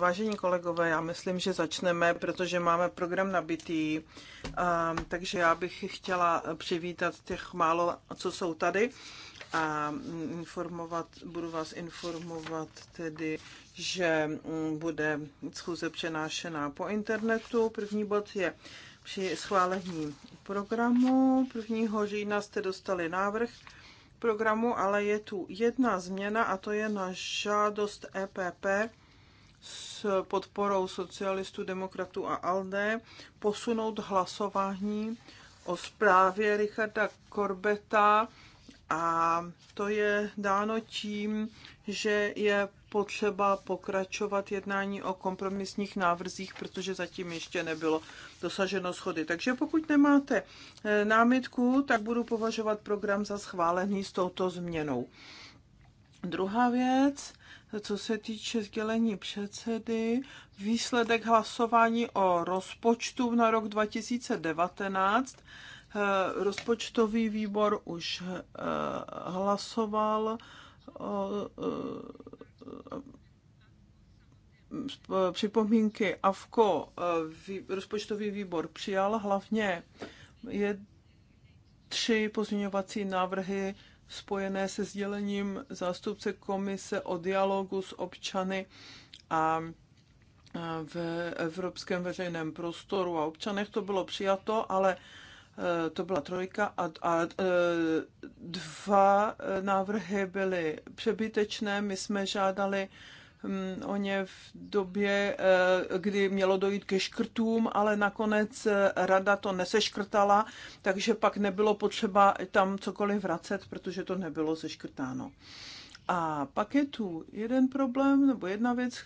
Vážení kolegové, já myslím, že začneme, protože máme program nabitý. Ehm, takže já bych chtěla přivítat těch málo, co jsou tady a mm, informovat, budu vás informovat tedy, že mm, bude schůze přenášená po internetu. První bod je při schválení programu. 1. října jste dostali návrh programu, ale je tu jedna změna a to je na žádost EPP s podporou socialistů, demokratů a ALDE posunout hlasování o zprávě Richarda Korbeta a to je dáno tím, že je potřeba pokračovat jednání o kompromisních návrzích, protože zatím ještě nebylo dosaženo schody. Takže pokud nemáte eh, námitku, tak budu považovat program za schválený s touto změnou. Druhá věc, co se týče sdělení předsedy, výsledek hlasování o rozpočtu na rok 2019. Eh, rozpočtový výbor už eh, hlasoval připomínky AVKO eh, rozpočtový výbor přijal hlavně je tři pozměňovací návrhy spojené se sdělením zástupce komise o dialogu s občany a eh, v evropském veřejném prostoru a občanech to bylo přijato, ale Eh, to byla trojka a, a eh, dva návrhy byly přebytečné. My jsme žádali hm, o ně v době, eh, kdy mělo dojít ke škrtům, ale nakonec rada to neseškrtala, takže pak nebylo potřeba tam cokoliv vracet, protože to nebylo seškrtáno. A pak je tu jeden problém, nebo jedna věc,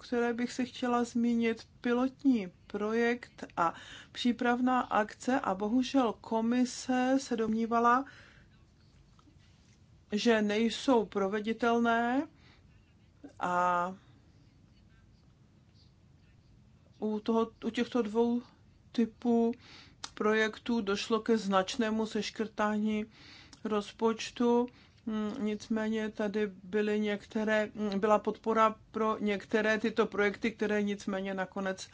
které bych se chtěla zmínit, pilotní projekt a přípravná akce a bohužel komise se domnívala, že nejsou proveditelné a u, toho, u těchto dvou typů projektů došlo ke značnému seškrtání rozpočtu. Hmm, nicméně tady byly některé, hmm, byla podpora pro některé tyto projekty, které nicméně nakonec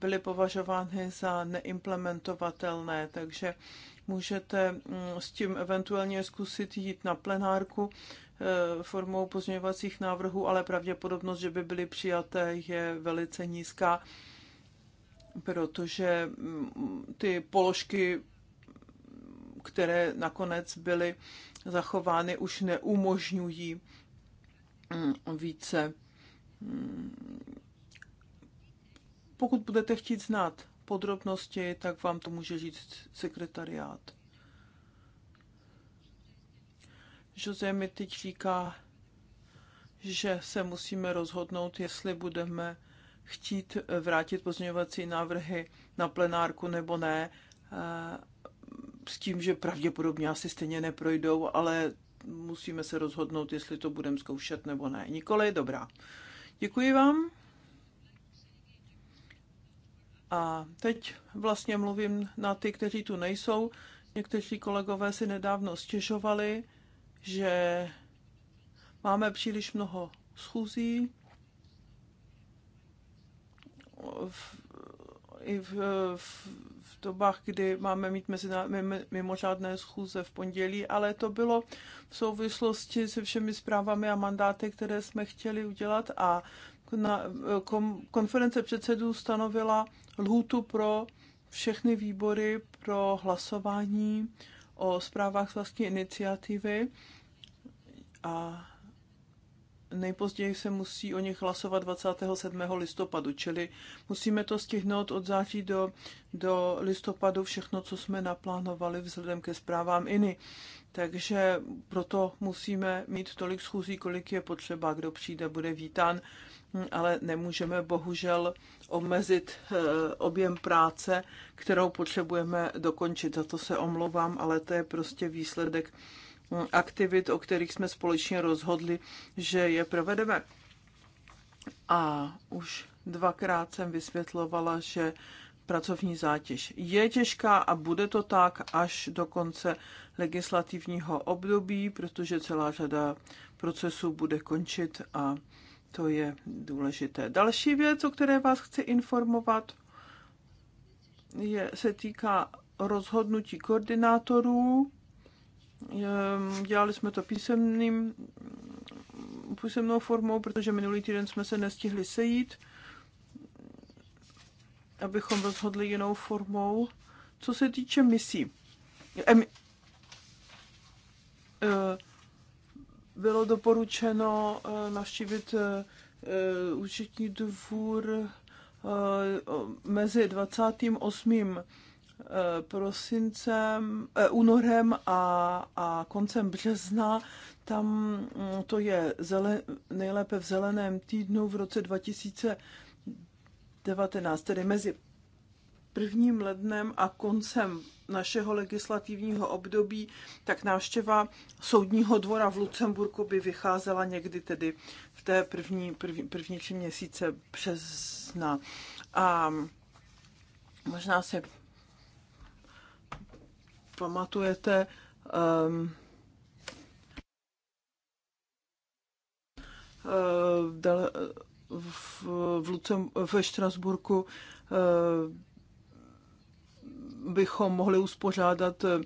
byly považovány za neimplementovatelné, takže můžete mm, s tím eventuálně zkusit jít na plenárku eh, formou pozměňovacích návrhů, ale pravděpodobnost, že by byly přijaté, je velice nízká, protože mm, ty položky, které nakonec byly zachovány, už neumožňují mm, více pokud budete chtít znát podrobnosti, tak vám to může říct sekretariát. Jose mi teď říká, že se musíme rozhodnout, jestli budeme chtít vrátit pozměňovací návrhy na plenárku nebo ne, eh, s tím, že pravděpodobně asi stejně neprojdou, ale musíme se rozhodnout, jestli to budeme zkoušet nebo ne. Nikoli, dobrá. Děkuji vám. A teď vlastně mluvím na ty, kteří tu nejsou. Někteří kolegové si nedávno stěžovali, že máme příliš mnoho schůzí. V, I v, v, v dobách, kdy máme mít mezina, mimořádné schůze v pondělí, ale to bylo v souvislosti se všemi zprávami a mandáty, které jsme chtěli udělat a na, kom, konference předsedů stanovila lhůtu pro všechny výbory pro hlasování o zprávách z vlastní iniciativy a nejpozději se musí o nich hlasovat 27. listopadu, čili musíme to stihnout od září do, do listopadu všechno, co jsme naplánovali vzhledem ke zprávám INY. Takže proto musíme mít tolik schůzí, kolik je potřeba. Kdo přijde, bude vítán ale nemůžeme bohužel omezit eh, objem práce, kterou potřebujeme dokončit. Za to se omlouvám, ale to je prostě výsledek hm, aktivit, o kterých jsme společně rozhodli, že je provedeme. A už dvakrát jsem vysvětlovala, že pracovní zátěž je těžká a bude to tak až do konce legislativního období, protože celá řada procesů bude končit a to je důležité. Další věc, o které vás chci informovat, je, se týká rozhodnutí koordinátorů. Ehm, dělali jsme to písemným, písemnou formou, protože minulý týden jsme se nestihli sejít, abychom rozhodli jinou formou. Co se týče misí, em, e, bylo doporučeno eh, navštívit eh, eh, účetní dvůr mezi 28. prosincem, únorem a, a koncem března. Tam mm, to je zele, nejlépe v zeleném týdnu v roce 2019, tedy mezi prvním lednem a koncem našeho legislativního období, tak návštěva soudního dvora v Lucemburku by vycházela někdy tedy v té první, první, první tři měsíce března. A možná se pamatujete, um, ehm, v, ehm, v, v, Lucem, ve Štrasburku ehm, bychom mohli uspořádat eh,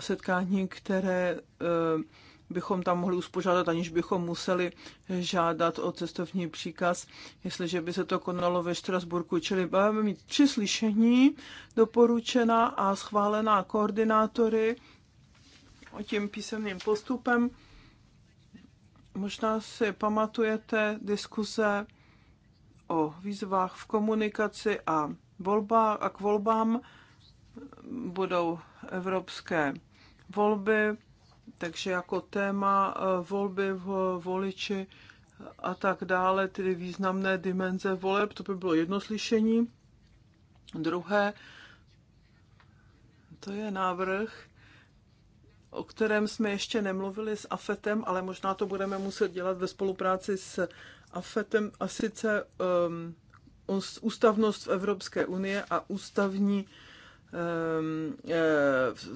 setkání, které eh, bychom tam mohli uspořádat, aniž bychom museli žádat o cestovní příkaz, jestliže by se to konalo ve Štrasburku. Čili budeme mít tři slyšení doporučená a schválená koordinátory o tím písemným postupem. Možná si pamatujete diskuze o výzvách v komunikaci a volbách a k volbám budou evropské volby, takže jako téma eh, volby v voliči a tak dále, tedy významné dimenze voleb, to by bylo jedno slyšení. Druhé, to je návrh, o kterém jsme ještě nemluvili s AFETem, ale možná to budeme muset dělat ve spolupráci s AFETem, a sice um, ústavnost v Evropské unie a ústavní Ehm, eh,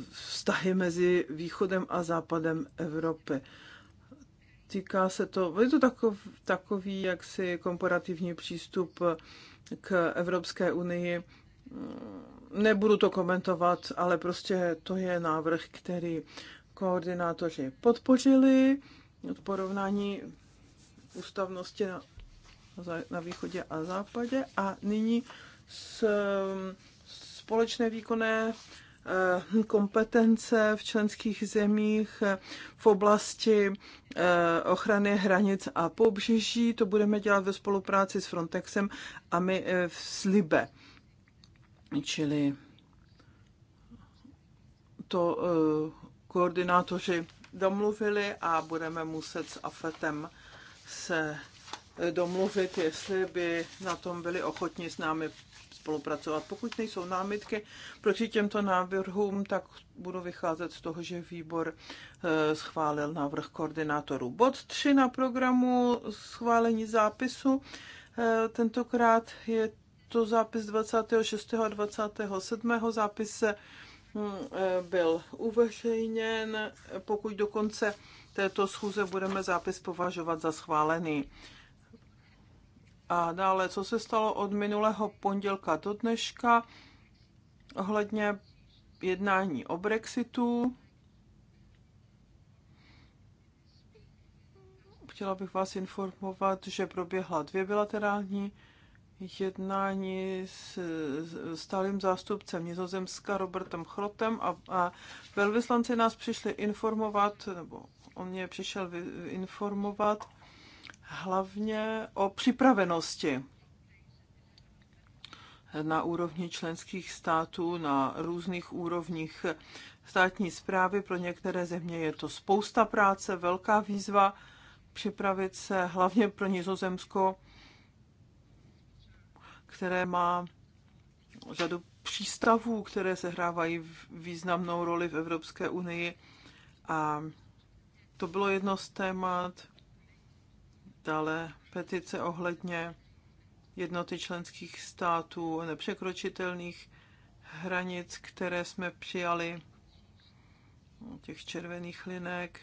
vztahy mezi východem a západem Evropy. Týká se to, je to takov, takový jaksi komparativní přístup k Evropské unii. Nebudu to komentovat, ale prostě to je návrh, který koordinátoři podpořili od porovnání ústavnosti na, na východě a západě a nyní s společné výkonné eh, kompetence v členských zemích eh, v oblasti eh, ochrany hranic a pobřeží. To budeme dělat ve spolupráci s Frontexem a my v Slibe. Čili to koordinátoři domluvili a budeme muset s AFETem se domluvit, jestli by na tom byli ochotni s námi spolupracovat. Pokud nejsou námitky proti těmto návrhům, tak budu vycházet z toho, že výbor eh, schválil návrh koordinátorů. Bod 3 na programu schválení zápisu. Eh, tentokrát je to zápis 26. a 27. zápise eh, byl uveřejněn. Pokud do konce této schůze budeme zápis považovat za schválený. A dále, co se stalo od minulého pondělka do dneška ohledně jednání o Brexitu. Chtěla bych vás informovat, že proběhla dvě bilaterální jednání s stálým zástupcem Nizozemska Robertem Chrotem a, a velvyslanci nás přišli informovat, nebo on mě přišel informovat hlavně o připravenosti na úrovni členských států, na různých úrovních státní zprávy. Pro některé země je to spousta práce, velká výzva připravit se, hlavně pro Nizozemsko, které má řadu přístavů, které sehrávají významnou roli v Evropské unii. A to bylo jedno z témat. Dále petice ohledně jednoty členských států a nepřekročitelných hranic, které jsme přijali, těch červených linek,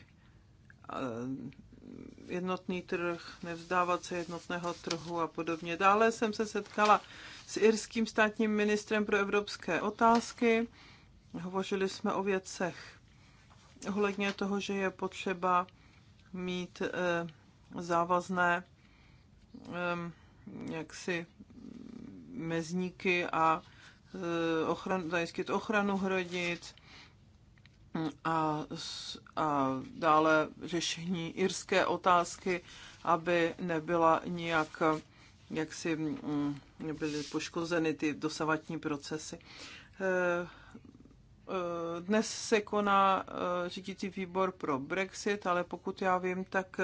jednotný trh, nevzdávat se jednotného trhu a podobně. Dále jsem se setkala s irským státním ministrem pro evropské otázky. Hovořili jsme o věcech ohledně toho, že je potřeba mít eh, závazné jaksi mezníky a eh, ochran, zajistit ochranu hrodic hm, a, a dále řešení irské otázky, aby nebyla nijak jak si hm, byly poškozeny ty dosavatní procesy. Eh, eh, dnes se koná řídící výbor pro Brexit, ale pokud já vím, tak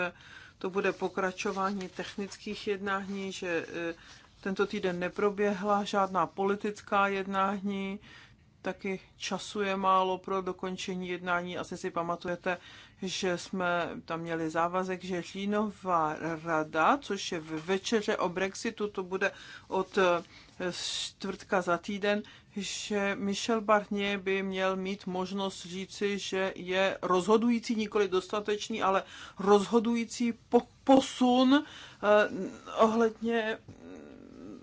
to bude pokračování technických jednání, že e, tento týden neproběhla žádná politická jednání, taky času je málo pro dokončení jednání. Asi si pamatujete, že jsme tam měli závazek, že Žínová rada, což je večeře o Brexitu, to bude od z čtvrtka za týden, že Michel Barnier by měl mít možnost říci, že je rozhodující, nikoli dostatečný, ale rozhodující posun eh, ohledně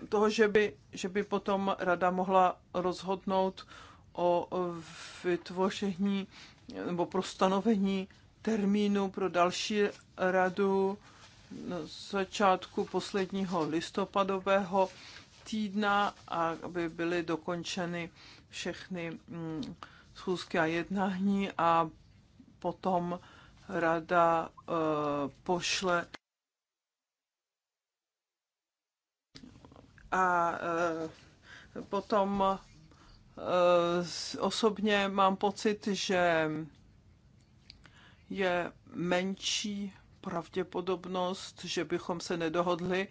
toho, že by, že by potom rada mohla rozhodnout o vytvoření nebo pro stanovení termínu pro další radu na začátku posledního listopadového týdna, aby byly dokončeny všechny mm, schůzky a jednání a potom rada eh, pošle a eh, potom eh, osobně mám pocit, že je menší pravděpodobnost, že bychom se nedohodli,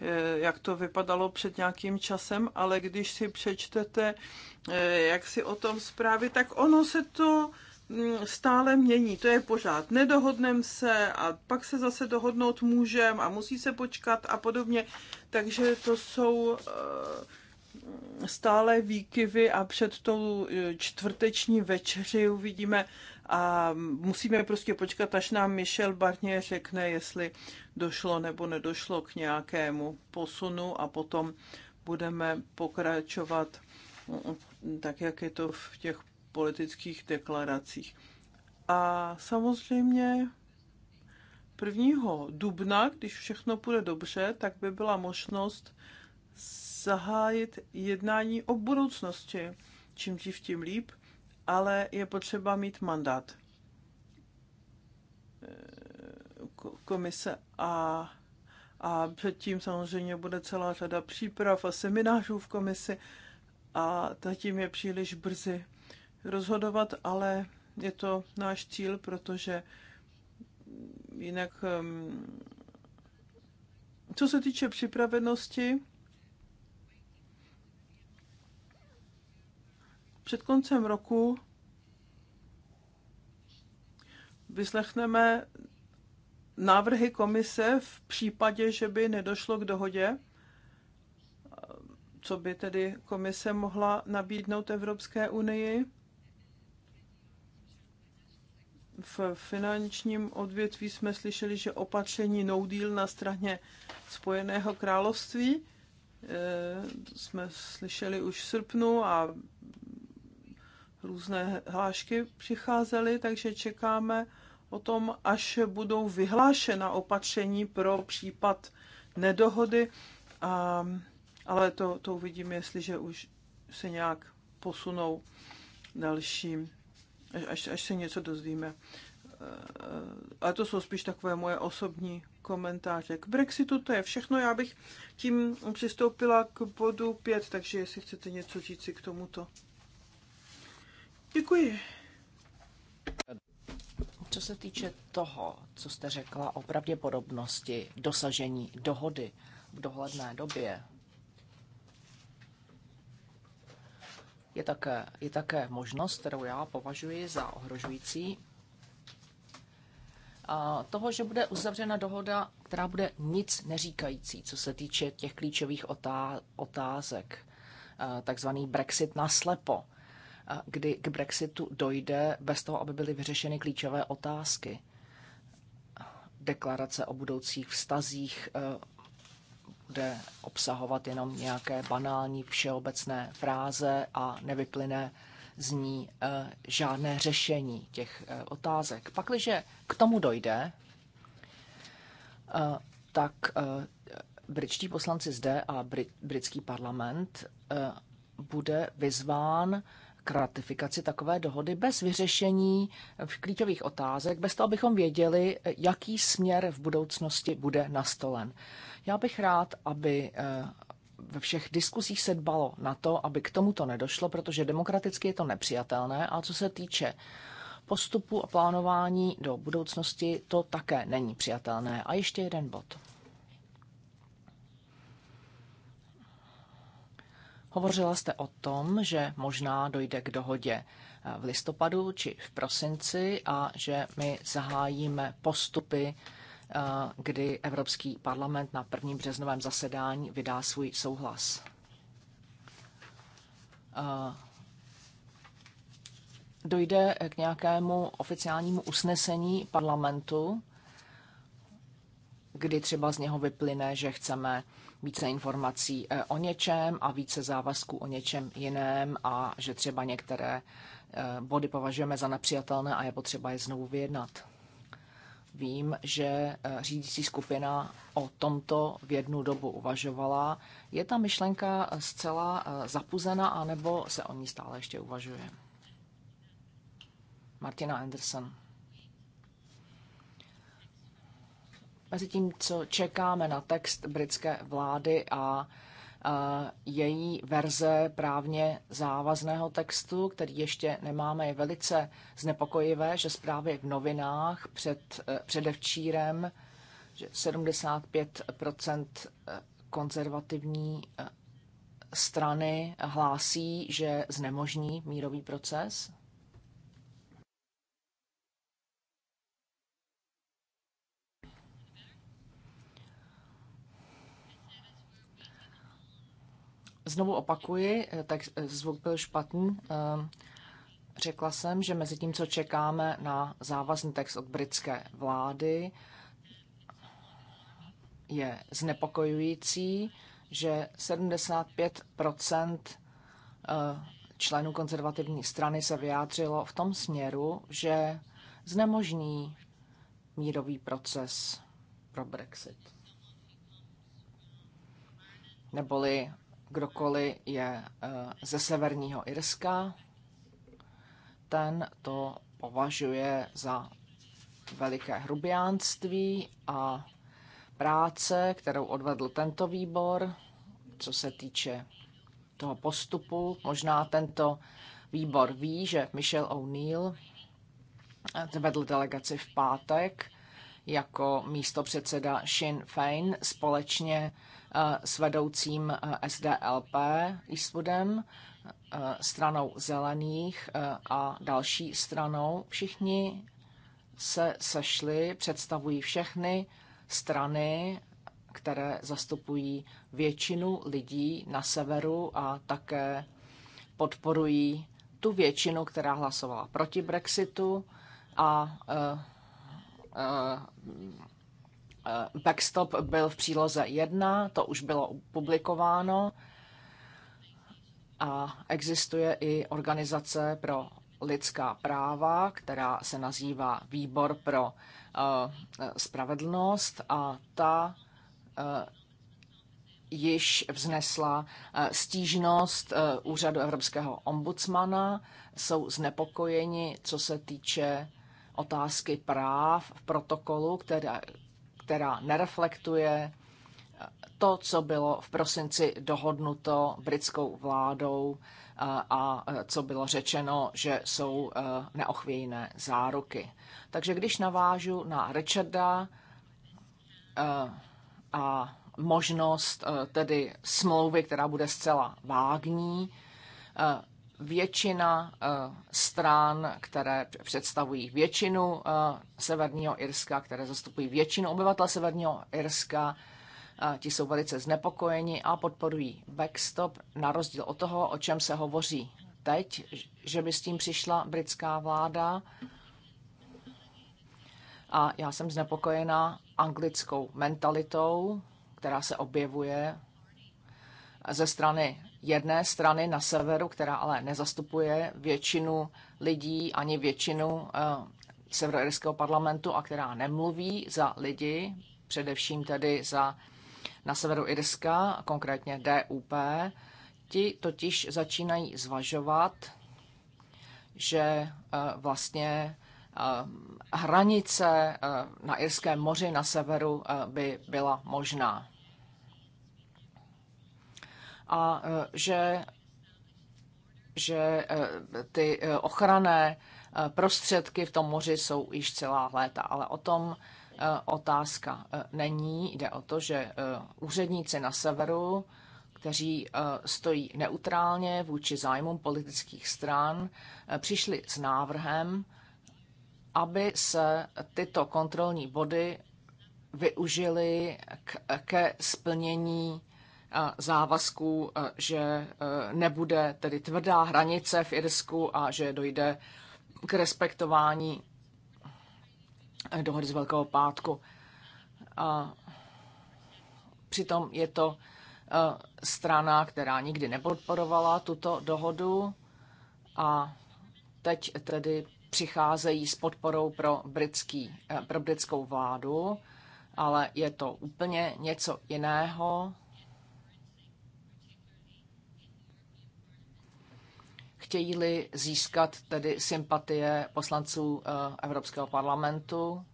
eh, jak to vypadalo před nějakým časem, ale když si přečtete, eh, jak si o tom zprávy, tak ono se to mm, stále mění. To je pořád. Nedohodneme se a pak se zase dohodnout můžeme a musí se počkat a podobně. Takže to jsou eh, stále výkyvy a před tou čtvrteční večeři uvidíme, a musíme prostě počkat, až nám Michel Barnier řekne, jestli došlo nebo nedošlo k nějakému posunu a potom budeme pokračovat mm, tak, jak je to v těch politických deklaracích. A samozřejmě 1. dubna, když všechno půjde dobře, tak by byla možnost zahájit jednání o budoucnosti. Čím dřív, tím líp ale je potřeba mít mandát komise a, a předtím samozřejmě bude celá řada příprav a seminářů v komisi a zatím je příliš brzy rozhodovat, ale je to náš cíl, protože jinak um, co se týče připravenosti, před koncem roku vyslechneme návrhy komise v případě, že by nedošlo k dohodě, co by tedy komise mohla nabídnout Evropské unii v finančním odvětví jsme slyšeli, že opatření no deal na straně Spojeného království eh, jsme slyšeli už v srpnu a různé hlášky přicházely, takže čekáme o tom, až budou vyhlášena opatření pro případ nedohody, a, ale to, to uvidíme, jestliže už se nějak posunou další, až, až se něco dozvíme. Ale to jsou spíš takové moje osobní komentáře. K Brexitu to je všechno. Já bych tím přistoupila k bodu 5, takže jestli chcete něco říct si k tomuto. Děkuji. Co se týče toho, co jste řekla o pravděpodobnosti dosažení dohody v dohledné době, je také, je také možnost, kterou já považuji za ohrožující, a toho, že bude uzavřena dohoda, která bude nic neříkající, co se týče těch klíčových otázek, takzvaný Brexit na slepo kdy k Brexitu dojde bez toho, aby byly vyřešeny klíčové otázky. Deklarace o budoucích vztazích eh, bude obsahovat jenom nějaké banální všeobecné fráze a nevyplyne z ní eh, žádné řešení těch eh, otázek. Pakliže k tomu dojde, tak britští poslanci zde a britský parlament bude vyzván k ratifikaci takové dohody bez vyřešení v klíčových otázek, bez toho, abychom věděli, jaký směr v budoucnosti bude nastolen. Já bych rád, aby eh, ve všech diskusích se dbalo na to, aby k tomuto nedošlo, protože demokraticky je to nepřijatelné. A co se týče postupu a plánování do budoucnosti, to také není přijatelné. A ještě jeden bod. Hovořila jste o tom, že možná dojde k dohodě eh, v listopadu či v prosinci a že my zahájíme postupy, eh, kdy Evropský parlament na prvním březnovém zasedání vydá svůj souhlas. Eh, dojde k nějakému oficiálnímu usnesení parlamentu, kdy třeba z něho vyplyne, že chceme více informací eh, o něčem a více závazků o něčem jiném a že třeba některé eh, body považujeme za nepřijatelné a je potřeba je znovu vyjednat. Vím, že eh, řídící skupina o tomto v jednu dobu uvažovala. Je ta myšlenka zcela zapuzena, anebo se o ní stále ještě uvažuje? Martina Anderson. mezi tím, co čekáme na text britské vlády a její verze právně závazného textu, který ještě nemáme, je velice znepokojivé, že zprávy v novinách před, eh, předevčírem, že 75 eh, konzervativní eh, strany hlásí, že znemožní mírový proces Znovu opakuji, eh, tak eh, zvuk byl špatný. Eh, řekla jsem, že mezi tím, co čekáme na závazný text od britské vlády, je znepokojující, že 75 členů konzervativní strany se vyjádřilo v tom směru, že znemožní mírový proces pro Brexit. Neboli kdokoliv je eh, ze severního Irska, ten to považuje za veliké hrubiánství a práce, kterou odvedl tento výbor, co se týče toho postupu. Možná tento výbor ví, že Michel O'Neill eh, vedl delegaci v pátek jako místo předseda Sinn Féin společně s vedoucím eh, SDLP Eastwoodem, eh, stranou zelených eh, a další stranou. Všichni se sešli, představují všechny strany, které zastupují většinu lidí na severu a také podporují tu většinu, která hlasovala proti Brexitu a uh, uh, Eh, backstop byl v příloze 1, to už bylo publikováno a existuje i organizace pro lidská práva, která se nazývá Výbor pro eh, spravedlnost a ta eh, již vznesla stížnost úřadu Evropského ombudsmana. Jsou znepokojeni, co se týče otázky práv v protokolu, které, která nereflektuje to, co bylo v prosinci dohodnuto britskou vládou a co bylo řečeno, že jsou e, neochvějné záruky. Takže když navážu na Richarda e, a možnost e, tedy smlouvy, která bude zcela vágní, většina eh, stran, které představují většinu eh, Severního Irska, které zastupují většinu obyvatel Severního Irska, eh, ti jsou velice znepokojeni a podporují backstop, na rozdíl od toho, o čem se hovoří teď, že by s tím přišla britská vláda. A já jsem znepokojená anglickou mentalitou, která se objevuje ze strany jedné strany na severu, která ale nezastupuje většinu lidí ani většinu eh, severoirského parlamentu a která nemluví za lidi, především tedy za na severu Irska, konkrétně DUP, ti totiž začínají zvažovat, že eh, vlastně eh, hranice na Irském moři na severu by byla možná a e, že, že e, ty e, ochranné prostředky v tom moři jsou již celá léta. Ale o tom otázka není. Jde o to, že úředníci na severu, kteří stojí neutrálně vůči zájmům politických stran, přišli s návrhem, aby se tyto kontrolní body využili k, ke splnění závazků, e, že e, nebude tedy tvrdá hranice v Irsku a že dojde k respektování e, dohody z Velkého pátku. A přitom je to strana, která nikdy nepodporovala tuto dohodu a teď tedy přicházejí s podporou pro, britský, pro britskou vládu, ale je to úplně něco jiného chtějí-li získat tedy sympatie poslanců eh, Evropského parlamentu.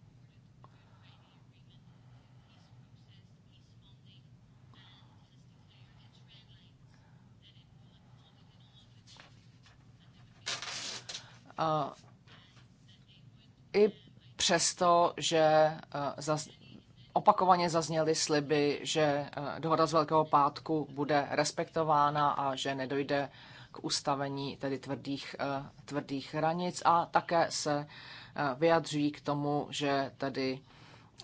Eh, I přesto, že eh, zaz, opakovaně zazněly sliby, že dohoda z Velkého pátku bude respektována a že nedojde k ustavení tedy tvrdých, eh, tvrdých hranic a také se eh, vyjadřují k tomu, že tedy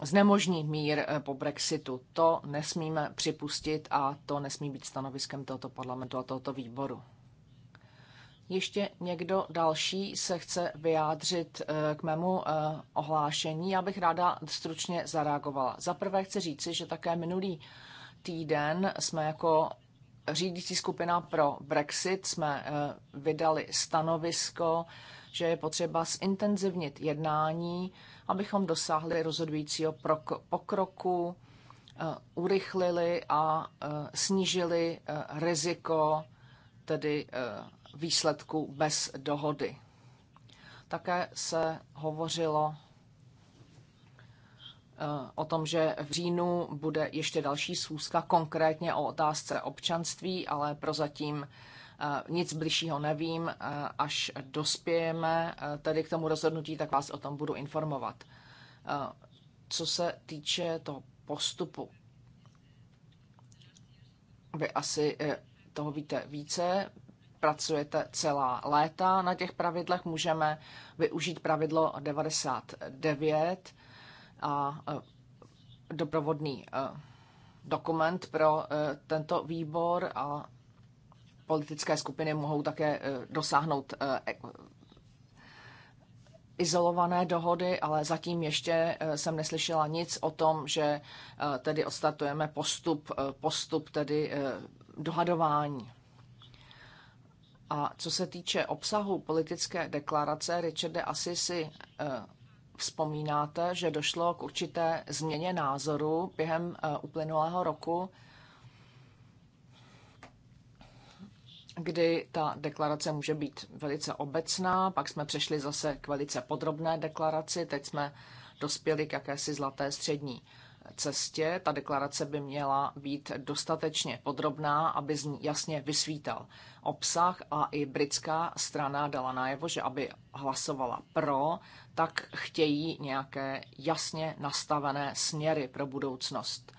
znemožní mír eh, po Brexitu. To nesmíme připustit a to nesmí být stanoviskem tohoto parlamentu a tohoto výboru. Ještě někdo další se chce vyjádřit k mému ohlášení. Já bych ráda stručně zareagovala. Za prvé chci říci, že také minulý týden jsme jako řídící skupina pro Brexit jsme eh, vydali stanovisko, že je potřeba zintenzivnit jednání, abychom dosáhli rozhodujícího pokroku, eh, urychlili a eh, snížili riziko tedy výsledku bez dohody. Také se hovořilo Eh, o tom, že v říjnu bude ještě další schůzka konkrétně o otázce občanství, ale prozatím eh, nic bližšího nevím. Eh, až dospějeme tedy k tomu rozhodnutí, tak vás o tom budu informovat. Co se týče toho postupu, vy asi toho víte více, pracujete celá léta na těch pravidlech, můžeme využít pravidlo 99, a doprovodný dokument pro e, tento výbor a politické skupiny mohou také e, dosáhnout e, izolované dohody, ale zatím ještě jsem neslyšela nic o tom, že tedy odstartujeme postup, postup tedy dohadování. A co se týče obsahu politické deklarace, Richarde, asi si vzpomínáte, že došlo k určité změně názoru během eh, uplynulého roku, kdy ta deklarace může být velice obecná, pak jsme přešli zase k velice podrobné deklaraci, teď jsme dospěli k jakési zlaté střední cestě. Ta deklarace by měla být dostatečně podrobná, aby z ní jasně vysvítal obsah a i britská strana dala najevo, že aby hlasovala pro, tak chtějí nějaké jasně nastavené směry pro budoucnost.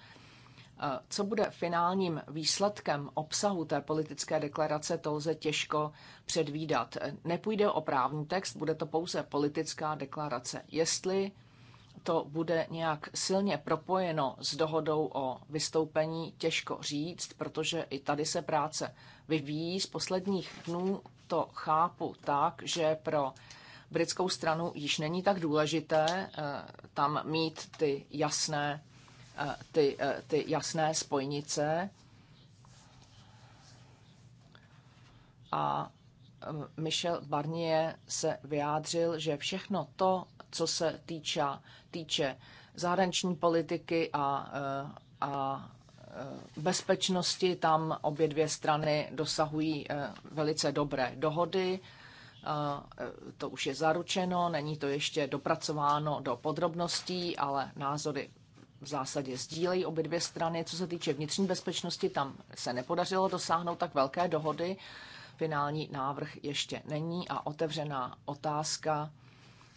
Eh, co bude finálním výsledkem obsahu té politické deklarace, to lze těžko předvídat. Nepůjde o právní text, bude to pouze politická deklarace. Jestli to bude nějak silně propojeno s dohodou o vystoupení, těžko říct, protože i tady se práce vyvíjí. Z posledních dnů to chápu tak, že pro britskou stranu již není tak důležité eh, tam mít ty jasné, eh, ty, eh, ty jasné spojnice. A Eh, Michel Barnier se vyjádřil, že všechno to, co se týče, týče zahraniční politiky a, eh, a eh, bezpečnosti, tam obě dvě strany dosahují velice dobré dohody. To už je zaručeno, není to ještě dopracováno do podrobností, ale názory v zásadě sdílejí obě dvě strany. Co se týče vnitřní bezpečnosti, tam se nepodařilo dosáhnout tak velké dohody, finální návrh ještě není a otevřená otázka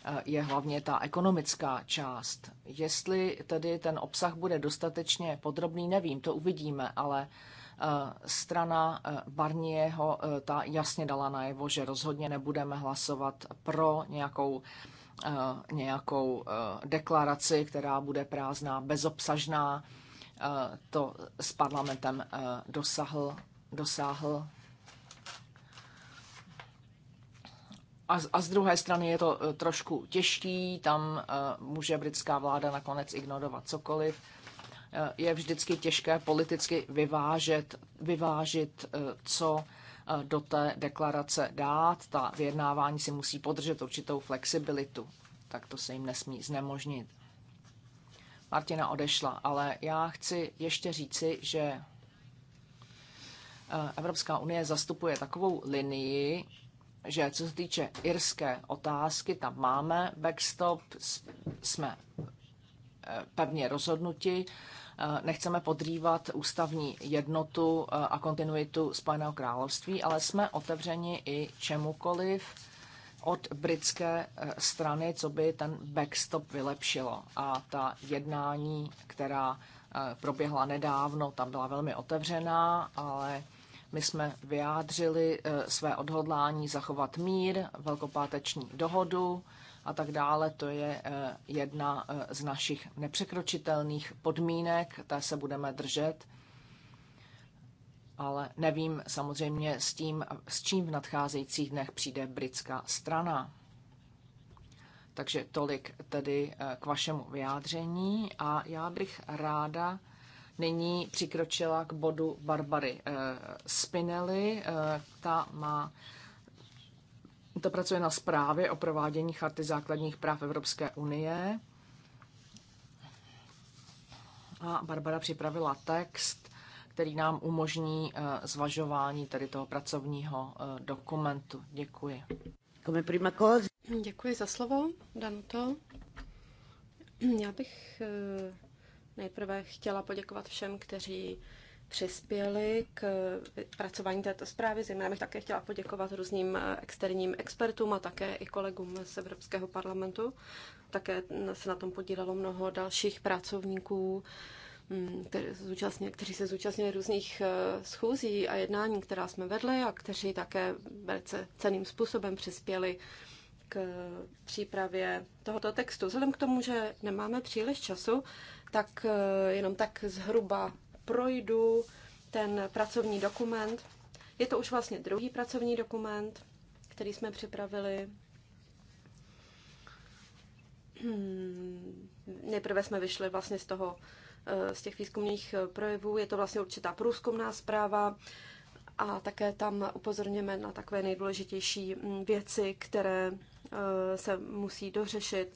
eh, je hlavně ta ekonomická část. Jestli tedy ten obsah bude dostatečně podrobný, nevím, to uvidíme, ale eh, strana eh, Barnieho ta jasně dala najevo, že rozhodně nebudeme hlasovat pro nějakou nějakou deklaraci, která bude prázdná, bezobsažná. To s parlamentem dosáhl, dosáhl a, a z druhé strany je to eh, trošku těžký, tam eh, může britská vláda nakonec ignorovat cokoliv. Eh, je vždycky těžké politicky vyvážet, vyvážit, co do té deklarace dát. Ta vyjednávání si musí podržet určitou flexibilitu, tak to se jim nesmí znemožnit. Martina odešla, ale já chci ještě říci, že Evropská unie zastupuje takovou linii, že co se týče irské otázky, tam máme backstop, jsme eh, pevně rozhodnuti, eh, nechceme podrývat ústavní jednotu eh, a kontinuitu Spojeného království, ale jsme otevřeni i čemukoliv od britské strany, co by ten backstop vylepšilo. A ta jednání, která proběhla nedávno, tam byla velmi otevřená, ale my jsme vyjádřili eh, své odhodlání zachovat mír, velkopáteční dohodu a tak dále. To je eh, jedna eh, z našich nepřekročitelných podmínek, té se budeme držet. Ale nevím samozřejmě s, tím, s čím v nadcházejících dnech přijde britská strana. Takže tolik tedy k vašemu vyjádření a já bych ráda Nyní přikročila k bodu Barbary eh, Spinelli. Eh, ta má to pracuje na zprávě o provádění Charty základních práv Evropské unie. A Barbara připravila text, který nám umožní eh, zvažování tady toho pracovního dokumentu. Děkuji. Děkuji za slovo, Danuto. Já bych Nejprve chtěla poděkovat všem, kteří přispěli k pracování této zprávy. Zejména bych také chtěla poděkovat různým externím expertům a také i kolegům z Evropského parlamentu. Také se na tom podílelo mnoho dalších pracovníků, mm, kteří, se zúčastnili různých eh, schůzí a jednání, která jsme vedli a kteří také velice ceným způsobem přispěli k přípravě tohoto textu. Vzhledem k tomu, že nemáme příliš času, tak eh, jenom tak zhruba projdu ten pracovní dokument. Je to už vlastně druhý pracovní dokument, který jsme připravili. Hmm, nejprve jsme vyšli vlastně z toho, eh, z těch výzkumných eh, projevů. Je to vlastně určitá průzkumná zpráva a také tam upozorněme na takové nejdůležitější mm, věci, které Eh, se musí dořešit.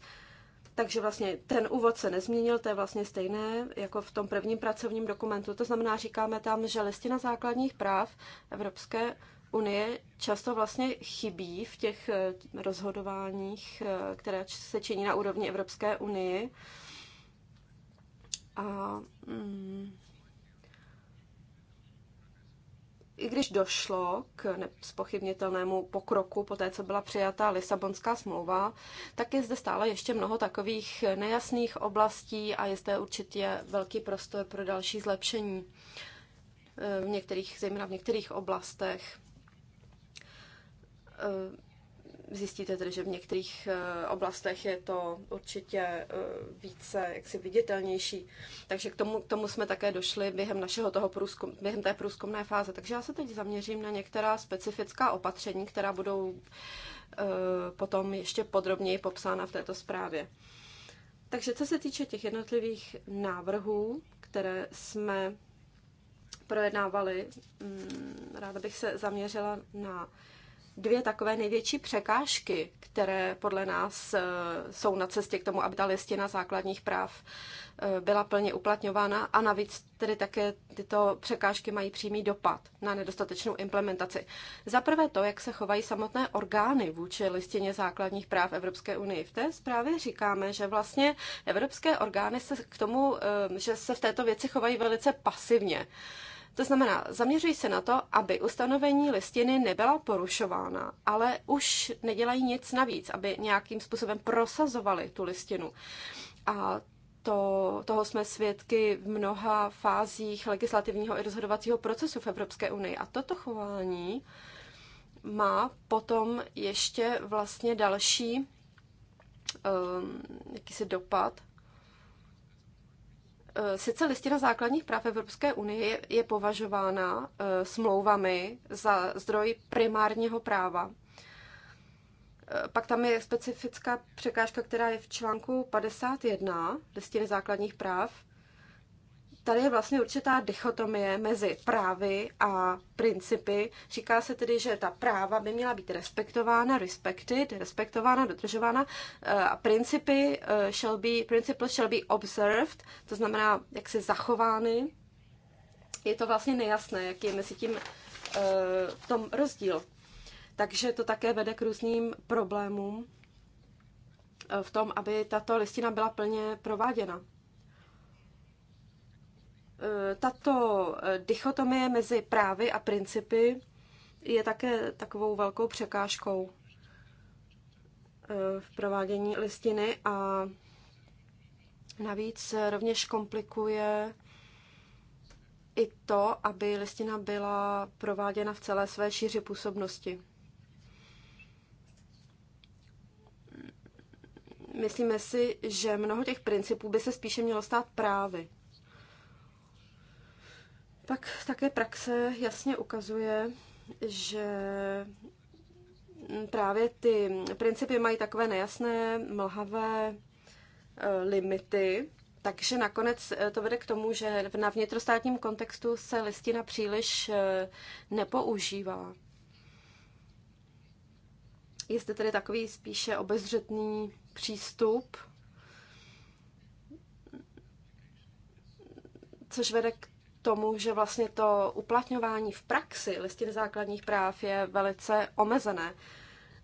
Takže vlastně ten úvod se nezměnil, to je vlastně stejné jako v tom prvním pracovním dokumentu. To znamená, říkáme tam, že listina základních práv Evropské unie často vlastně chybí v těch eh, rozhodováních, eh, které se činí na úrovni Evropské unie. A mm, i když došlo k nespochybnitelnému pokroku po té, co byla přijata Lisabonská smlouva, tak je zde stále ještě mnoho takových nejasných oblastí a je zde určitě velký prostor pro další zlepšení eh, v některých, zejména v některých oblastech eh, Zjistíte tedy, že v některých eh, oblastech je to určitě eh, více jaksi viditelnější. Takže k tomu, k tomu jsme také došli během našeho toho průzkum, během té průzkumné fáze. Takže já se teď zaměřím na některá specifická opatření, která budou eh, potom ještě podrobněji popsána v této zprávě. Takže co se týče těch jednotlivých návrhů, které jsme projednávali, mm, ráda bych se zaměřila na dvě takové největší překážky, které podle nás eh, jsou na cestě k tomu, aby ta listina základních práv eh, byla plně uplatňována a navíc tedy také tyto překážky mají přímý dopad na nedostatečnou implementaci. Za prvé to, jak se chovají samotné orgány vůči listině základních práv Evropské unie. V té zprávě říkáme, že vlastně evropské orgány se k tomu, eh, že se v této věci chovají velice pasivně. To znamená, zaměřují se na to, aby ustanovení listiny nebyla porušována, ale už nedělají nic navíc, aby nějakým způsobem prosazovali tu listinu. A to, toho jsme svědky v mnoha fázích legislativního i rozhodovacího procesu v Evropské unii. A toto chování má potom ještě vlastně další um, jakýsi dopad Eh, sice listina základních práv Evropské unie je považována eh, smlouvami za zdroj primárního práva, eh, pak tam je specifická překážka, která je v článku 51 listiny základních práv tady je vlastně určitá dichotomie mezi právy a principy. Říká se tedy, že ta práva by měla být respektována, respected, respektována, dodržována eh, a principy eh, shall be, principles shall be observed, to znamená, jak se zachovány. Je to vlastně nejasné, jaký je mezi tím eh, tom rozdíl. Takže to také vede k různým problémům v tom, aby tato listina byla plně prováděna. Eh, tato eh, dichotomie mezi právy a principy je také takovou velkou překážkou eh, v provádění listiny a navíc rovněž komplikuje i to, aby listina byla prováděna v celé své šíři působnosti. Myslíme si, že mnoho těch principů by se spíše mělo stát právy. Pak také praxe jasně ukazuje, že právě ty principy mají takové nejasné, mlhavé eh, limity, takže nakonec eh, to vede k tomu, že na vnitrostátním kontextu se listina příliš eh, nepoužívá. Je zde tedy takový spíše obezřetný přístup, což vede k tomu, že vlastně to uplatňování v praxi listiny základních práv je velice omezené.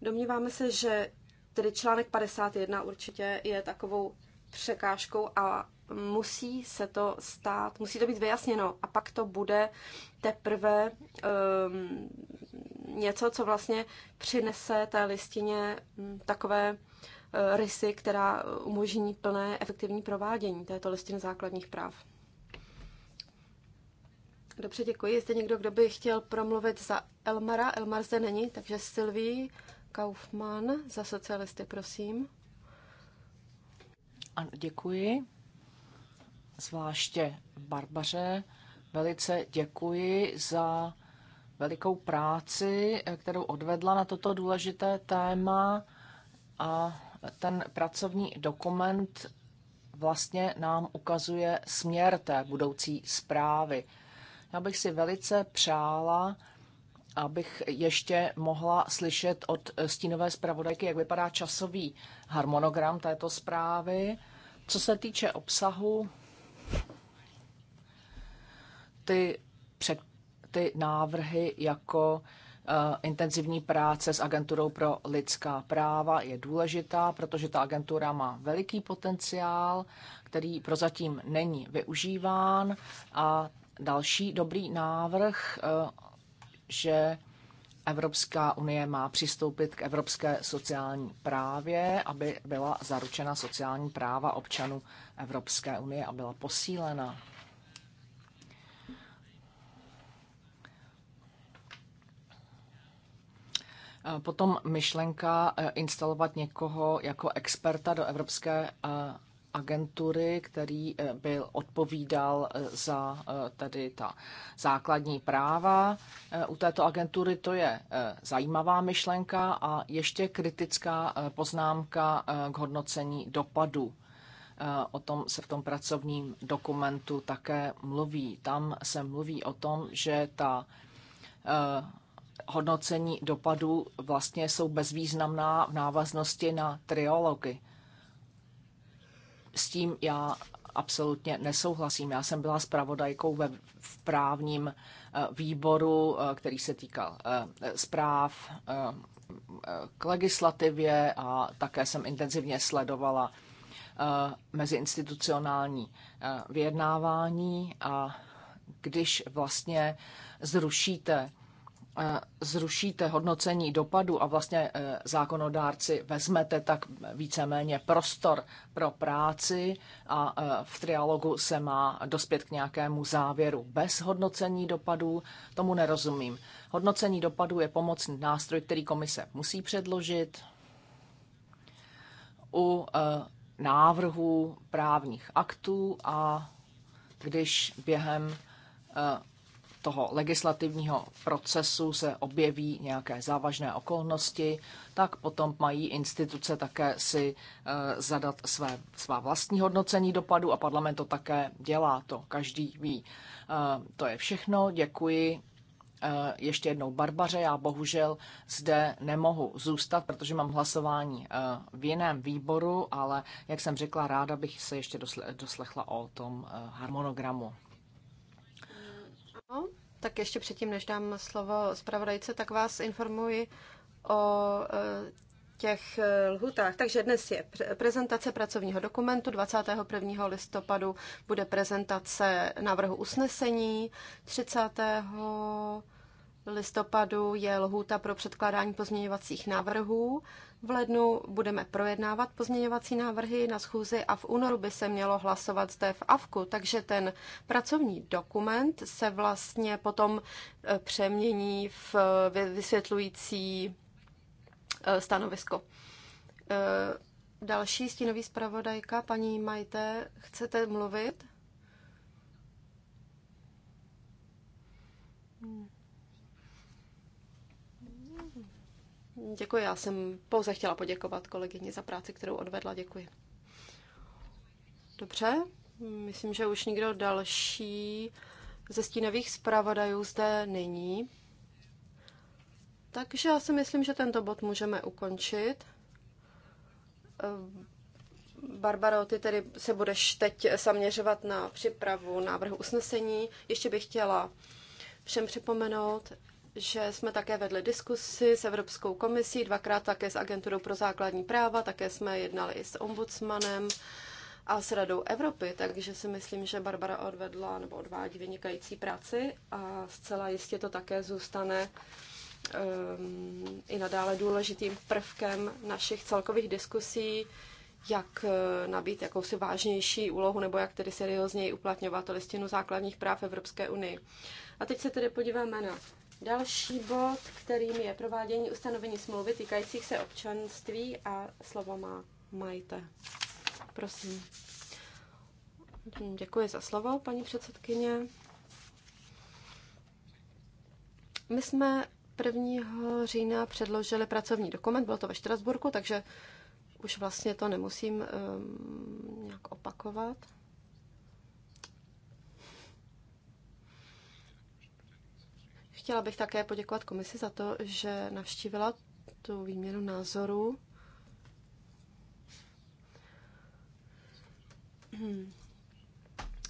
Domníváme se, že tedy článek 51 určitě je takovou překážkou a musí se to stát, musí to být vyjasněno a pak to bude teprve um, něco, co vlastně přinese té listině hm, takové uh, rysy, která umožní plné efektivní provádění této listiny základních práv. Dobře, děkuji. Jestli někdo, kdo by chtěl promluvit za Elmara? Elmar zde není, takže Silví Kaufmann za socialisty, prosím. Ano, děkuji. Zvláště Barbaře velice děkuji za velikou práci, kterou odvedla na toto důležité téma a ten pracovní dokument vlastně nám ukazuje směr té budoucí zprávy. Já bych si velice přála, abych ještě mohla slyšet od stínové zpravodajky, jak vypadá časový harmonogram této zprávy. Co se týče obsahu, ty, před, ty návrhy jako eh, intenzivní práce s agenturou pro lidská práva je důležitá, protože ta agentura má veliký potenciál, který prozatím není využíván a další dobrý návrh, eh, že Evropská unie má přistoupit k evropské sociální právě, aby byla zaručena sociální práva občanů Evropské unie a byla posílena. Eh, potom myšlenka eh, instalovat někoho jako experta do Evropské agentury, který eh, byl odpovídal eh, za eh, tady ta základní práva. U této agentury to je zajímavá myšlenka a ještě kritická poznámka k hodnocení dopadu. O tom se v tom pracovním dokumentu také mluví. Tam se mluví o tom, že ta hodnocení dopadu vlastně jsou bezvýznamná v návaznosti na triology s tím já absolutně nesouhlasím. Já jsem byla zpravodajkou ve, v právním eh, výboru, eh, který se týkal eh, zpráv k legislativě a také jsem intenzivně sledovala meziinstitucionální vyjednávání a když vlastně zrušíte Eh, zrušíte hodnocení dopadu a vlastně eh, zákonodárci vezmete tak víceméně prostor pro práci a eh, v trialogu se má dospět k nějakému závěru bez hodnocení dopadů, tomu nerozumím. Hodnocení dopadů je pomocný nástroj, který komise musí předložit u návrhů právních aktů a když během toho legislativního procesu se objeví nějaké závažné okolnosti, tak potom mají instituce také si e, zadat své, svá vlastní hodnocení dopadu a parlament to také dělá, to každý ví. E, to je všechno, děkuji e, ještě jednou Barbaře. Já bohužel zde nemohu zůstat, protože mám hlasování v jiném výboru, ale jak jsem řekla, ráda bych se ještě doslechla o tom harmonogramu. No, tak ještě předtím, než dám slovo zpravodajce, tak vás informuji o e, těch e, lhutách. Takže dnes je prezentace pracovního dokumentu. 21. listopadu bude prezentace návrhu usnesení. 30 listopadu je lhůta pro předkládání pozměňovacích návrhů. V lednu budeme projednávat pozměňovací návrhy na schůzi a v únoru by se mělo hlasovat zde v AVKu, takže ten pracovní dokument se vlastně potom eh, přemění v eh, vysvětlující eh, stanovisko. Další stínový zpravodajka, paní Majte, chcete mluvit? Hmm. Děkuji, já jsem pouze chtěla poděkovat kolegyni za práci, kterou odvedla. Děkuji. Dobře, myslím, že už nikdo další ze stínových zpravodajů zde není. Takže já si myslím, že tento bod můžeme ukončit. Eh, Barbaro, ty tedy se budeš teď zaměřovat na připravu návrhu usnesení. Ještě bych chtěla všem připomenout, že jsme také vedli diskusy s Evropskou komisí, dvakrát také s Agenturou pro základní práva, také jsme jednali i s ombudsmanem a s Radou Evropy, takže si myslím, že Barbara odvedla nebo odvádí vynikající práci a zcela jistě to také zůstane um, i nadále důležitým prvkem našich celkových diskusí, jak eh, nabít jakousi vážnější úlohu nebo jak tedy seriózněji uplatňovat listinu základních práv Evropské unii. A teď se tedy podíváme na Další bod, kterým je provádění ustanovení smlouvy týkajících se občanství a slovo má Majte. Prosím. Děkuji za slovo, paní předsedkyně. My jsme 1. října předložili pracovní dokument, bylo to ve Štrasburku, takže už vlastně to nemusím um, nějak opakovat. Chtěla bych také poděkovat komisi za to, že navštívila tu výměnu názorů. Hmm.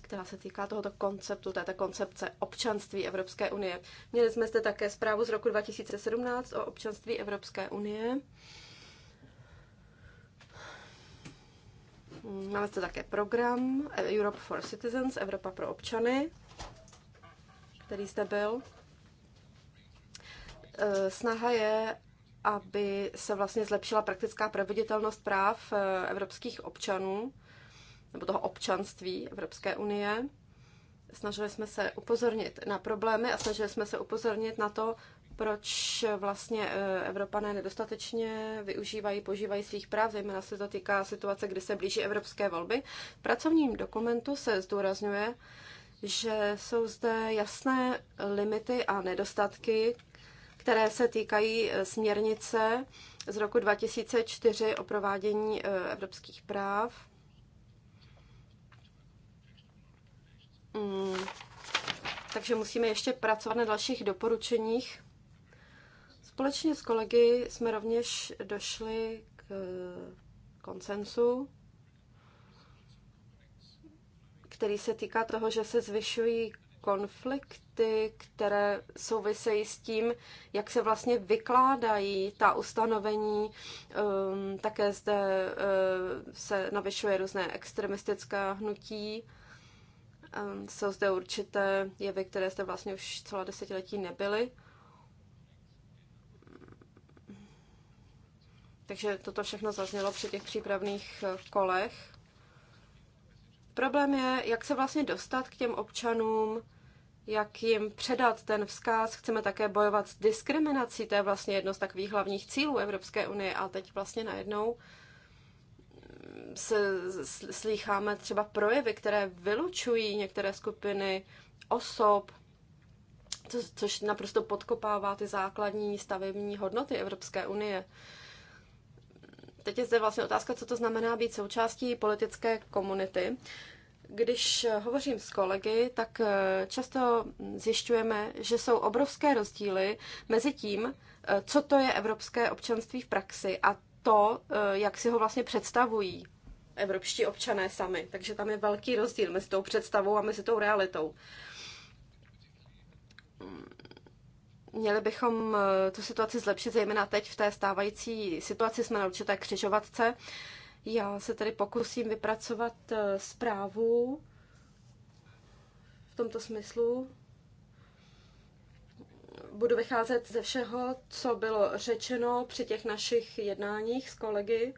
která se týká tohoto konceptu, této koncepce občanství Evropské unie. Měli jsme zde také zprávu z roku 2017 o občanství Evropské unie. Máme zde také program Europe for Citizens, Evropa pro občany, který zde byl. Eh, snaha je, aby se vlastně zlepšila praktická proveditelnost práv eh, evropských občanů, nebo toho občanství Evropské unie. Snažili jsme se upozornit na problémy a snažili jsme se upozornit na to, proč vlastně eh, Evropané nedostatečně využívají, požívají svých práv, zejména se to týká situace, kdy se blíží evropské volby. V pracovním dokumentu se zdůrazňuje, že jsou zde jasné limity a nedostatky které se týkají e, směrnice z roku 2004 o provádění e, evropských práv. Mm. Takže musíme ještě pracovat na dalších doporučeních. Společně s kolegy jsme rovněž došli k e, koncensu, který se týká toho, že se zvyšují konflikty, které souvisejí s tím, jak se vlastně vykládají ta ustanovení. Ehm, také zde eh, se navyšuje různé extremistická hnutí. Ehm, jsou zde určité jevy, které zde vlastně už celá desetiletí nebyly. Takže toto všechno zaznělo při těch přípravných kolech. Problém je, jak se vlastně dostat k těm občanům, jak jim předat ten vzkaz. Chceme také bojovat s diskriminací, to je vlastně jedno z takových hlavních cílů Evropské unie, a teď vlastně najednou se slýcháme třeba projevy, které vylučují některé skupiny osob, což naprosto podkopává ty základní stavební hodnoty Evropské unie. Teď je zde vlastně otázka, co to znamená být součástí politické komunity. Když hovořím s kolegy, tak eh, často zjišťujeme, že jsou obrovské rozdíly mezi tím, eh, co to je evropské občanství v praxi a to, eh, jak si ho vlastně představují evropští občané sami. Takže tam je velký rozdíl mezi tou představou a mezi tou realitou. Měli bychom eh, tu situaci zlepšit, zejména teď v té stávající situaci jsme na určité křižovatce. Já se tedy pokusím vypracovat eh, zprávu v tomto smyslu. Budu vycházet ze všeho, co bylo řečeno při těch našich jednáních s kolegy.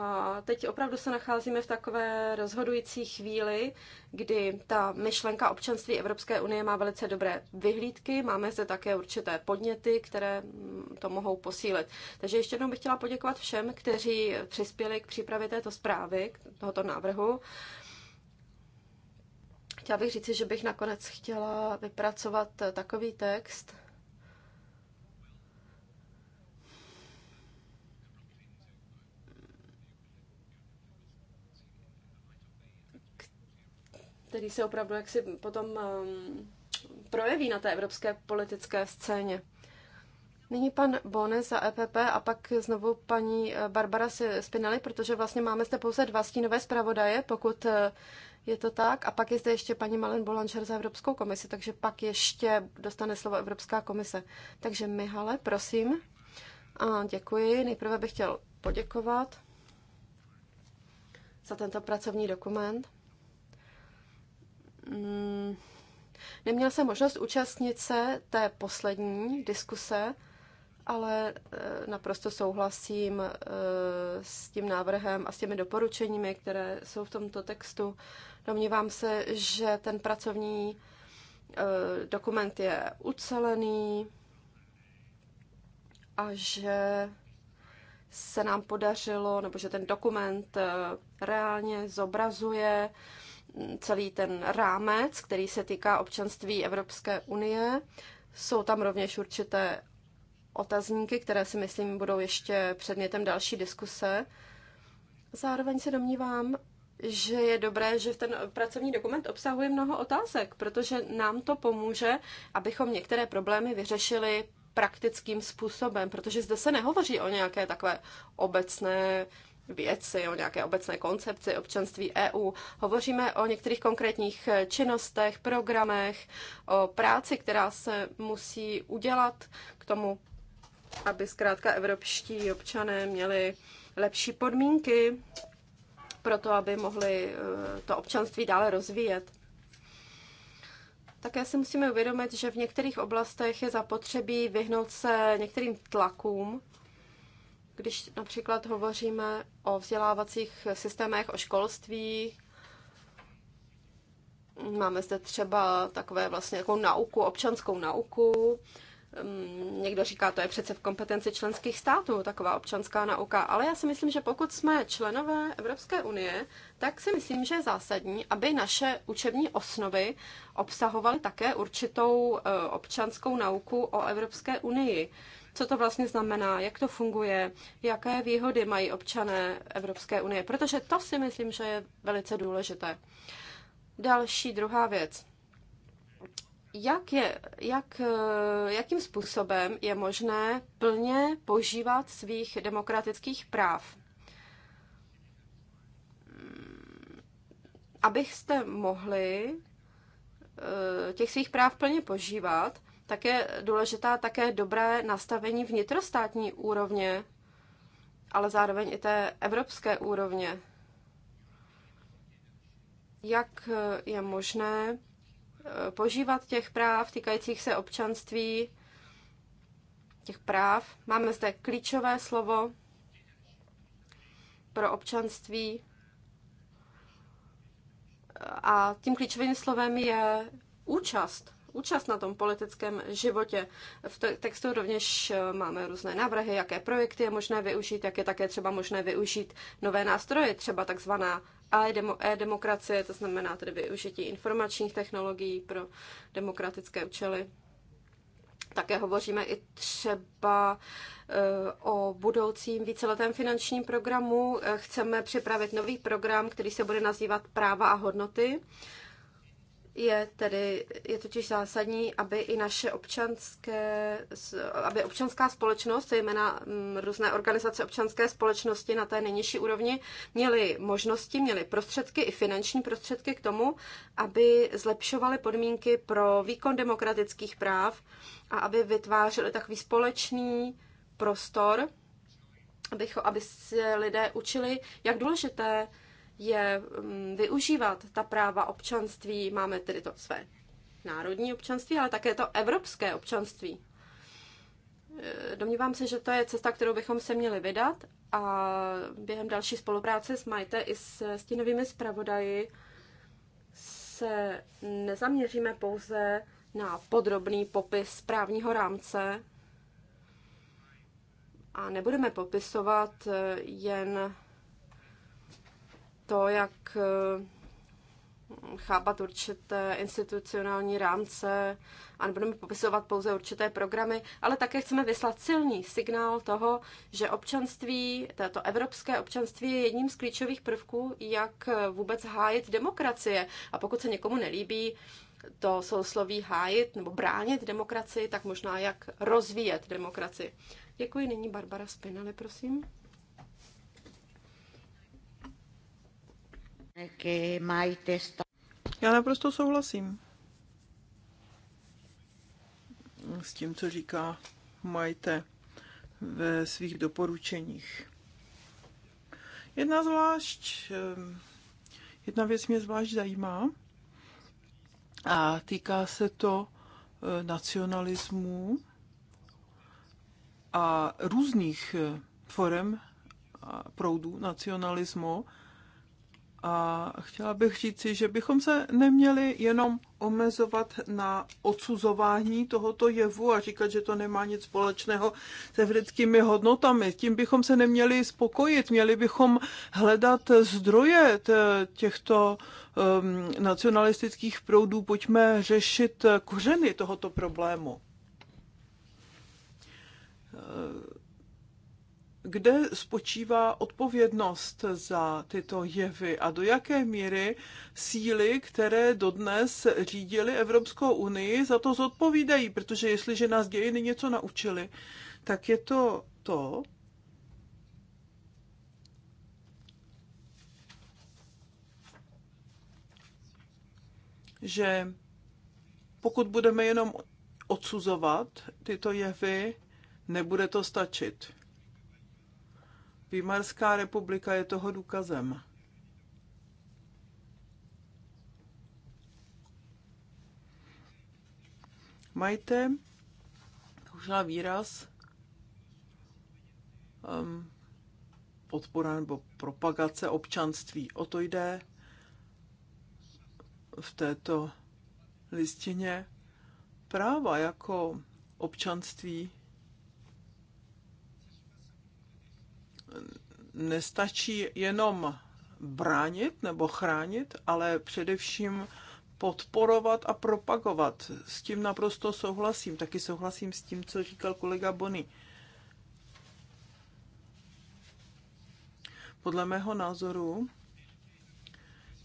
A teď opravdu se nacházíme v takové rozhodující chvíli, kdy ta myšlenka občanství Evropské unie má velice dobré vyhlídky. Máme zde také určité podněty, které mm, to mohou posílit. Takže ještě jednou bych chtěla poděkovat všem, kteří přispěli k přípravě této zprávy, tohoto návrhu. Chtěla bych říci, že bych nakonec chtěla vypracovat takový text, který se opravdu jaksi potom um, projeví na té evropské politické scéně. Nyní pan Bone za EPP a pak znovu paní eh, Barbara Spinelli, protože vlastně máme zde pouze dva stínové zpravodaje, pokud eh, je to tak. A pak je zde ještě paní Malen Bolančer za Evropskou komisi, takže pak ještě dostane slovo Evropská komise. Takže Mihale, prosím. A děkuji. Nejprve bych chtěl poděkovat za tento pracovní dokument. Neměla mm, neměl jsem možnost účastnit se té poslední diskuse, ale eh, naprosto souhlasím eh, s tím návrhem a s těmi doporučeními, které jsou v tomto textu. Domnívám se, že ten pracovní eh, dokument je ucelený a že se nám podařilo, nebo že ten dokument reálně zobrazuje celý ten rámec, který se týká občanství Evropské unie. Jsou tam rovněž určité otazníky, které si myslím budou ještě předmětem další diskuse. Zároveň se domnívám, že je dobré, že ten pracovní dokument obsahuje mnoho otázek, protože nám to pomůže, abychom některé problémy vyřešili praktickým způsobem, protože zde se nehovoří o nějaké takové obecné věci, o nějaké obecné koncepci občanství EU. Hovoříme o některých konkrétních činnostech, programech, o práci, která se musí udělat k tomu, aby zkrátka evropští občané měli lepší podmínky pro to, aby mohli eh, to občanství dále rozvíjet. Také si musíme uvědomit, že v některých oblastech je zapotřebí vyhnout se některým tlakům, když například hovoříme o vzdělávacích systémech, o školství, máme zde třeba takové vlastně jako nauku, občanskou nauku, někdo říká, to je přece v kompetenci členských států, taková občanská nauka, ale já si myslím, že pokud jsme členové Evropské unie, tak si myslím, že je zásadní, aby naše učební osnovy obsahovaly také určitou eh, občanskou nauku o Evropské unii co to vlastně znamená, jak to funguje, jaké výhody mají občané Evropské unie, protože to si myslím, že je velice důležité. Další druhá věc. Jak je, jak, eh, jakým způsobem je možné plně požívat svých demokratických práv? Abychste mohli eh, těch svých práv plně požívat, tak je důležitá také dobré nastavení vnitrostátní úrovně, ale zároveň i té evropské úrovně. Jak je možné eh, požívat těch práv týkajících se občanství, těch práv. Máme zde klíčové slovo pro občanství a tím klíčovým slovem je účast účast na tom politickém životě. V textu rovněž eh, máme různé návrhy, jaké projekty je možné využít, jak je také třeba možné využít nové nástroje, třeba takzvaná e-demokracie, to znamená tedy využití informačních technologií pro demokratické účely. Také hovoříme i třeba eh, o budoucím víceletém finančním programu. Eh, chceme připravit nový program, který se bude nazývat Práva a hodnoty je tedy, je totiž zásadní, aby i naše občanské, aby občanská společnost, zejména mm, různé organizace občanské společnosti na té nejnižší úrovni, měly možnosti, měly prostředky i finanční prostředky k tomu, aby zlepšovaly podmínky pro výkon demokratických práv a aby vytvářely takový společný prostor, abych, aby se lidé učili, jak důležité je mm, využívat ta práva občanství. Máme tedy to své národní občanství, ale také to evropské občanství. E, domnívám se, že to je cesta, kterou bychom se měli vydat a během další spolupráce s Majte i s stínovými zpravodaji se nezaměříme pouze na podrobný popis právního rámce a nebudeme popisovat e, jen to, jak eh, chápat určité institucionální rámce a nebudeme popisovat pouze určité programy, ale také chceme vyslat silný signál toho, že občanství, této evropské občanství je jedním z klíčových prvků, jak eh, vůbec hájit demokracie. A pokud se někomu nelíbí to sousloví hájit nebo bránit demokracii, tak možná jak rozvíjet demokracii. Děkuji, nyní Barbara Spinelli, prosím. Já naprosto souhlasím s tím, co říká Majte ve svých doporučeních. Jedna zvlášť, jedna věc mě zvlášť zajímá a týká se to e, nacionalismu a různých e, forem proudů nacionalismu. A chtěla bych říci, že bychom se neměli jenom omezovat na odsuzování tohoto jevu a říkat, že to nemá nic společného se vědeckými hodnotami. Tím bychom se neměli spokojit, měli bychom hledat zdroje těchto um, nacionalistických proudů. Pojďme řešit kořeny tohoto problému kde spočívá odpovědnost za tyto jevy a do jaké míry síly, které dodnes řídily Evropskou unii, za to zodpovídají, protože jestliže nás dějiny něco naučily, tak je to to, že pokud budeme jenom odsuzovat tyto jevy, nebude to stačit. Výmarská republika je toho důkazem. Majte použila výraz um, podpora nebo propagace občanství. O to jde v této listině práva jako občanství nestačí jenom bránit nebo chránit, ale především podporovat a propagovat. S tím naprosto souhlasím. Taky souhlasím s tím, co říkal kolega Bony. Podle mého názoru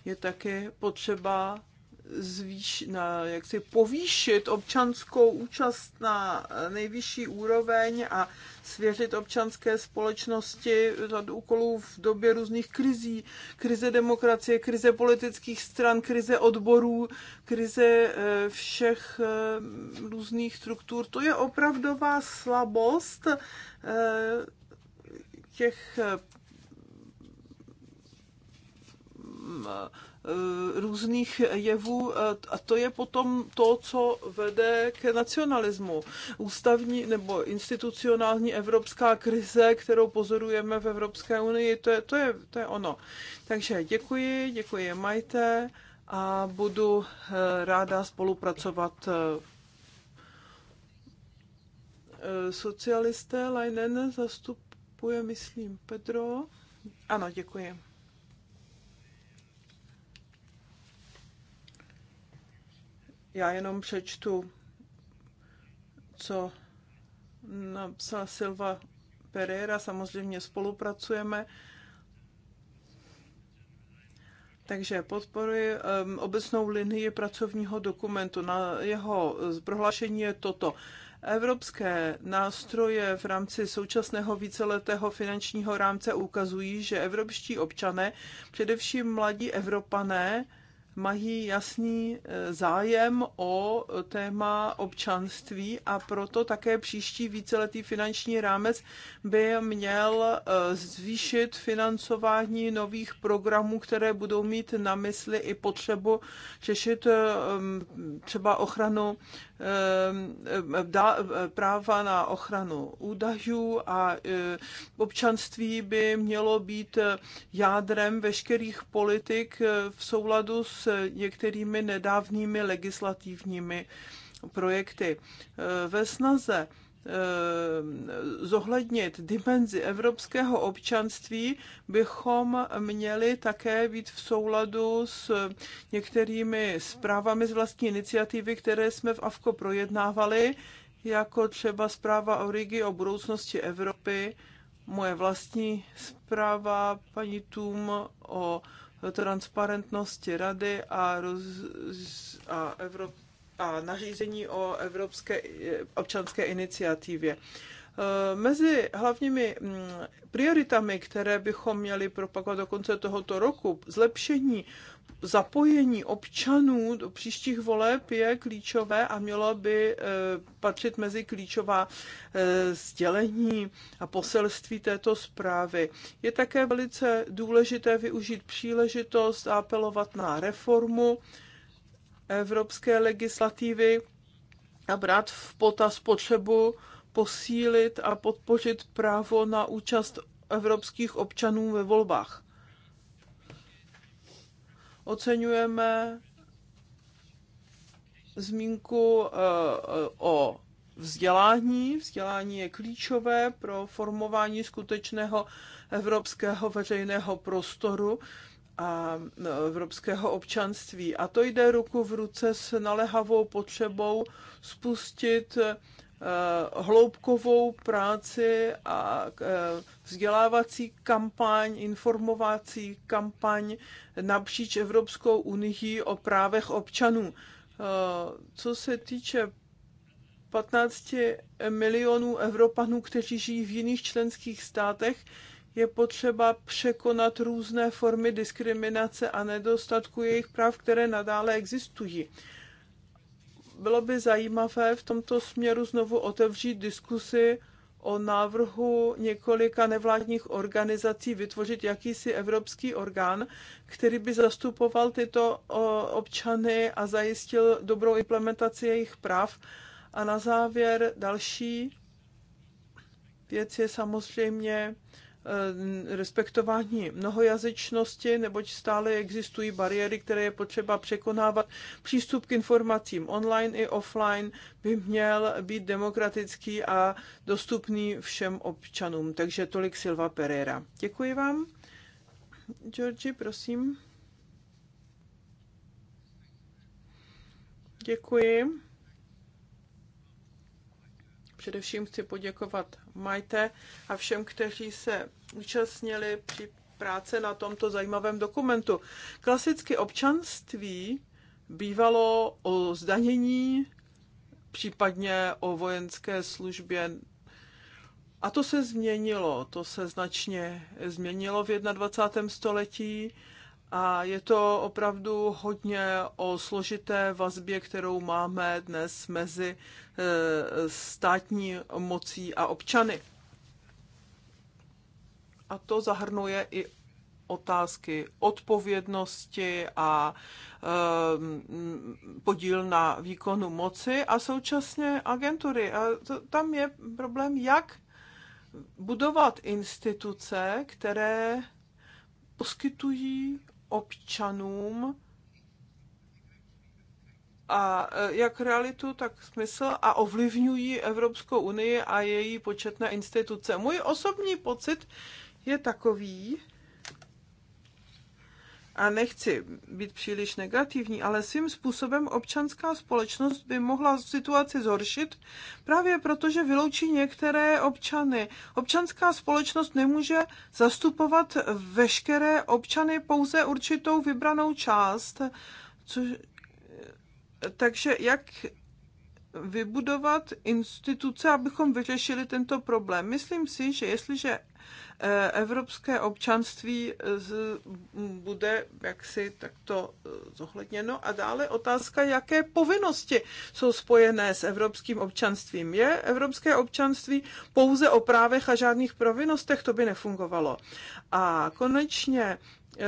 je také potřeba zvýš, na, jak si povýšit občanskou účast na nejvyšší úroveň a svěřit občanské společnosti řad úkolů v době různých krizí, krize demokracie, krize politických stran, krize odborů, krize eh, všech eh, různých struktur. To je opravdová slabost eh, těch Eh, různých jevů eh, a to je potom to, co vede k nacionalismu. Ústavní nebo institucionální evropská krize, kterou pozorujeme v Evropské unii, to je, to je, to je ono. Takže děkuji, děkuji Majte a budu eh, ráda spolupracovat socialisté, Leinen zastupuje, myslím, Pedro. Ano, děkuji. Já jenom přečtu, co napsala Silva Pereira. Samozřejmě spolupracujeme. Takže podporuji um, obecnou linii pracovního dokumentu. Na jeho prohlášení je toto. Evropské nástroje v rámci současného víceletého finančního rámce ukazují, že evropští občané, především mladí Evropané, mají jasný e, zájem o téma občanství a proto také příští víceletý finanční rámec by měl e, zvýšit financování nových programů, které budou mít na mysli i potřebu řešit e, třeba ochranu práva na ochranu údajů a občanství by mělo být jádrem veškerých politik v souladu s s některými nedávnými legislativními projekty. E, ve snaze e, zohlednit dimenzi evropského občanství, bychom měli také být v souladu s některými zprávami z vlastní iniciativy, které jsme v AVKO projednávali, jako třeba zpráva Rigi o budoucnosti Evropy, moje vlastní zpráva paní Tum o transparentnosti rady a, roz, a, a nařízení o evropské občanské iniciativě. Eh, mezi hlavními mm, prioritami, které bychom měli propagovat do konce tohoto roku, zlepšení zapojení občanů do příštích voleb je klíčové a mělo by eh, patřit mezi klíčová eh, sdělení a poselství této zprávy. Je také velice důležité využít příležitost a apelovat na reformu evropské legislativy a brát v potaz potřebu posílit a podpořit právo na účast evropských občanů ve volbách oceňujeme zmínku eh, o vzdělání. Vzdělání je klíčové pro formování skutečného evropského veřejného prostoru a eh, evropského občanství. A to jde ruku v ruce s nalehavou potřebou spustit Eh, hloubkovou práci a eh, vzdělávací kampaň, informovací kampaň napříč Evropskou unii o právech občanů. Eh, co se týče 15 milionů Evropanů, kteří žijí v jiných členských státech, je potřeba překonat různé formy diskriminace a nedostatku jejich práv, které nadále existují bylo by zajímavé v tomto směru znovu otevřít diskusy o návrhu několika nevládních organizací vytvořit jakýsi evropský orgán, který by zastupoval tyto občany a zajistil dobrou implementaci jejich práv. A na závěr další věc je samozřejmě Eh, respektování mnohojazyčnosti, neboť stále existují bariéry, které je potřeba překonávat. Přístup k informacím online i offline by měl být demokratický a dostupný všem občanům. Takže tolik Silva Pereira. Děkuji vám. Georgi, prosím. Děkuji. Především chci poděkovat Majte a všem, kteří se účastnili při práce na tomto zajímavém dokumentu. Klasicky občanství bývalo o zdanění, případně o vojenské službě. A to se změnilo, to se značně změnilo v 21. století a je to opravdu hodně o složité vazbě, kterou máme dnes mezi e, státní mocí a občany. A to zahrnuje i otázky odpovědnosti a e, podíl na výkonu moci a současně agentury. A to, tam je problém, jak budovat instituce, které poskytují občanům a e, jak realitu, tak smysl a ovlivňují Evropskou unii a její početné instituce. Můj osobní pocit je takový, a nechci být příliš negativní, ale svým způsobem občanská společnost by mohla situaci zhoršit právě proto, že vyloučí některé občany. Občanská společnost nemůže zastupovat veškeré občany pouze určitou vybranou část. Což, takže jak vybudovat instituce, abychom vyřešili tento problém. Myslím si, že jestliže evropské občanství bude jaksi takto eh, zohledněno. A dále otázka, jaké povinnosti jsou spojené s evropským občanstvím. Je evropské občanství pouze o právech a žádných povinnostech? To by nefungovalo. A konečně eh,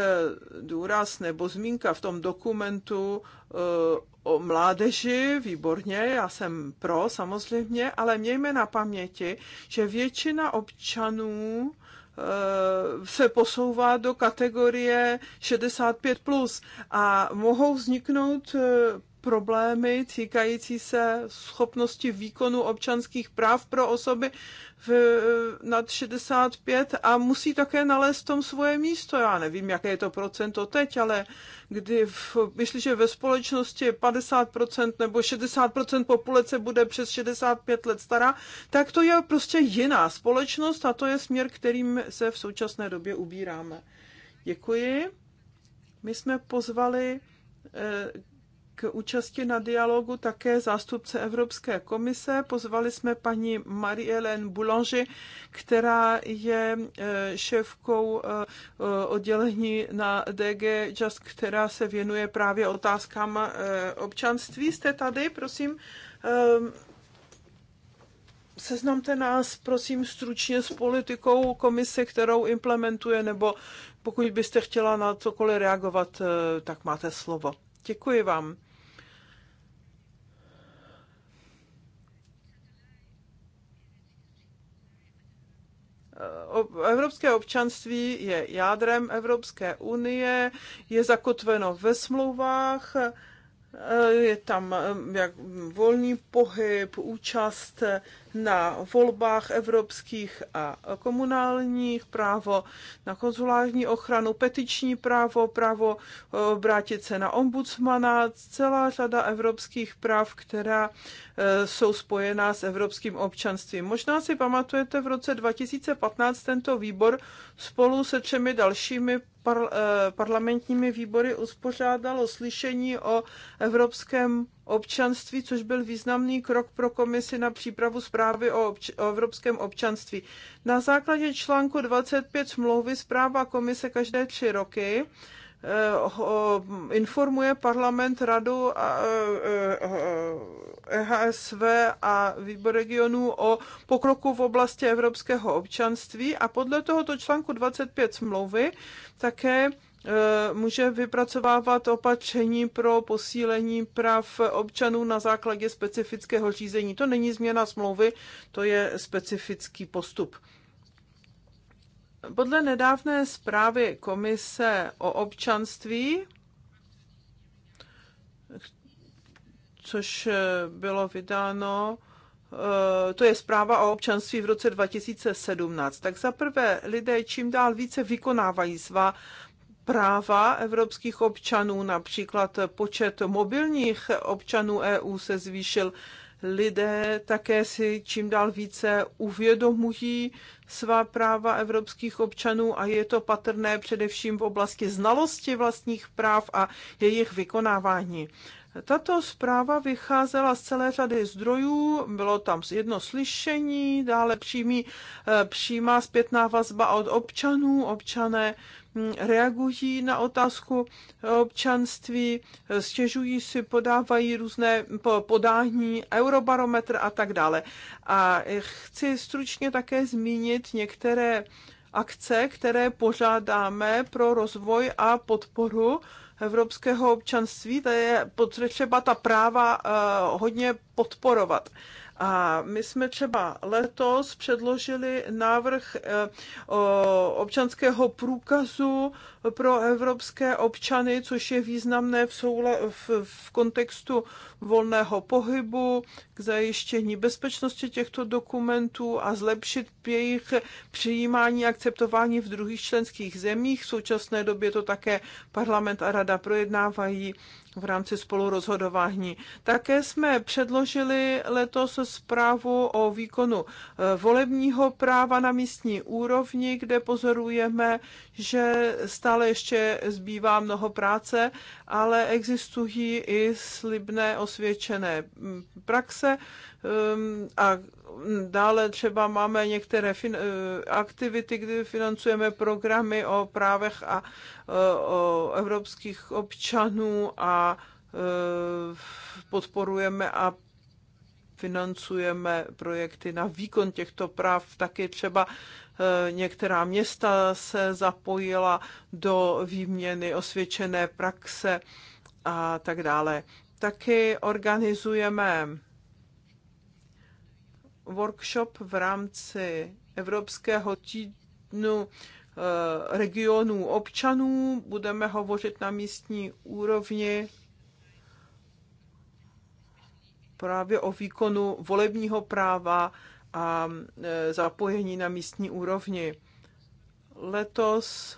důraz nebo zmínka v tom dokumentu eh, o mládeži, výborně, já jsem pro samozřejmě, ale mějme na paměti, že většina občanů Eh, se posouvá do kategorie 65+, plus a mohou vzniknout eh, problémy týkající se schopnosti výkonu občanských práv pro osoby v, nad 65 a musí také nalézt v tom svoje místo. Já nevím, jaké je to procento teď, ale kdy v, že ve společnosti 50% nebo 60% populace bude přes 65 let stará, tak to je prostě jiná společnost a to je směr, kterým se v současné době ubíráme. Děkuji. My jsme pozvali eh, k účasti na dialogu také zástupce Evropské komise. Pozvali jsme paní Marie-Hélène Boulanger, která je e, šéfkou e, e, oddělení na DG Just, která se věnuje právě otázkám občanství. Jste tady, prosím. Seznamte nás, prosím, stručně s politikou komise, kterou implementuje, nebo pokud byste chtěla na cokoliv reagovat, tak máte slovo. Děkuji vám. evropské občanství je jádrem Evropské unie, je zakotveno ve smlouvách, Eh, je tam eh, jak volný pohyb, účast na volbách evropských a komunálních, právo na konzulární ochranu, petiční právo, právo eh, obrátit se na ombudsmana, celá řada evropských práv, která jsou spojená s evropským občanstvím. Možná si pamatujete, v roce 2015 tento výbor spolu se třemi dalšími par, eh, parlamentními výbory uspořádalo slyšení o evropském občanství, což byl významný krok pro komisi na přípravu zprávy o, obč- o evropském občanství. Na základě článku 25 smlouvy zpráva komise každé tři roky Eh, informuje parlament, radu a EHSV eh, eh, e a výbor regionů o pokroku v oblasti evropského občanství a podle tohoto článku 25 smlouvy také může vypracovávat opatření pro posílení práv občanů na základě specifického řízení. To není změna smlouvy, to je specifický postup. Podle nedávné zprávy Komise o občanství, což eh, bylo vydáno, eh, to je zpráva o občanství v roce 2017. Tak za prvé, lidé čím dál více vykonávají svá práva evropských občanů, například počet mobilních občanů EU se zvýšil lidé také si čím dál více uvědomují svá práva evropských občanů a je to patrné především v oblasti znalosti vlastních práv a jejich vykonávání. Tato zpráva vycházela z celé řady zdrojů, bylo tam jedno slyšení, dále přímý, eh, přímá zpětná vazba od občanů, občané hm, reagují na otázku občanství, eh, stěžují si, podávají různé podání, eurobarometr a tak dále. A eh, chci stručně také zmínit některé akce, které pořádáme pro rozvoj a podporu evropského občanství, to je potřeba ta práva eh, hodně podporovat. A my jsme třeba letos předložili návrh eh, občanského průkazu pro evropské občany, což je významné v, soule, v, v kontextu volného pohybu, k zajištění bezpečnosti těchto dokumentů a zlepšit jejich přijímání a akceptování v druhých členských zemích. V současné době to také parlament a rada projednávají v rámci spolurozhodování. Také jsme předložili letos zprávu o výkonu eh, volebního práva na místní úrovni, kde pozorujeme, že stále ještě zbývá mnoho práce, ale existují i slibné osvědčené mm, praxe, Ehm, a dále třeba máme některé fin- eh, aktivity, kdy financujeme programy o právech a eh, o evropských občanů a eh, podporujeme a financujeme projekty na výkon těchto práv. Taky třeba některá města se zapojila do výměny osvědčené praxe a tak dále. Taky organizujeme workshop v rámci Evropského týdnu eh, regionů občanů. Budeme hovořit na místní úrovni právě o výkonu volebního práva a eh, zapojení na místní úrovni. Letos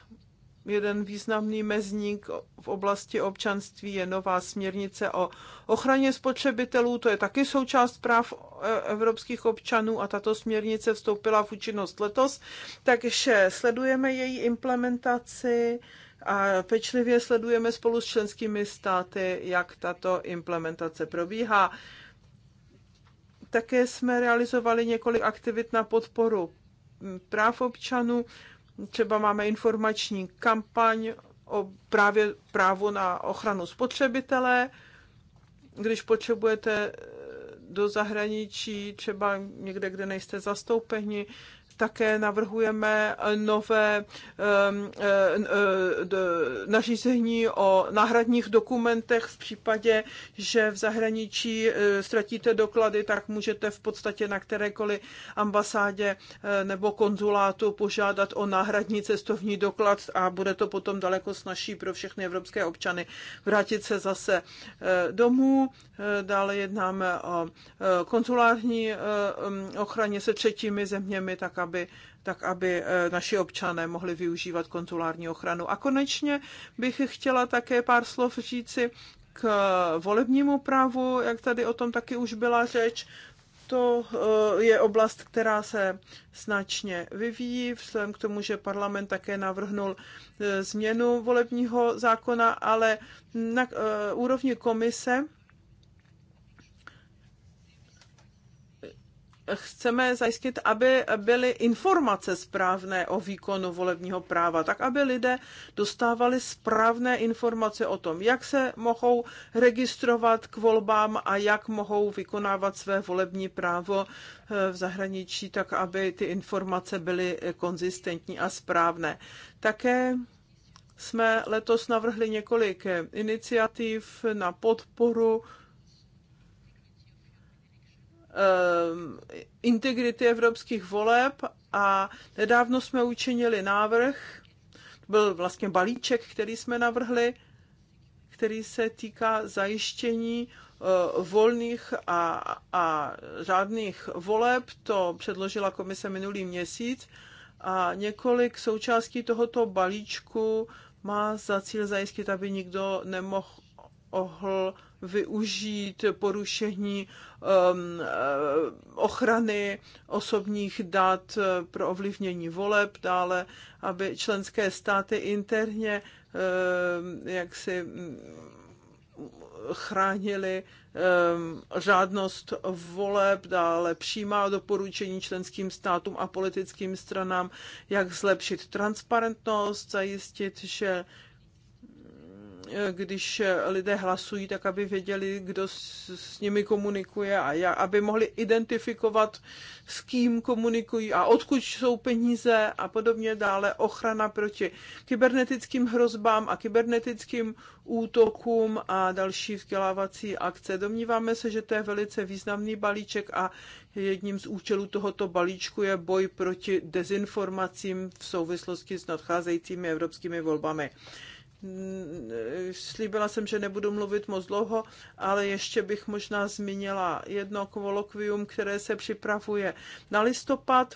jeden významný mezník v oblasti občanství je nová směrnice o ochraně spotřebitelů. To je taky součást práv e, evropských občanů a tato směrnice vstoupila v účinnost letos. Takže sledujeme její implementaci a pečlivě sledujeme spolu s členskými státy, jak tato implementace probíhá. Také jsme realizovali několik aktivit na podporu práv občanů Třeba máme informační kampaň o právě právu na ochranu spotřebitele. Když potřebujete do zahraničí, třeba někde, kde nejste zastoupeni, také navrhujeme nové ehm, ehm, ehm, nařízení o náhradních dokumentech v případě, že v zahraničí eh, ztratíte doklady, tak můžete v podstatě na kterékoliv ambasádě eh, nebo konzulátu požádat o náhradní cestovní doklad a bude to potom daleko snažší pro všechny evropské občany vrátit se zase eh, domů. Dále jednáme o konzulární ochraně se třetími zeměmi, tak aby, tak aby eh, naši občané mohli využívat konzulární ochranu. A konečně bych chtěla také pár slov říci k eh, volebnímu právu, jak tady o tom taky už byla řeč. To eh, je oblast, která se značně vyvíjí, vzhledem k tomu, že parlament také navrhnul změnu volebního zákona, ale na úrovni komise chceme zajistit, aby byly informace správné o výkonu volebního práva, tak aby lidé dostávali správné informace o tom, jak se mohou registrovat k volbám a jak mohou vykonávat své volební právo eh, v zahraničí, tak aby ty informace byly konzistentní a správné. Také jsme letos navrhli několik eh, iniciativ na podporu Ehm, integrity evropských voleb a nedávno jsme učinili návrh, byl vlastně balíček, který jsme navrhli, který se týká zajištění eh, volných a, a řádných voleb. To předložila komise minulý měsíc a několik součástí tohoto balíčku má za cíl zajistit, aby nikdo nemohl ohl využít porušení um, eh, ochrany osobních dat eh, pro ovlivnění voleb, dále, aby členské státy interně eh, jak si mm, chránili řádnost voleb, dále přijímá doporučení členským státům a politickým stranám, jak zlepšit transparentnost, zajistit, že když lidé hlasují, tak aby věděli, kdo s, s nimi komunikuje a já, aby mohli identifikovat, s kým komunikují a odkud jsou peníze a podobně dále. Ochrana proti kybernetickým hrozbám a kybernetickým útokům a další vzdělávací akce. Domníváme se, že to je velice významný balíček a jedním z účelů tohoto balíčku je boj proti dezinformacím v souvislosti s nadcházejícími evropskými volbami slíbila jsem, že nebudu mluvit moc dlouho, ale ještě bych možná zmínila jedno kolokvium, které se připravuje na listopad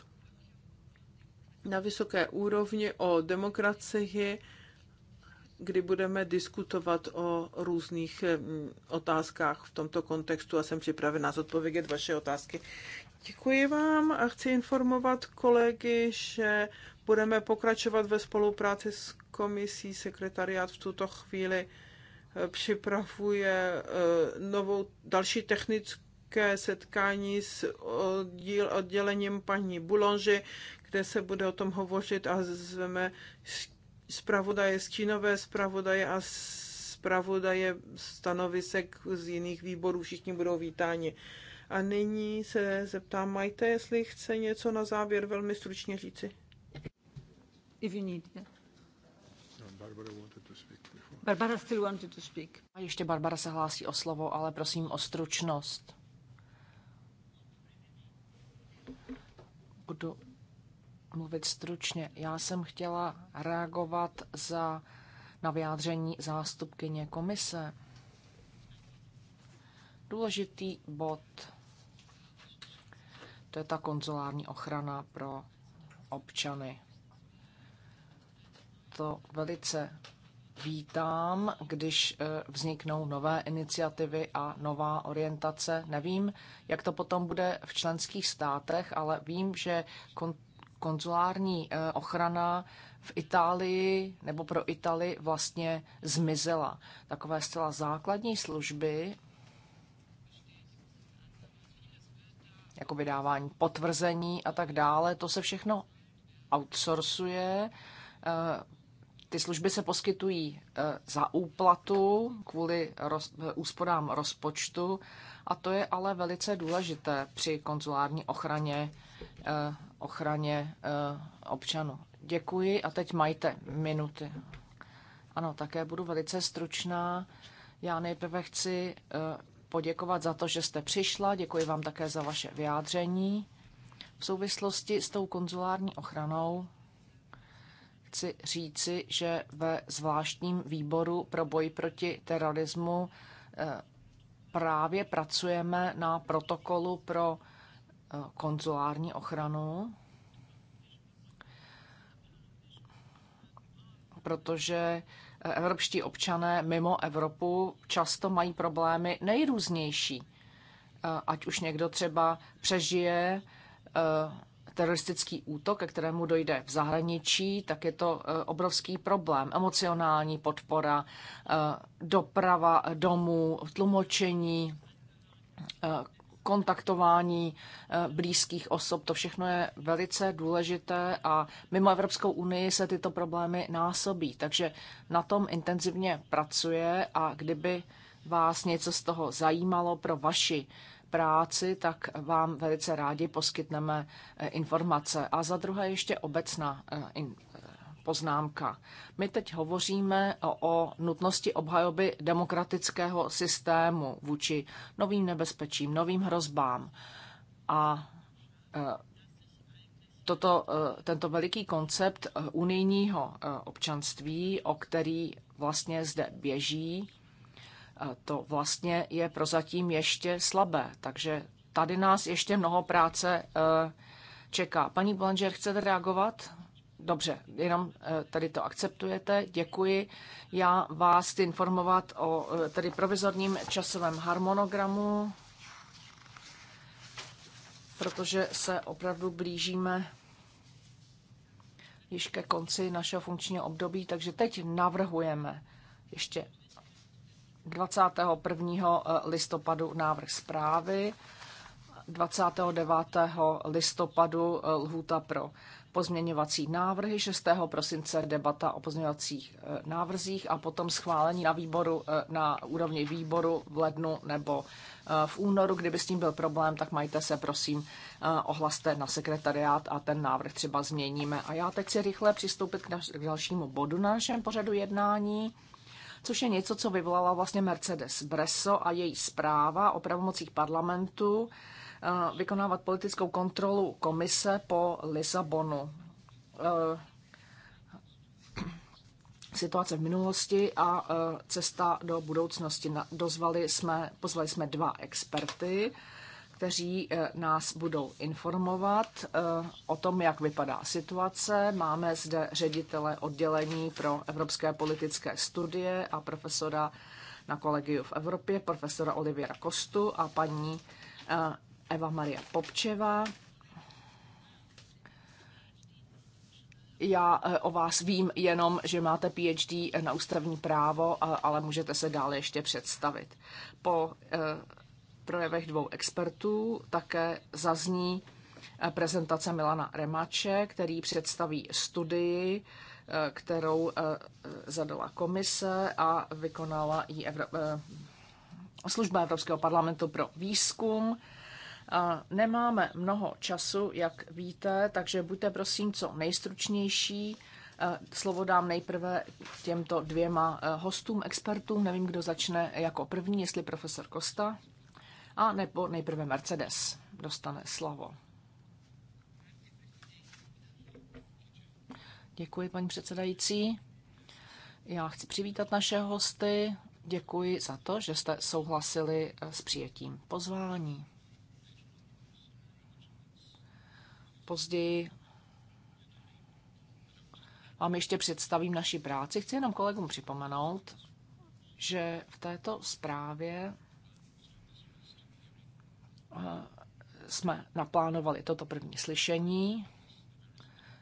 na vysoké úrovni o demokracii, kdy budeme diskutovat o různých otázkách v tomto kontextu a jsem připravena zodpovědět vaše otázky. Děkuji vám a chci informovat kolegy, že budeme pokračovat ve spolupráci s komisí. Sekretariát v tuto chvíli eh, připravuje eh, novou další technické setkání s oddíl, oddělením paní Bulonži, kde se bude o tom hovořit a zveme zpravodaje, stínové zpravodaje a zpravodaje stanovisek z jiných výborů. Všichni budou vítáni. A nyní se zeptám Majte, jestli chce něco na závěr velmi stručně říci if you need. Yeah. No, Barbara, still wanted to speak. A ještě Barbara se hlásí o slovo, ale prosím o stručnost. Budu mluvit stručně. Já jsem chtěla reagovat za, na vyjádření zástupkyně komise. Důležitý bod to je ta konzulární ochrana pro občany to velice vítám, když e, vzniknou nové iniciativy a nová orientace. Nevím, jak to potom bude v členských státech, ale vím, že konzulární e, ochrana v Itálii nebo pro Itálii vlastně zmizela. Takové zcela základní služby, jako vydávání potvrzení a tak dále, to se všechno outsourcuje e, ty služby se poskytují e, za úplatu kvůli roz, e, úsporám rozpočtu a to je ale velice důležité při konzulární ochraně, e, ochraně občanů. Děkuji a teď majte minuty. Ano, také budu velice stručná. Já nejprve chci poděkovat za to, že jste přišla. Děkuji vám také za vaše vyjádření. V souvislosti s tou konzulární ochranou chci říci, že ve zvláštním výboru pro boj proti terorismu eh, právě pracujeme na protokolu pro eh, konzulární ochranu, protože eh, evropští občané mimo Evropu často mají problémy nejrůznější. Ať už někdo třeba přežije teroristický útok, ke kterému dojde v zahraničí, tak je to e, obrovský problém. Emocionální podpora, e, doprava domů, tlumočení, e, kontaktování blízkých osob. To všechno je velice důležité a mimo Evropskou unii se tyto problémy násobí. Takže na tom intenzivně pracuje a kdyby vás něco z toho zajímalo pro vaši práci, tak vám velice rádi poskytneme eh, informace. A za druhé ještě obecná eh, eh, poznámka. My teď hovoříme o, nutnosti obhajoby demokratického systému vůči novým nebezpečím, novým hrozbám. A toto, tento veliký koncept unijního občanství, o který vlastně zde běží, to vlastně je prozatím ještě slabé. Takže tady nás ještě mnoho práce eh, čeká. Paní Blanger, chcete reagovat? Dobře, jenom eh, tady to akceptujete, děkuji. Já vás chci informovat o eh, tady provizorním časovém harmonogramu, protože se opravdu blížíme již ke konci našeho funkčního období, takže teď navrhujeme ještě 21. Eh, listopadu návrh zprávy, 29. listopadu eh, lhůta pro pozměňovací návrhy, 6. prosince debata o pozměňovacích eh, návrzích a potom schválení na výboru na úrovni výboru v lednu nebo v únoru. Kdyby s tím byl problém, tak majte se prosím ohlaste na sekretariát a ten návrh třeba změníme. A já teď si rychle přistoupit k, naš- k dalšímu bodu na našem pořadu jednání což je něco, co vyvolala vlastně Mercedes Bresso a její zpráva o pravomocích parlamentu eh, vykonávat politickou kontrolu komise po Lisabonu. Eh, situace v minulosti a eh, cesta do budoucnosti. Dozvali jsme, pozvali jsme dva experty kteří eh, nás budou informovat eh, o tom, jak vypadá situace. Máme zde ředitele oddělení pro evropské politické studie a profesora na kolegiu v Evropě, profesora Oliviera Kostu a paní eh, Eva Maria Popčeva. Já o vás vím jenom, že máte PhD na ústavní právo, ale můžete se dále ještě představit. Po projevech dvou expertů také zazní eh, prezentace Milana Remače, který představí studii, eh, kterou eh, zadala komise a vykonala ji Evro- služba Evropského parlamentu pro výzkum. Nemáme mnoho času, jak víte, takže buďte prosím co nejstručnější. Slovo dám nejprve těmto dvěma hostům, expertům. Nevím, kdo začne jako první, jestli profesor Kosta a nebo nejprve Mercedes dostane slavo. Děkuji, paní předsedající. Já chci přivítat naše hosty. Děkuji za to, že jste souhlasili eh, s přijetím pozvání. Později vám ještě představím naši práci. Chci jenom kolegům připomenout, že v této zprávě jsme naplánovali toto první slyšení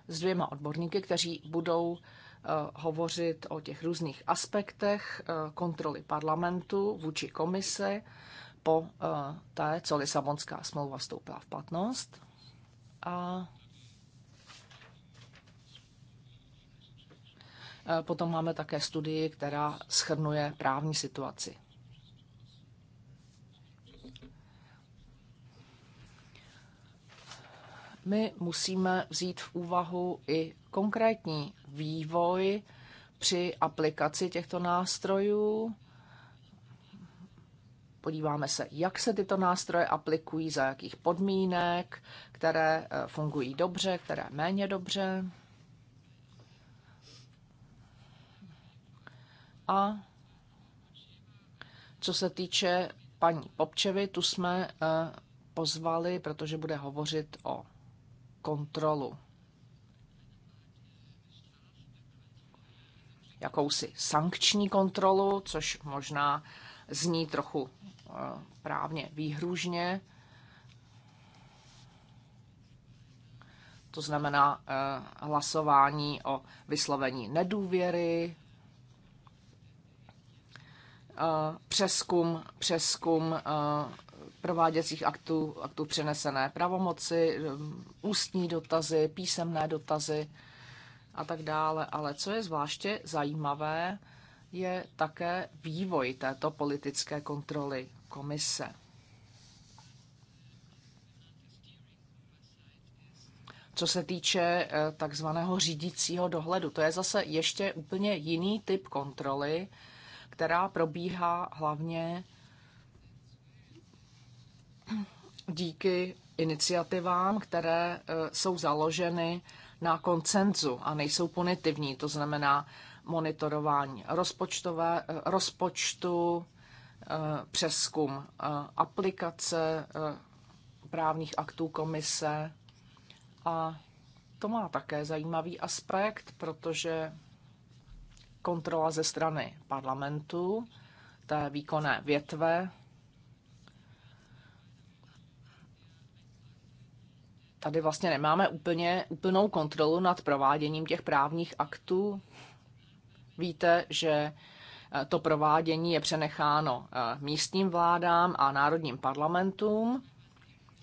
s dvěma odborníky, kteří budou eh, hovořit o těch různých aspektech eh, kontroly parlamentu vůči komise po eh, té, co Lisabonská smlouva vstoupila v platnost. A potom máme také studii, která schrnuje právní situaci. My musíme vzít v úvahu i konkrétní vývoj při aplikaci těchto nástrojů. Podíváme se, jak se tyto nástroje aplikují, za jakých podmínek, které eh, fungují dobře, které méně dobře. A co se týče paní Popčevy, tu jsme eh, pozvali, protože bude hovořit o kontrolu. Jakousi sankční kontrolu, což možná zní trochu eh, právně výhružně. To znamená eh, hlasování o vyslovení nedůvěry, eh, přeskum, přeskum prováděcích aktů, aktů přenesené pravomoci, um, ústní dotazy, písemné dotazy a tak dále. Ale co je zvláště zajímavé, je také vývoj této politické kontroly komise. Co se týče eh, takzvaného řídícího dohledu, to je zase ještě úplně jiný typ kontroly, která probíhá hlavně díky iniciativám, které eh, jsou založeny na koncenzu a nejsou punitivní, to znamená monitorování rozpočtové, eh, rozpočtu, eh, přeskum aplikace právních aktů komise. A to má také zajímavý aspekt, protože kontrola ze strany parlamentu, té výkonné větve, tady vlastně nemáme úplně úplnou kontrolu nad prováděním těch právních aktů. Víte, že eh, to provádění je přenecháno eh, místním vládám a národním parlamentům,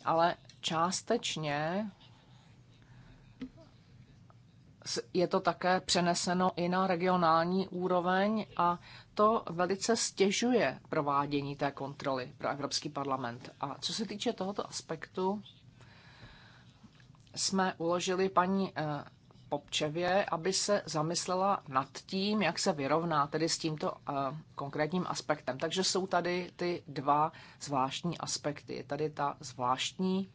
ale částečně je to také přeneseno i na regionální úroveň a to velice stěžuje provádění té kontroly pro Evropský parlament. A co se týče tohoto aspektu, jsme uložili paní eh, Popčevě, aby se zamyslela nad tím, jak se vyrovná tedy s tímto eh, konkrétním aspektem. Takže jsou tady ty dva zvláštní aspekty. Je tady ta zvláštní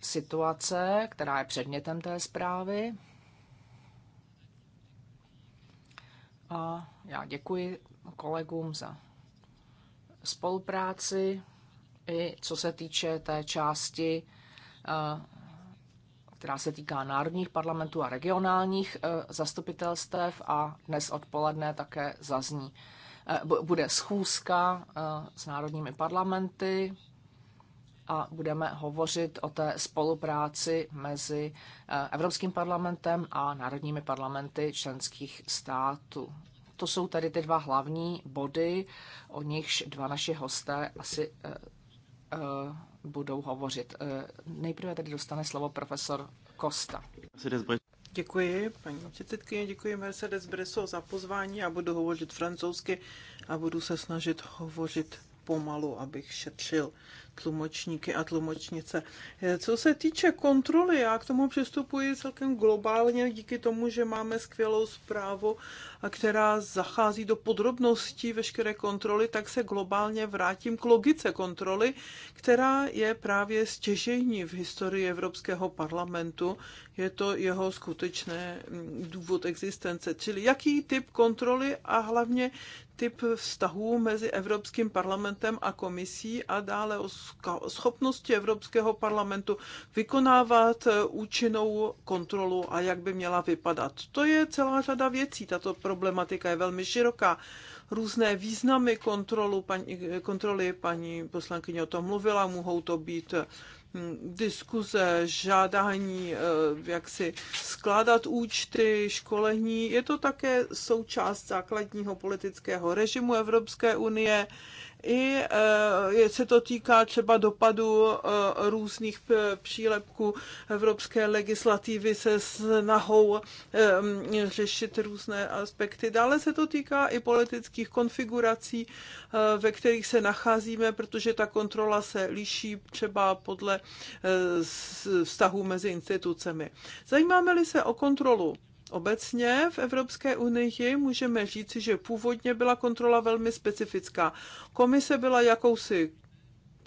situace, která je předmětem té zprávy. A já děkuji kolegům za spolupráci i co se týče té části eh, která se týká národních parlamentů a regionálních eh, zastupitelstev a dnes odpoledne také zazní, eh, bude schůzka eh, s národními parlamenty a budeme hovořit o té spolupráci mezi Evropským parlamentem a národními parlamenty členských států. To jsou tedy ty dva hlavní body, o nichž dva naši hosté asi budou hovořit. Eh, nejprve tedy dostane slovo profesor Kosta. Děkuji, paní předsedkyně, děkuji Mercedes Bresso za pozvání a budu hovořit francouzsky a budu se snažit hovořit pomalu, abych šetřil tlumočníky a tlumočnice. Co se týče kontroly, já k tomu přistupuji celkem globálně díky tomu, že máme skvělou zprávu, která zachází do podrobností veškeré kontroly, tak se globálně vrátím k logice kontroly, která je právě stěžejní v historii Evropského parlamentu. Je to jeho skutečné mm, důvod existence, čili jaký typ kontroly a hlavně typ vztahů mezi Evropským parlamentem a komisí a dále os schopnosti Evropského parlamentu vykonávat eh, účinnou kontrolu a jak by měla vypadat. To je celá řada věcí. Tato problematika je velmi široká. Různé významy kontrolu, paní, kontroly, paní poslankyně o tom mluvila, mohou to být eh, hm, diskuze, žádání, eh, jak si skládat účty, školení. Je to také součást základního politického režimu Evropské unie. I eh, se to týká třeba dopadu eh, různých eh, přílepků evropské legislativy se snahou řešit různé aspekty. Dále se to týká i politických konfigurací, ve kterých se nacházíme, protože ta kontrola se liší třeba podle vztahu mezi institucemi. Zajímáme-li se o kontrolu obecně v Evropské unii můžeme říci, že původně byla kontrola velmi specifická. Komise byla jakousi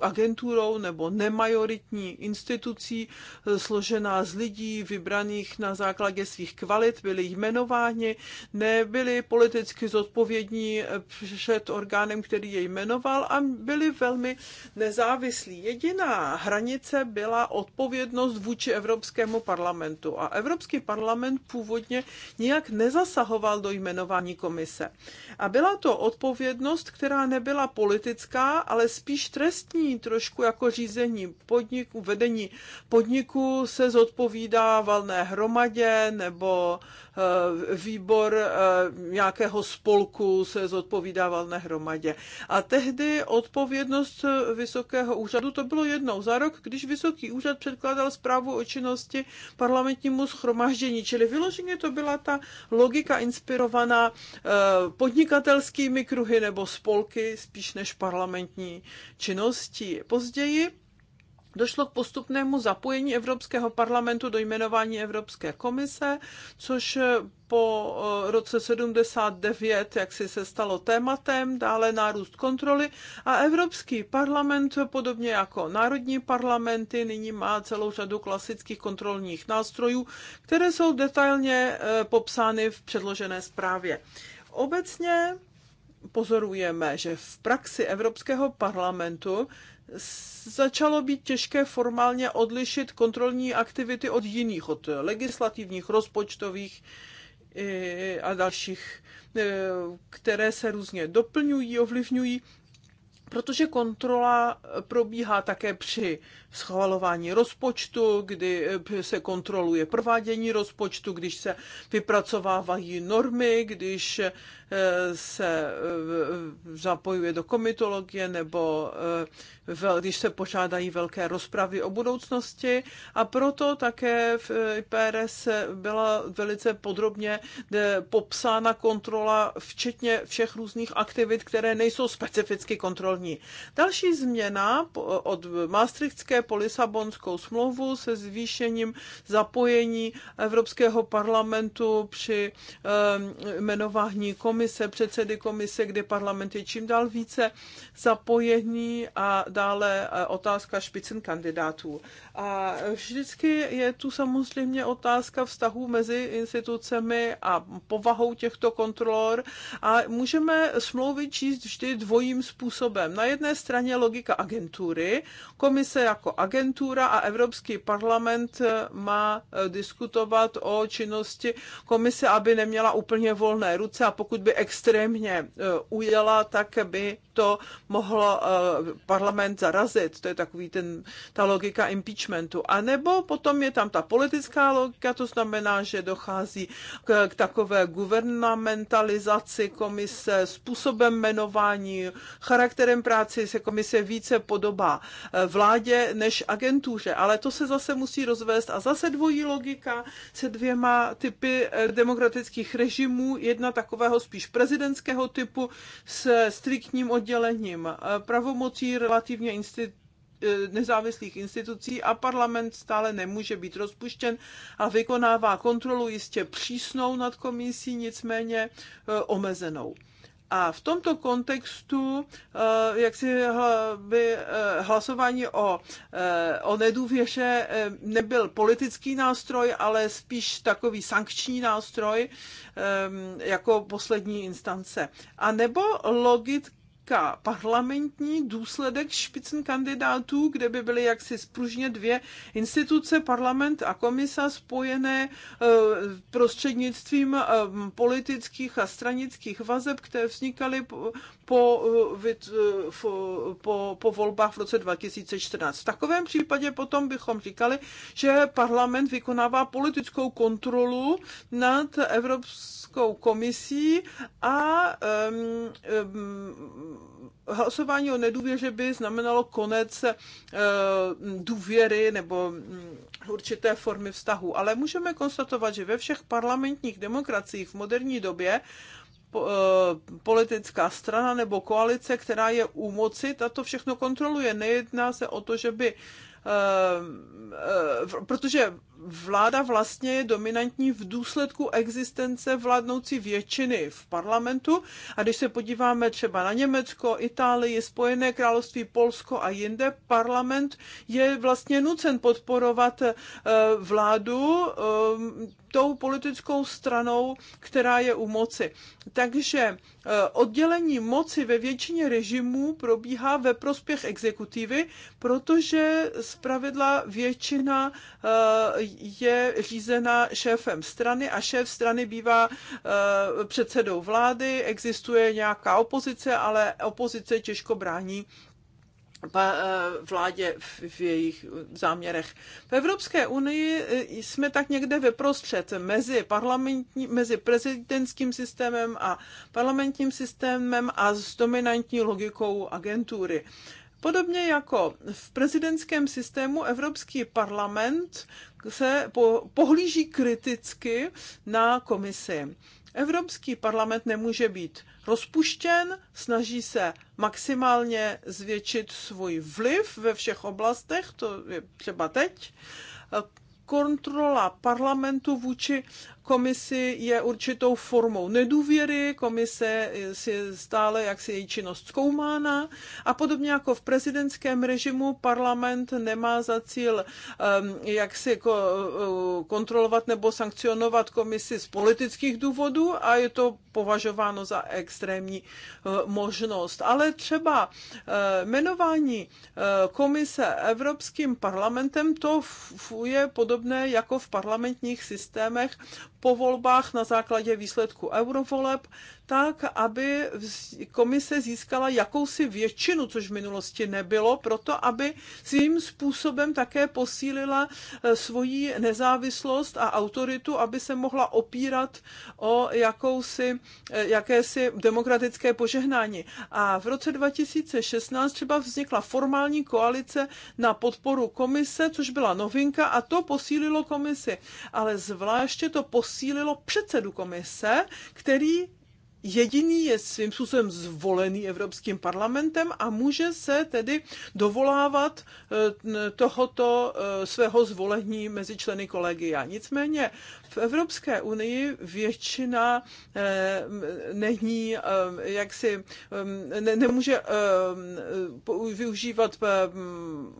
agenturou nebo nemajoritní institucí eh, složená z lidí vybraných na základě svých kvalit, byli jmenováni, nebyli politicky zodpovědní eh, před orgánem, který je jmenoval a byli velmi nezávislí. Jediná hranice byla odpovědnost vůči Evropskému parlamentu a Evropský parlament původně nijak nezasahoval do jmenování komise. A byla to odpovědnost, která nebyla politická, ale spíš trestní řízení, trošku jako řízení podniku, vedení podniku se zodpovídá valné hromadě nebo Eh, výbor eh, nějakého spolku se zodpovídával nehromadě. hromadě. A tehdy odpovědnost Vysokého úřadu, to bylo jednou za rok, když Vysoký úřad předkládal zprávu o činnosti parlamentnímu schromáždění, čili vyloženě to byla ta logika inspirovaná eh, podnikatelskými kruhy nebo spolky spíš než parlamentní činností. Později Došlo k postupnému zapojení Evropského parlamentu do jmenování Evropské komise, což po eh, roce 79, jak si se stalo tématem, dále nárůst kontroly a Evropský parlament, podobně jako národní parlamenty, nyní má celou řadu klasických kontrolních nástrojů, které jsou detailně eh, popsány v předložené zprávě. Obecně pozorujeme, že v praxi Evropského parlamentu začalo být těžké formálně odlišit kontrolní aktivity od jiných, od legislativních, rozpočtových eh, a dalších, eh, které se různě doplňují, ovlivňují, protože kontrola probíhá také při schvalování rozpočtu, kdy eh, se kontroluje provádění rozpočtu, když se vypracovávají normy, když se zapojuje do komitologie nebo když se pořádají velké rozpravy o budoucnosti a proto také v IPRS byla velice podrobně eh, popsána kontrola, včetně všech různých aktivit, které nejsou specificky kontrolní. Další změna od Maastrichtské po Lisabonskou smlouvu se zvýšením zapojení Evropského parlamentu při eh, jmenování komise, předsedy komise, kdy parlament je čím dál více zapojený a dále eh, otázka špicen kandidátů. A vždycky je tu samozřejmě otázka vztahu mezi institucemi a povahou těchto kontrolor a můžeme smlouvy číst vždy dvojím způsobem. Na jedné straně logika agentury, komise jako agentura a Evropský parlament eh, má eh, diskutovat o činnosti komise, aby neměla úplně volné ruce a pokud by extrémně ujela, tak by to mohlo eh, parlament zarazit. To je takový ten, ta logika impeachmentu. A nebo potom je tam ta politická logika, to znamená, že dochází k, k takové guvernamentalizaci komise, způsobem jmenování, charakterem práce se komise více podobá eh, vládě než agentuře. Ale to se zase musí rozvést a zase dvojí logika se dvěma typy eh, demokratických režimů. Jedna takového spíš prezidentského typu s striktním od oddělením eh, pravomocí relativně institu- eh, nezávislých institucí a parlament stále nemůže být rozpuštěn a vykonává kontrolu jistě přísnou nad komisí, nicméně eh, omezenou. A v tomto kontextu, jak si by hlasování o, o nedůvěře nebyl politický nástroj, ale spíš takový sankční nástroj jako poslední instance. A nebo logit týká parlamentní důsledek špicen kandidátů, kde by byly jaksi spružně dvě instituce, parlament a komisa spojené eh, prostřednictvím eh, politických a stranických vazeb, které vznikaly po, eh, eh, po, po volbách v roce 2014. V takovém případě potom bychom říkali, že parlament vykonává politickou kontrolu nad Evropskou komisí a um, um, hlasování o nedůvěře by znamenalo konec uh, důvěry nebo um, určité formy vztahu. Ale můžeme konstatovat, že ve všech parlamentních demokraciích v moderní době Eh, politická strana nebo koalice, která je u moci, ta to všechno kontroluje. Nejedná se o to, že by eh, eh, protože vláda vlastně je dominantní v důsledku existence vládnoucí většiny v parlamentu. A když se podíváme třeba na Německo, Itálii, Spojené království, Polsko a jinde, parlament je vlastně nucen podporovat vládu tou politickou stranou, která je u moci. Takže eh, oddělení moci ve většině režimů probíhá ve prospěch exekutivy, protože zpravidla většina eh, je řízena šéfem strany a šéf strany bývá eh, předsedou vlády, existuje nějaká opozice, ale opozice těžko brání Eh, vládě v jejich záměrech. V Evropské unii eh, jsme tak někde vyprostřed mezi, parlamentní, mezi prezidentským systémem a parlamentním systémem a s dominantní logikou agentury. Podobně jako v prezidentském systému Evropský parlament se po, pohlíží kriticky na komisi. Evropský parlament nemůže být rozpuštěn, snaží se maximálně zvětšit svůj vliv ve všech oblastech, to je třeba teď. Kontrola parlamentu vůči komisi je určitou formou nedůvěry, komise si stále jak si její činnost zkoumána a podobně jako v prezidentském režimu parlament nemá za cíl ehm, jak si eh, kontrolovat nebo sankcionovat komisi z politických důvodů a je to považováno za extrémní eh, možnost. Ale třeba eh, jmenování komise Evropským parlamentem to je podobné jako v parlamentních systémech po volbách na základě výsledku eurovoleb, tak aby komise získala jakousi většinu, což v minulosti nebylo, proto aby svým způsobem také posílila eh, svoji nezávislost a autoritu, aby se mohla opírat o jakousi, eh, jakési demokratické požehnání. A v roce 2016 třeba vznikla formální koalice na podporu komise, což byla novinka a to posílilo komisi. Ale zvláště to posílilo předsedu komise, který jediný je svým způsobem zvolený Evropským parlamentem a může se tedy dovolávat eh, tohoto eh, svého zvolení mezi členy kolegia. Nicméně v Evropské unii většina eh, není, eh, jak si, eh, ne, nemůže využívat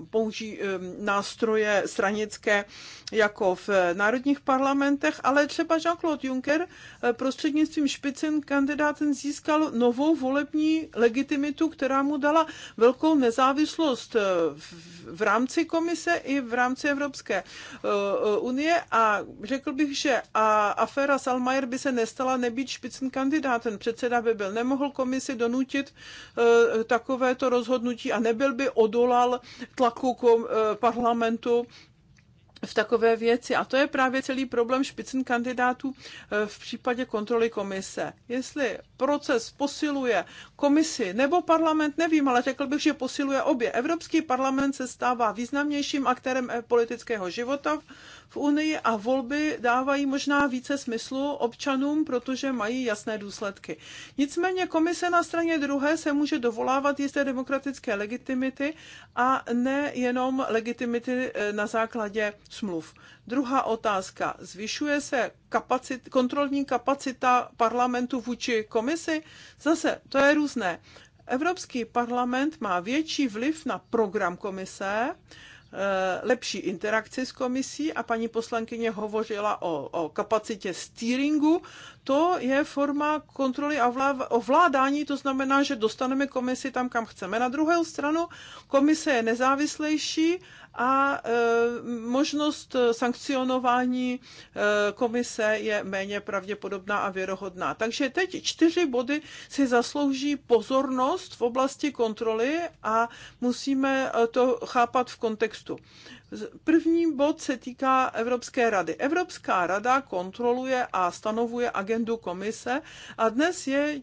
použí, nástroje stranické jako v národních parlamentech, ale třeba Jean-Claude Juncker prostřednictvím špicen kandidátem získal novou volební legitimitu, která mu dala velkou nezávislost v rámci komise i v rámci Evropské unie a řekl bych, takže a aféra Salmajer by se nestala nebýt špicn kandidátem. Předseda by byl nemohl komisi donutit e, takovéto rozhodnutí a nebyl by odolal tlaku kom, e, parlamentu v takové věci. A to je právě celý problém špicn kandidátů e, v případě kontroly komise. Jestli proces posiluje komisi nebo parlament, nevím, ale řekl bych, že posiluje obě. Evropský parlament se stává významnějším aktérem politického života Unii a volby dávají možná více smyslu občanům, protože mají jasné důsledky. Nicméně komise na straně druhé se může dovolávat jisté demokratické legitimity a ne jenom legitimity e, na základě smluv. Druhá otázka. Zvyšuje se kapacit, kontrolní kapacita parlamentu vůči komisi? Zase, to je různé. Evropský parlament má větší vliv na program komise, Eh, lepší interakci s komisí a paní poslankyně hovořila o, o kapacitě steeringu. To je forma kontroly a ovládání, to znamená, že dostaneme komisi tam, kam chceme. Na druhou stranu komise je nezávislejší a e, možnost sankcionování e, komise je méně pravděpodobná a věrohodná. Takže teď čtyři body si zaslouží pozornost v oblasti kontroly a musíme e, to chápat v kontextu. První bod se týká Evropské rady. Evropská rada kontroluje a stanovuje agendu komise a dnes je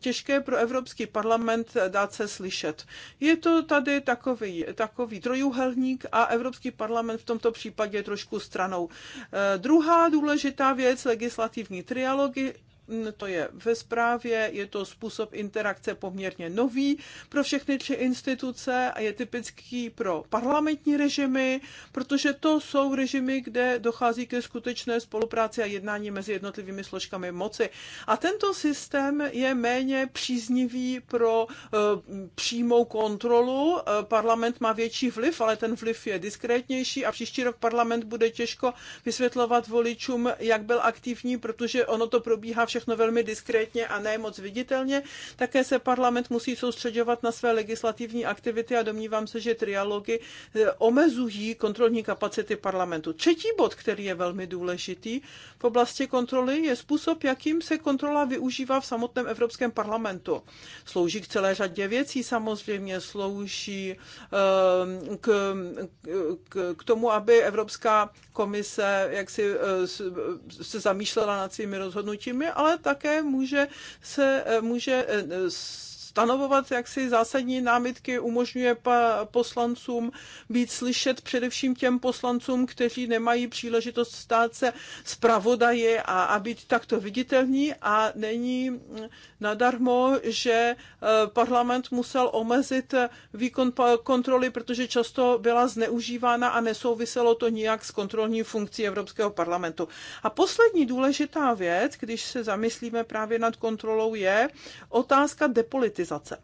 těžké pro Evropský parlament dát se slyšet. Je to tady takový, takový trojuhelník a Evropský parlament v tomto případě je trošku stranou. Eh, druhá důležitá věc, legislativní trialogy, Mm, to je ve zprávě, je to způsob interakce poměrně nový pro všechny tři instituce a je typický pro parlamentní režimy, protože to jsou režimy, kde dochází ke skutečné spolupráci a jednání mezi jednotlivými složkami moci. A tento systém je méně příznivý pro eh, přímou kontrolu. Eh, parlament má větší vliv, ale ten vliv je diskrétnější a příští rok parlament bude těžko vysvětlovat voličům, jak byl aktivní, protože ono to probíhá všechno všechno velmi diskrétně a ne moc viditelně. Také se parlament musí soustředovat na své legislativní aktivity a domnívám se, že trialogy eh, omezují kontrolní kapacity parlamentu. Třetí bod, který je velmi důležitý v oblasti kontroly, je způsob, jakým se kontrola využívá v samotném Evropském parlamentu. Slouží k celé řadě věcí, samozřejmě slouží eh, k, k, k tomu, aby Evropská komise jak si eh, se zamýšlela nad svými rozhodnutími, ale ale také může se eh, může eh, stanovovat jaksi zásadní námitky, umožňuje poslancům být slyšet především těm poslancům, kteří nemají příležitost stát se zpravodaji a, a být takto viditelní a není nadarmo, že e, parlament musel omezit výkon kontroly, protože často byla zneužívána a nesouviselo to nijak s kontrolní funkcí Evropského parlamentu. A poslední důležitá věc, když se zamyslíme právě nad kontrolou, je otázka depolitizace civilizace.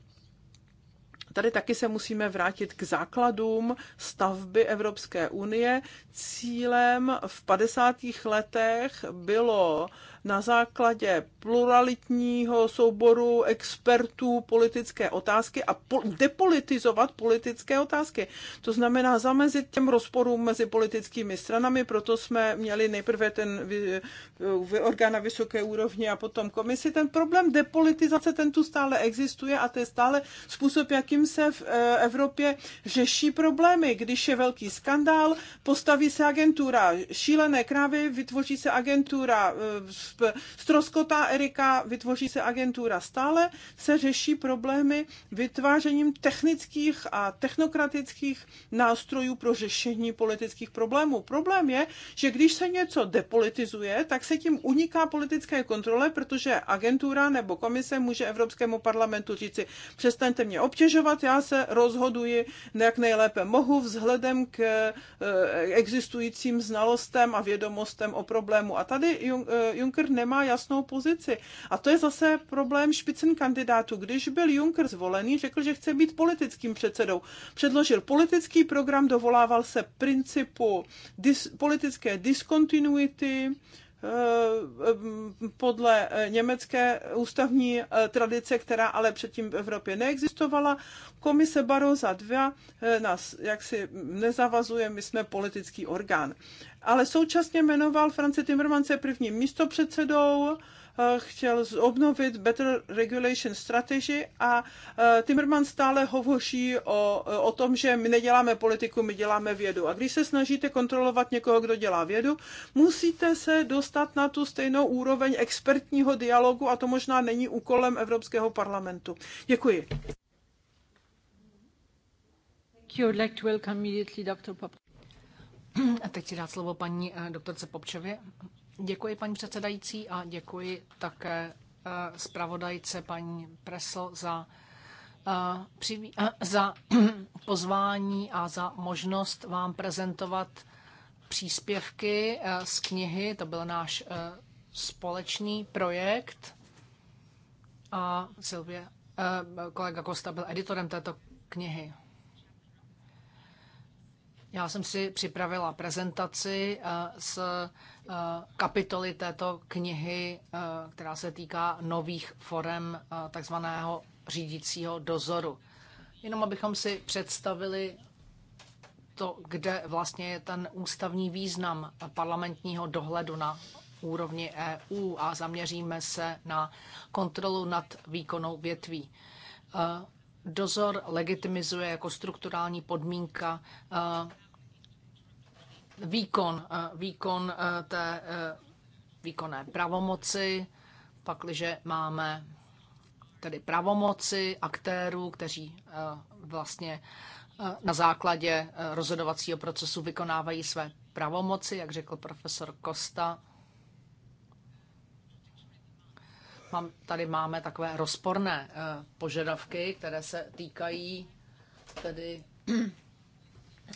Tady taky se musíme vrátit k základům stavby Evropské unie. Cílem v 50. letech bylo na základě pluralitního souboru expertů politické otázky a po- depolitizovat politické otázky. To znamená zamezit těm rozporům mezi politickými stranami, proto jsme měli nejprve ten vy, vy, orgán na vysoké úrovni a potom komisi. Ten problém depolitizace, ten tu stále existuje a to je stále způsob, jakým tím se v eh, Evropě řeší problémy. Když je velký skandál, postaví se agentura. Šílené krávy, vytvoří se agentura. Eh, stroskotá Erika, vytvoří se agentura. Stále se řeší problémy vytvářením technických a technokratických nástrojů pro řešení politických problémů. Problém je, že když se něco depolitizuje, tak se tím uniká politické kontrole, protože agentura nebo komise může Evropskému parlamentu říci, přestaňte mě obtěžovat, rozhodovat, já se rozhoduji jak nejlépe mohu vzhledem k eh, existujícím znalostem a vědomostem o problému. A tady eh, Juncker nemá jasnou pozici. A to je zase problém špicen kandidátu. Když byl Juncker zvolený, řekl, že chce být politickým předsedou. Předložil politický program, dovolával se principu dis- politické diskontinuity, Eh, podle německé ústavní eh, tradice, která ale předtím v Evropě neexistovala. Komise Baroza II eh, nás jaksi nezavazuje, my jsme politický orgán. Ale současně jmenoval France Timmermanse prvním místopředsedou, předsedou Eh, chtěl obnovit Better Regulation Strategy a eh, Timmerman stále hovoří o, o tom, že my neděláme politiku, my děláme vědu. A když se snažíte kontrolovat někoho, kdo dělá vědu, musíte se dostat na tu stejnou úroveň expertního dialogu a to možná není úkolem Evropského parlamentu. Děkuji. A teď si dát slovo paní eh, doktorce Popčově. Děkuji paní předsedající a děkuji také eh, zpravodajce paní Presl za, eh, eh, za pozvání a za možnost vám prezentovat příspěvky z knihy. To byl náš společný projekt a Silvě, kolega Kosta byl editorem této knihy. Já jsem si připravila prezentaci eh, z eh, kapitoly této knihy, eh, která se týká nových forem takzvaného řídícího dozoru. Jenom abychom si představili to, kde vlastně je ten ústavní význam parlamentního dohledu na úrovni EU a zaměříme se na kontrolu nad výkonou větví. Dozor legitimizuje jako strukturální podmínka výkon, eh, výkon eh, té eh, výkonné pravomoci, pakliže máme tedy pravomoci aktérů, kteří vlastně na základě rozhodovacího procesu vykonávají své pravomoci, jak řekl profesor Kosta. Mám, tady máme takové rozporné požadavky, které se týkají tedy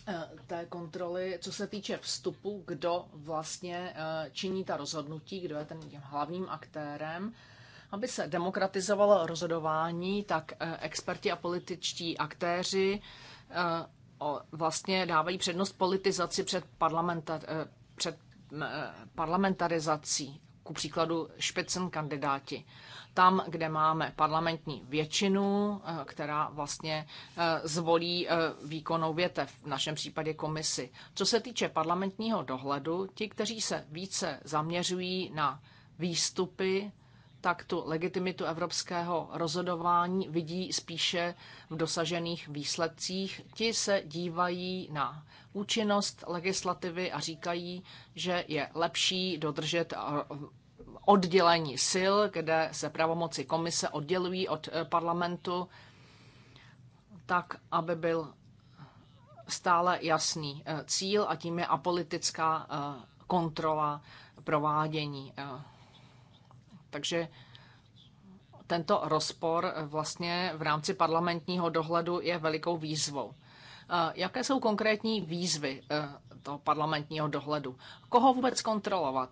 Eh, té kontroly, co se týče vstupu, kdo vlastně eh, činí ta rozhodnutí, kdo je ten tím hlavním aktérem. Aby se demokratizovalo rozhodování, tak eh, experti a političtí aktéři vlastně dávají přednost politizaci před, parlamenta, před parlamentarizací, ku příkladu špicen kandidáti tam, kde máme parlamentní většinu, eh, která vlastně eh, zvolí eh, výkonnou větev, v našem případě komisi. Co se týče parlamentního dohledu, ti, kteří se více zaměřují na výstupy, tak tu legitimitu evropského rozhodování vidí spíše v dosažených výsledcích. Ti se dívají na účinnost legislativy a říkají, že je lepší dodržet oddělení sil, kde se pravomoci komise oddělují od eh, parlamentu, tak, aby byl stále jasný eh, cíl a tím je apolitická eh, kontrola provádění. Takže tento rozpor vlastně v rámci parlamentního dohledu je velikou výzvou. Jaké jsou konkrétní výzvy toho parlamentního dohledu? Koho vůbec kontrolovat?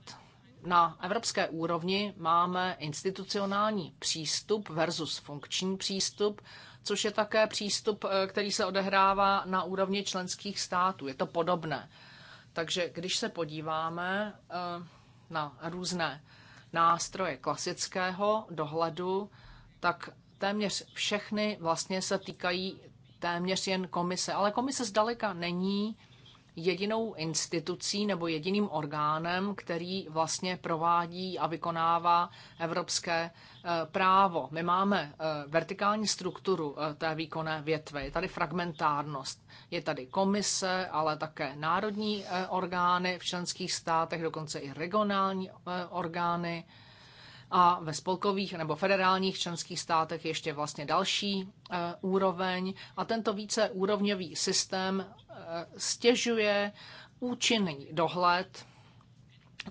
na evropské úrovni máme institucionální přístup versus funkční přístup, což je také přístup, eh, který se odehrává na úrovni členských států. Je to podobné. Takže když se podíváme eh, na různé nástroje klasického dohledu, tak téměř všechny vlastně se týkají téměř jen komise. Ale komise zdaleka není jedinou institucí nebo jediným orgánem, který vlastně provádí a vykonává evropské eh, právo. My máme eh, vertikální strukturu eh, té výkonné větve, je tady fragmentárnost. Je tady komise, ale také národní orgány v členských státech, dokonce i regionální orgány a ve spolkových nebo federálních členských státech ještě vlastně další eh, úroveň a tento víceúrovňový systém eh, stěžuje účinný dohled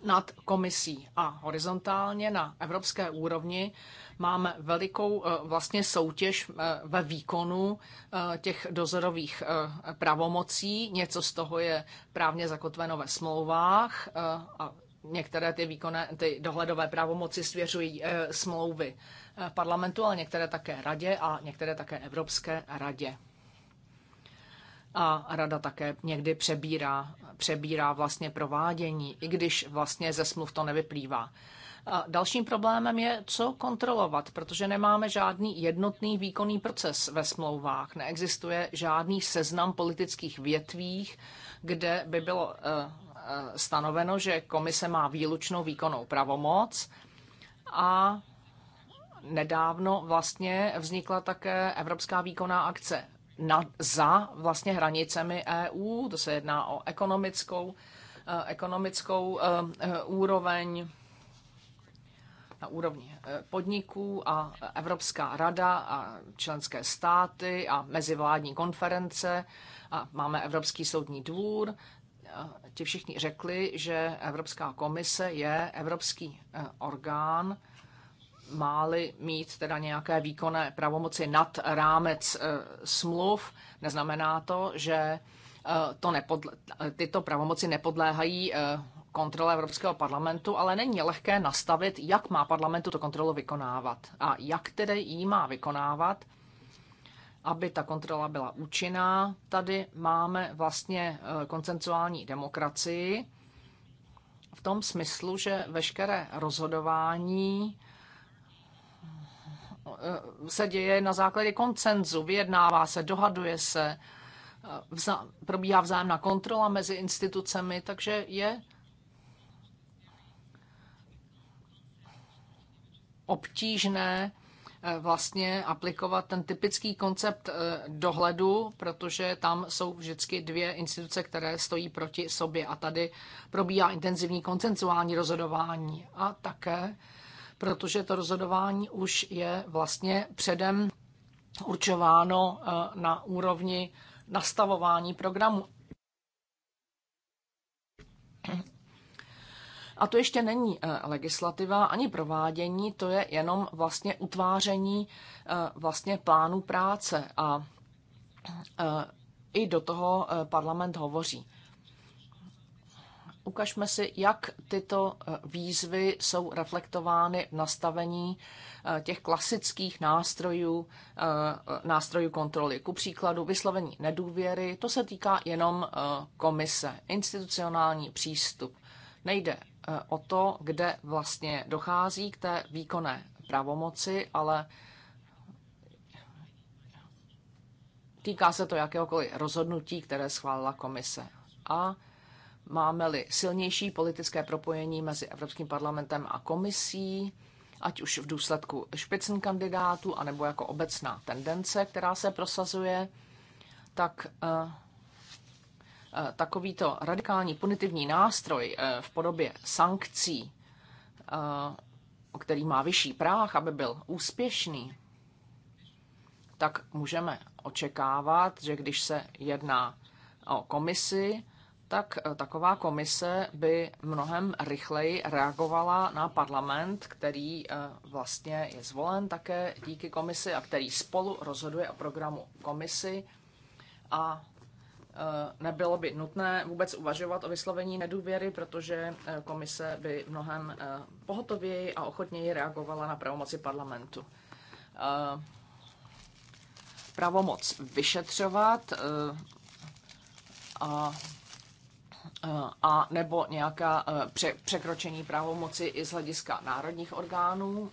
nad komisí a horizontálně na evropské úrovni máme velikou eh, vlastně soutěž ve výkonu těch dozorových pravomocí. Něco z toho je právně zakotveno ve smlouvách a Některé ty, výkonné, ty dohledové pravomoci svěřují eh, smlouvy eh, parlamentu, ale některé také radě a některé také Evropské radě. A rada také někdy přebírá, přebírá vlastně provádění, i když vlastně ze smluv to nevyplývá. A dalším problémem je, co kontrolovat, protože nemáme žádný jednotný výkonný proces ve smlouvách. Neexistuje žádný seznam politických větvích, kde by bylo eh, Eh, stanoveno, že komise má výlučnou výkonnou pravomoc a nedávno vlastně vznikla také Evropská výkonná akce na, za vlastně hranicemi EU, to se jedná o ekonomickou, eh, ekonomickou eh, úroveň, na úrovni podniků a Evropská rada a členské státy a mezivládní konference a máme Evropský soudní dvůr, Eh, ti všichni řekli, že Evropská komise je evropský eh, orgán, máli mít teda nějaké výkonné pravomoci nad rámec eh, smluv, neznamená to, že to nepodle, tyto pravomoci nepodléhají kontrole Evropského parlamentu, ale není lehké nastavit, jak má parlament tuto kontrolu vykonávat a jak tedy jí má vykonávat aby ta kontrola byla účinná. Tady máme vlastně eh, koncensuální demokracii v tom smyslu, že veškeré rozhodování eh, se děje na základě koncenzu, vyjednává se, dohaduje se, eh, vzá, probíhá vzájemná kontrola mezi institucemi, takže je obtížné Eh, vlastně aplikovat ten typický koncept eh, dohledu, protože tam jsou vždycky dvě instituce, které stojí proti sobě a tady probíhá intenzivní koncensuální rozhodování a také, protože to rozhodování už je vlastně předem určováno eh, na úrovni nastavování programu A to ještě není eh, legislativa ani provádění, to je jenom vlastně utváření eh, vlastně plánu práce a eh, i do toho parlament hovoří. Ukažme si, jak tyto výzvy jsou reflektovány v nastavení těch klasických nástrojů, nástrojů kontroly. Ku příkladu vyslovení nedůvěry, to se týká jenom komise, institucionální přístup. Nejde Eh, o to, kde vlastně dochází k té výkonné pravomoci, ale týká se to jakéhokoliv rozhodnutí, které schválila komise. A máme-li silnější politické propojení mezi Evropským parlamentem a komisí, ať už v důsledku špicn kandidátů, anebo jako obecná tendence, která se prosazuje, tak eh, Eh, takovýto radikální punitivní nástroj eh, v podobě sankcí, eh, který má vyšší práh, aby byl úspěšný, tak můžeme očekávat, že když se jedná o komisi, tak taková komise by mnohem rychleji reagovala na parlament, který vlastně je zvolen také díky komisi a který spolu rozhoduje o programu komisi a Eh, nebylo by nutné vůbec uvažovat o vyslovení nedůvěry, protože eh, komise by mnohem eh, pohotověji a ochotněji reagovala na pravomoci parlamentu. Pravomoc vyšetřovat a a nebo nějaká překročení pravomoci i z hlediska národních orgánů.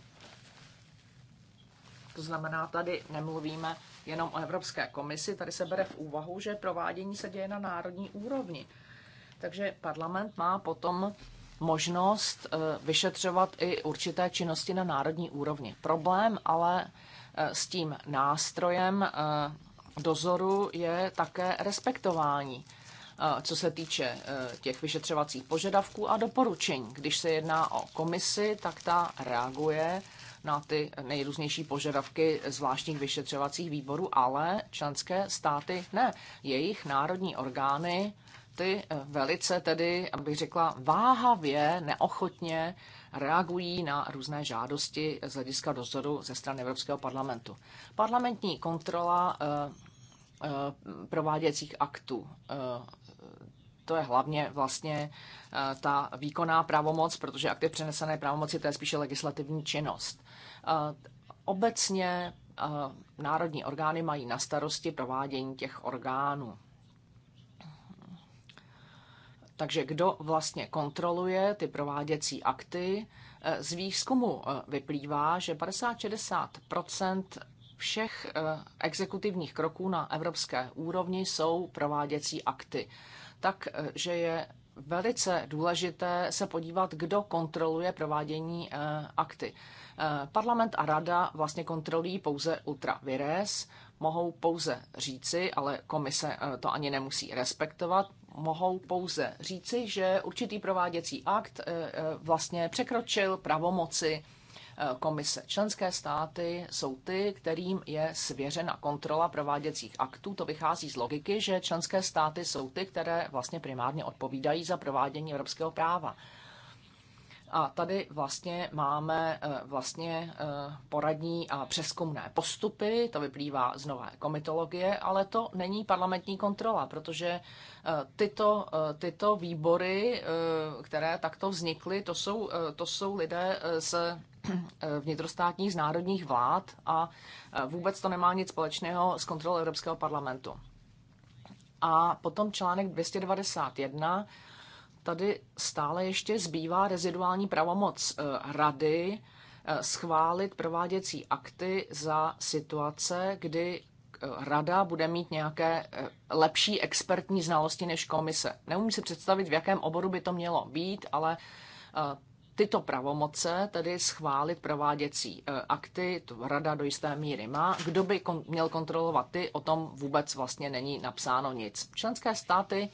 To znamená, tady nemluvíme jenom o Evropské komisi, tady se bere v úvahu, že provádění se děje na národní úrovni. Takže parlament má potom možnost eh, vyšetřovat i určité činnosti na národní úrovni. Problém ale eh, s tím nástrojem eh, dozoru je také respektování, co se týče těch vyšetřovacích požadavků a doporučení. Když se jedná o komisi, tak ta reaguje na ty nejrůznější požadavky zvláštních vyšetřovacích výborů, ale členské státy ne. Jejich národní orgány ty eh, velice tedy, abych řekla, váhavě, neochotně reagují na různé žádosti z hlediska dozoru ze strany Evropského parlamentu. Parlamentní kontrola eh, eh, prováděcích aktů. To je hlavně vlastně ta výkonná pravomoc, protože akty přenesené pravomoci to je spíše legislativní činnost. Obecně eh, národní orgány mají na starosti provádění těch orgánů. Takže kdo vlastně kontroluje ty prováděcí akty? Eh, z výzkumu eh, vyplývá, že 50-60 všech exekutivních kroků na evropské úrovni jsou prováděcí akty. Takže je velice důležité se podívat, kdo kontroluje provádění eh, akty. Eh, parlament a rada vlastně kontrolují pouze ultra vires, mohou pouze říci, ale komise eh, to ani nemusí respektovat, mohou pouze říci, že určitý prováděcí akt vlastně překročil pravomoci Eh, komise. Členské státy jsou ty, kterým je svěřena kontrola prováděcích aktů. To vychází z logiky, že členské státy jsou ty, které vlastně primárně odpovídají za provádění evropského práva. A tady vlastně máme eh, vlastně eh, poradní a přeskumné postupy, to vyplývá z nové komitologie, ale to není parlamentní kontrola, protože tyto, tyto výbory, které takto vznikly, to jsou, to jsou lidé z Eh, vnitrostátních z národních vlád a eh, vůbec to nemá nic společného s kontrolou Evropského parlamentu. A potom článek 291, tady stále ještě zbývá reziduální pravomoc eh, rady schválit prováděcí akty za situace, kdy rada bude mít nějaké lepší expertní znalosti než komise. Neumím si představit, v jakém oboru by to mělo být, ale tyto pravomoce, tedy schválit prováděcí e, akty, to rada do jisté míry má. Kdo by kon- měl kontrolovat ty, o tom vůbec vlastně není napsáno nic. Členské státy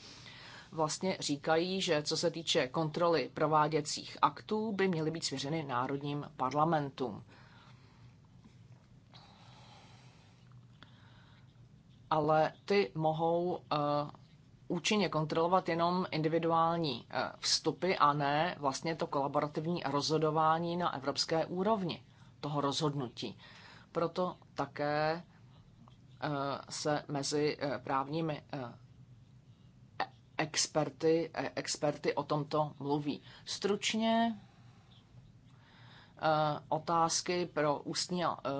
vlastně říkají, že co se týče kontroly prováděcích aktů, by měly být svěřeny národním parlamentům. Ale ty mohou uh, účinně kontrolovat jenom individuální eh, vstupy a ne vlastně to kolaborativní rozhodování na evropské úrovni toho rozhodnutí. Proto také eh, se mezi eh, právními e-, experty, experty o tomto mluví. Stručně Eh, otázky pro ústní a eh,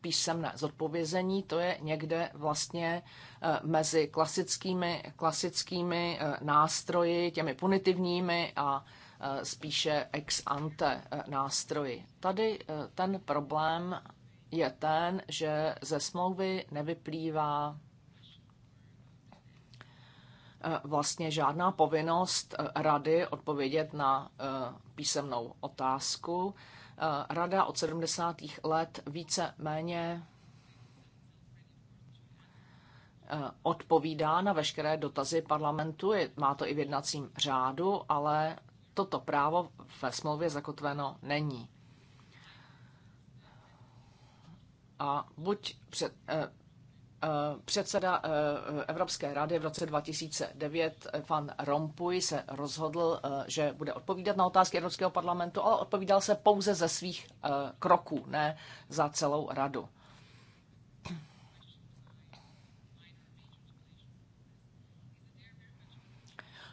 písemné zodpovězení. To je někde vlastně eh, mezi klasickými, klasickými nástroji, těmi punitivními a spíše ex ante nástroji. Tady ten problém je ten, že ze smlouvy nevyplývá vlastně žádná povinnost rady odpovědět na písemnou otázku. Eh, rada od 70. let více méně eh, odpovídá na veškeré dotazy parlamentu, má to i v jednacím řádu, ale toto právo ve smlouvě zakotveno není. A buď před, eh, Eh, předseda eh, Evropské rady v roce 2009, eh, pan Rompuy, se rozhodl, že bude odpovídat na otázky Evropského parlamentu, ale odpovídal se pouze ze svých kroků, ne za celou radu.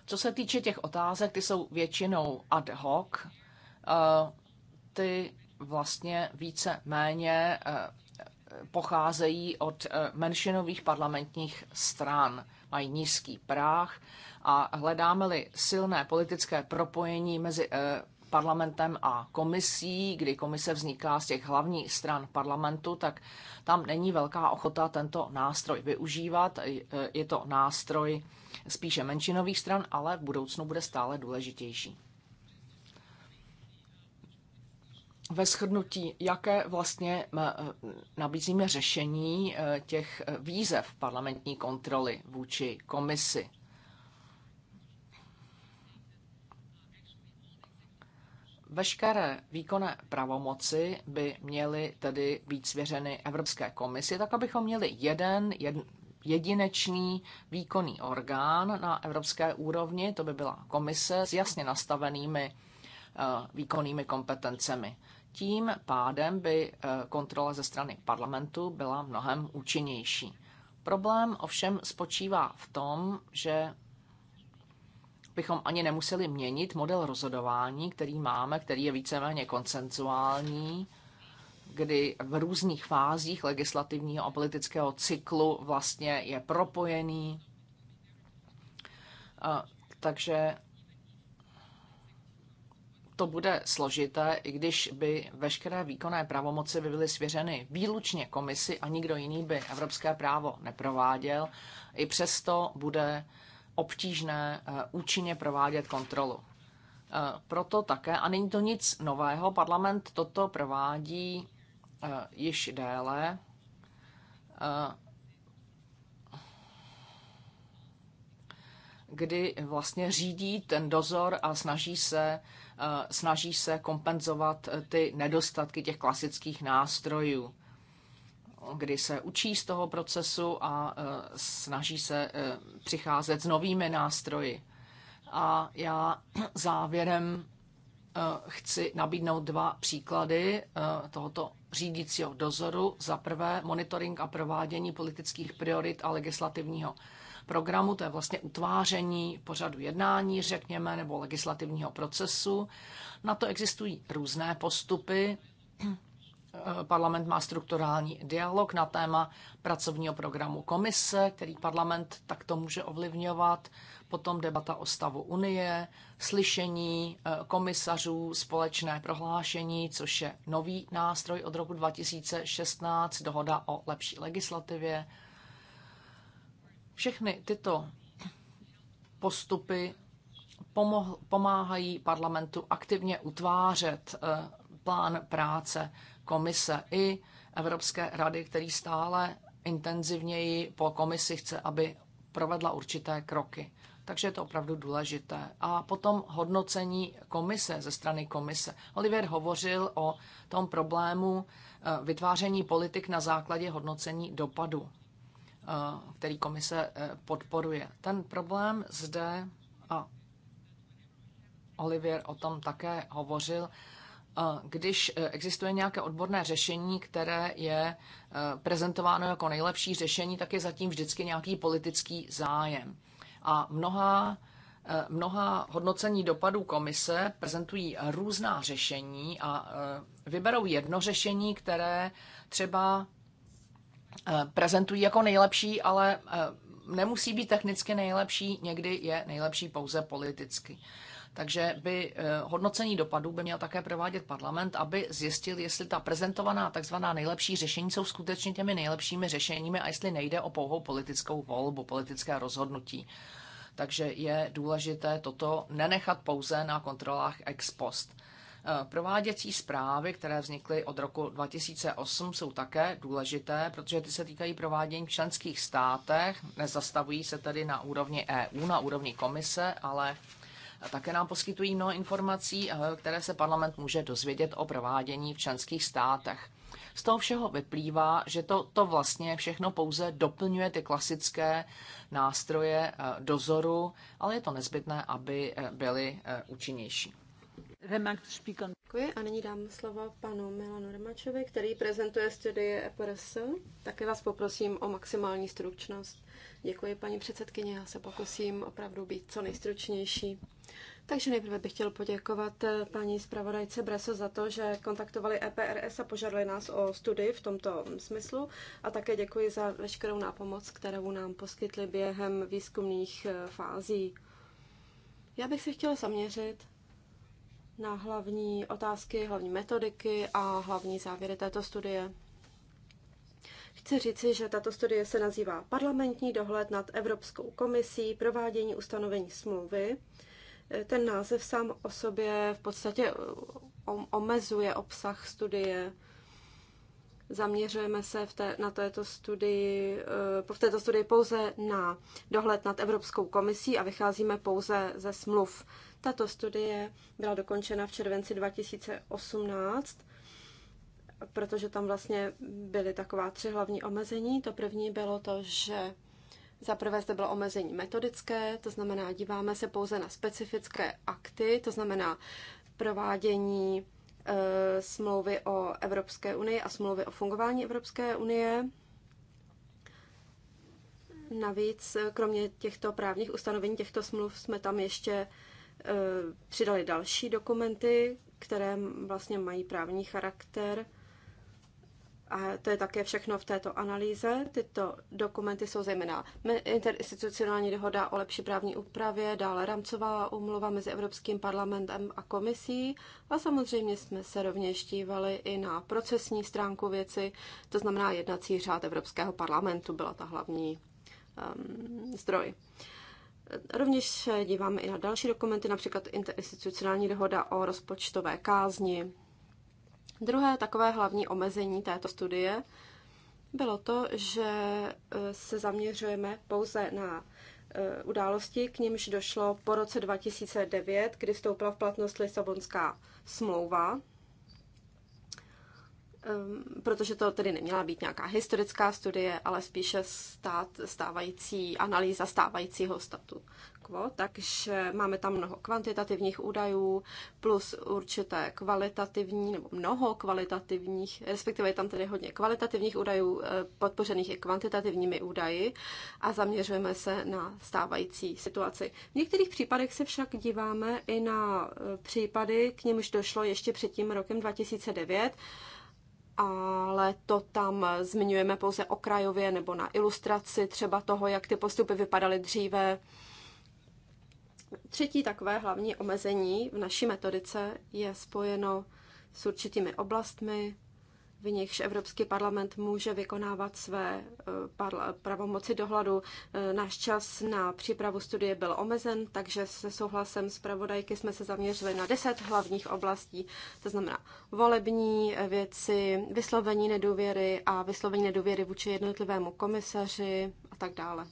Co se týče těch otázek, ty jsou většinou ad hoc. Ty vlastně více méně pocházejí od eh, menšinových parlamentních stran, mají nízký práh a hledáme-li silné politické propojení mezi eh, parlamentem a komisí, kdy komise vzniká z těch hlavních stran parlamentu, tak tam není velká ochota tento nástroj využívat. Eh, je to nástroj spíše menšinových stran, ale v budoucnu bude stále důležitější. ve shrnutí, jaké vlastně eh, nabízíme řešení eh, těch eh, výzev parlamentní kontroly vůči komisi. Veškeré výkonné pravomoci by měly tedy být svěřeny Evropské komisi, tak abychom měli jeden, jeden jedinečný výkonný orgán na evropské úrovni, to by byla komise s jasně nastavenými výkonnými kompetencemi. Tím pádem by eh, kontrola ze strany parlamentu byla mnohem účinnější. Problém ovšem spočívá v tom, že bychom ani nemuseli měnit model rozhodování, který máme, který je víceméně konsenzuální, kdy v různých fázích legislativního a politického cyklu vlastně je propojený. Eh, takže to bude složité, i když by veškeré výkonné pravomoci by byly svěřeny výlučně komisi a nikdo jiný by evropské právo neprováděl. I přesto bude obtížné eh, účinně provádět kontrolu. Eh, proto také, a není to nic nového, parlament toto provádí eh, již déle. kdy vlastně řídí ten dozor a snaží se Eh, snaží se kompenzovat eh, ty nedostatky těch klasických nástrojů, kdy se učí z toho procesu a eh, snaží se přicházet s novými nástroji. A já závěrem chci nabídnout dva příklady tohoto řídícího dozoru. Za prvé monitoring a provádění politických priorit a legislativního programu, to je vlastně utváření pořadu jednání, řekněme, nebo legislativního procesu. Na to existují různé postupy. Parlament má strukturální dialog na téma pracovního programu komise, který parlament takto může ovlivňovat. Potom debata o stavu Unie, slyšení eh, komisařů, společné prohlášení, což je nový nástroj od roku 2016, dohoda o lepší legislativě, všechny tyto postupy pomáhají parlamentu aktivně utvářet eh, plán práce komise i Evropské rady, který stále intenzivněji po komisi chce, aby provedla určité kroky. Takže je to opravdu důležité. A potom hodnocení komise ze strany komise. Oliver hovořil o tom problému eh, vytváření politik na základě hodnocení dopadu který komise e, podporuje. Ten problém zde, a Olivier o tom také hovořil, e, když e, existuje nějaké odborné řešení, které je prezentováno jako nejlepší řešení, tak je zatím vždycky nějaký politický zájem. A mnoha, mnoha hodnocení dopadů komise prezentují různá řešení a vyberou jedno řešení, které třeba Eh, prezentují jako nejlepší, ale eh, nemusí být technicky nejlepší, někdy je nejlepší pouze politicky. Takže by eh, hodnocení dopadů by měl také provádět parlament, aby zjistil, jestli ta prezentovaná takzvaná nejlepší řešení jsou skutečně těmi nejlepšími řešeními a jestli nejde o pouhou politickou volbu, politické rozhodnutí. Takže je důležité toto nenechat pouze na kontrolách ex post. Eh, prováděcí zprávy, které vznikly od roku 2008, jsou také důležité, protože ty se týkají provádění v členských státech, nezastavují se tedy na úrovni EU, na úrovni komise, ale také nám poskytují mnoho informací, eh, které se parlament může dozvědět o provádění v členských státech. Z toho všeho vyplývá, že to, to vlastně všechno pouze doplňuje ty klasické nástroje eh, dozoru, ale je to nezbytné, aby byly účinnější. Děkuji a nyní dám slovo panu Milanu Remačovi, který prezentuje studie EPRS. Také vás poprosím o maximální stručnost. Děkuji, paní předsedkyně, já se pokusím opravdu být co nejstručnější. Takže nejprve bych chtěl poděkovat eh, paní zpravodajce Breso za to, že kontaktovali EPRS a požádali nás o studii v tomto smyslu a také děkuji za veškerou nápomoc, kterou nám poskytli během výzkumných eh, fází. Já bych se chtěla zaměřit na hlavní otázky, hlavní metodiky a hlavní závěry této studie. Chci říci, že tato studie se nazývá Parlamentní dohled nad Evropskou komisí provádění ustanovení smlouvy. Ten název sám o sobě v podstatě eh, omezuje obsah studie. Zaměřujeme se v té, na této studii, eh, v této studii pouze na dohled nad Evropskou komisí a vycházíme pouze ze smluv. Tato studie byla dokončena v červenci 2018, protože tam vlastně byly taková tři hlavní omezení. To první bylo to, že za prvé zde bylo omezení metodické, to znamená, díváme se pouze na specifické akty, to znamená provádění e, smlouvy o Evropské unii a smlouvy o fungování Evropské unie. Navíc, eh, kromě těchto právních ustanovení těchto smluv, jsme tam ještě Eh, přidali další dokumenty, které vlastně mají právní charakter. A to je také všechno v této analýze. Tyto dokumenty jsou zejména interinstitucionální dohoda o lepší právní úpravě, dále rámcová umluva mezi Evropským parlamentem a komisí a samozřejmě jsme se rovněž dívali i na procesní stránku věci, to znamená jednací řád Evropského parlamentu byla ta hlavní um, zdroj. Uh, Rovněž se díváme i na další dokumenty, například interinstitucionální dohoda o rozpočtové kázni. Druhé takové hlavní omezení této studie bylo to, že e, se zaměřujeme pouze na e, události, k nimž došlo po roce 2009, kdy vstoupila v platnost Lisabonská smlouva, Ehm, protože to tedy neměla být nějaká historická studie, ale spíše stát, stávající analýza stávajícího statu quo, takže máme tam mnoho kvantitativních údajů plus určité kvalitativní nebo mnoho kvalitativních, respektive je tam tedy hodně kvalitativních údajů eh, podpořených i kvantitativními údaji a zaměřujeme se na stávající situaci. V některých případech se však díváme i na eh, případy, k nimž došlo ještě před tím rokem 2009, ale to tam zmiňujeme pouze okrajově nebo na ilustraci třeba toho, jak ty postupy vypadaly dříve. Třetí takové hlavní omezení v naší metodice je spojeno s určitými oblastmi, v nichž Evropský parlament může vykonávat své eh, pravomoci dohladu. Eh, náš čas na přípravu studie byl omezen, takže se souhlasem zpravodajky jsme se zaměřili na deset hlavních oblastí, to znamená volební věci, vyslovení nedůvěry a vyslovení nedůvěry vůči jednotlivému komisaři a tak dále.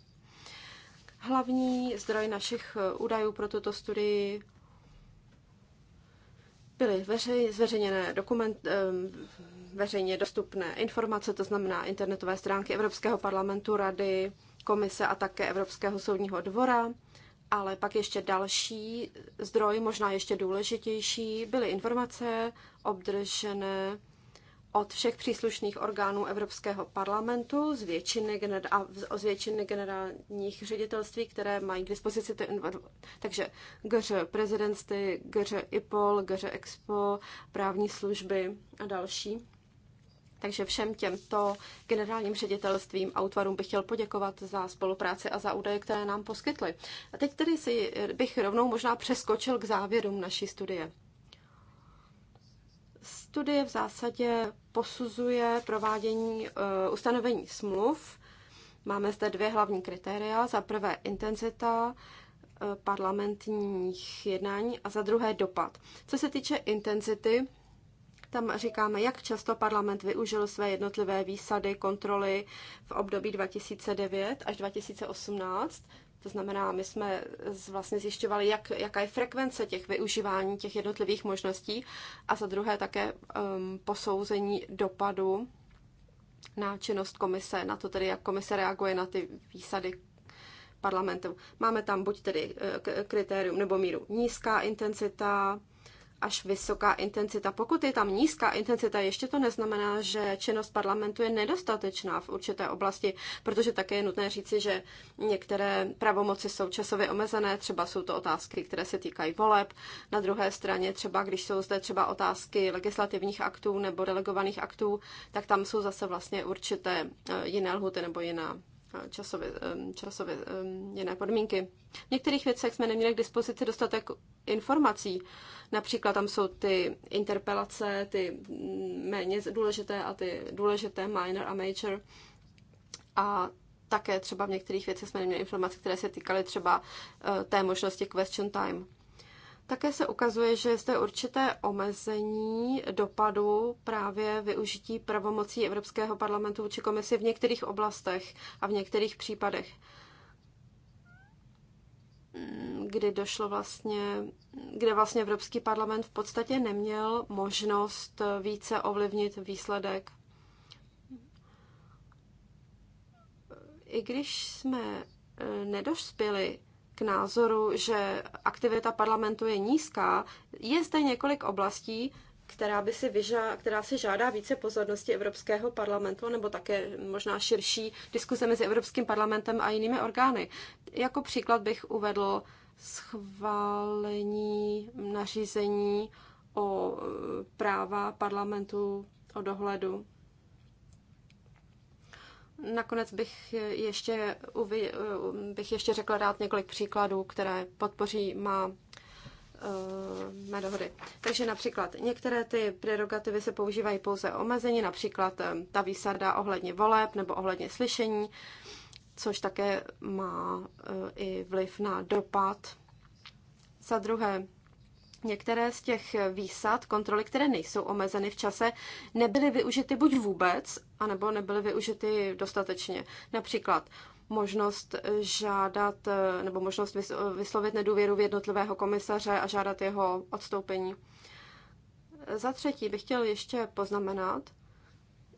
Hlavní zdroj našich eh, údajů pro tuto studii byly veřej, zveřejněné dokument, veřejně dostupné informace, to znamená internetové stránky Evropského parlamentu, Rady, Komise a také Evropského soudního dvora. Ale pak ještě další zdroj, možná ještě důležitější, byly informace obdržené od všech příslušných orgánů Evropského parlamentu z většiny, a z většiny generálních ředitelství, které mají k dispozici ty Takže GŘ prezidentství, GŘ IPOL, GŘ Expo, právní služby a další. Takže všem těmto generálním ředitelstvím a útvarům bych chtěl poděkovat za spolupráci a za údaje, které nám poskytly. A teď tedy si eh, bych rovnou možná přeskočil k závěrům naší studie studie v zásadě posuzuje provádění eh, ustanovení smluv. Máme zde dvě hlavní kritéria. Za prvé intenzita eh, parlamentních jednání a za druhé dopad. Co se týče intenzity, tam říkáme, jak často parlament využil své jednotlivé výsady, kontroly v období 2009 až 2018. To znamená, my jsme vlastně zjišťovali, jak, jaká je frekvence těch využívání těch jednotlivých možností a za druhé také um, posouzení dopadu na činnost komise, na to tedy, jak komise reaguje na ty výsady parlamentu. Máme tam buď tedy eh, kritérium nebo míru nízká intenzita, až vysoká intenzita. Pokud je tam nízká intenzita, ještě to neznamená, že činnost parlamentu je nedostatečná v určité oblasti, protože také je nutné říci, že některé pravomoci jsou časově omezené, třeba jsou to otázky, které se týkají voleb. Na druhé straně třeba, když jsou zde třeba otázky legislativních aktů nebo delegovaných aktů, tak tam jsou zase vlastně určité eh, jiné lhuty nebo jiná časově, časově jiné podmínky. V některých věcech jsme neměli k dispozici dostatek informací. Například tam jsou ty interpelace, ty mm, méně důležité a ty důležité minor a major. A také třeba v některých věcech jsme neměli informace, které se týkaly třeba eh, té možnosti question time. Také se ukazuje, že je zde určité omezení dopadu právě využití pravomocí Evropského parlamentu či komisi v některých oblastech a v některých případech, kdy došlo vlastně, kde vlastně Evropský parlament v podstatě neměl možnost více ovlivnit výsledek. I když jsme eh, nedospěli k názoru, že aktivita parlamentu je nízká, je zde několik oblastí, která, by si vyža, která si žádá více pozornosti Evropského parlamentu, nebo také možná širší diskuse mezi Evropským parlamentem a jinými orgány. Jako příklad bych uvedl schválení nařízení o e, práva parlamentu o dohledu Nakonec bych ještě, bych ještě řekla rád několik příkladů, které podpoří má eh, mé dohody. Takže například některé ty prerogativy se používají pouze omezeně, například eh, ta výsada ohledně voleb nebo ohledně slyšení, což také má eh, i vliv na dopad. Za druhé, Některé z těch výsad, kontroly, které nejsou omezeny v čase, nebyly využity buď vůbec, anebo nebyly využity dostatečně. Například možnost žádat nebo možnost vyslovit nedůvěru v jednotlivého komisaře a žádat jeho odstoupení. Za třetí bych chtěl ještě poznamenat,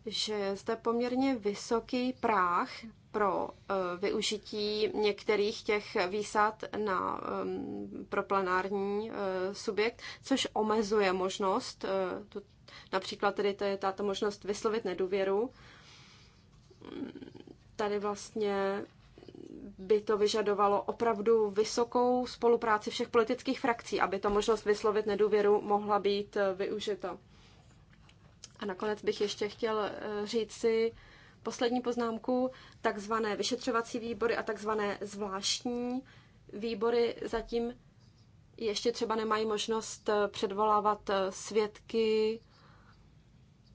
že je zde poměrně vysoký práh pro eh, využití některých těch výsad na, pro planární eh, subjekt, což omezuje možnost, eh, tu, například tedy to je tato možnost vyslovit nedůvěru. Tady vlastně by to vyžadovalo opravdu vysokou spolupráci všech politických frakcí, aby ta možnost vyslovit nedůvěru mohla být využita. A nakonec bych ještě chtěl říct si, poslední poznámku, takzvané vyšetřovací výbory a takzvané zvláštní výbory zatím ještě třeba nemají možnost eh, předvolávat eh, svědky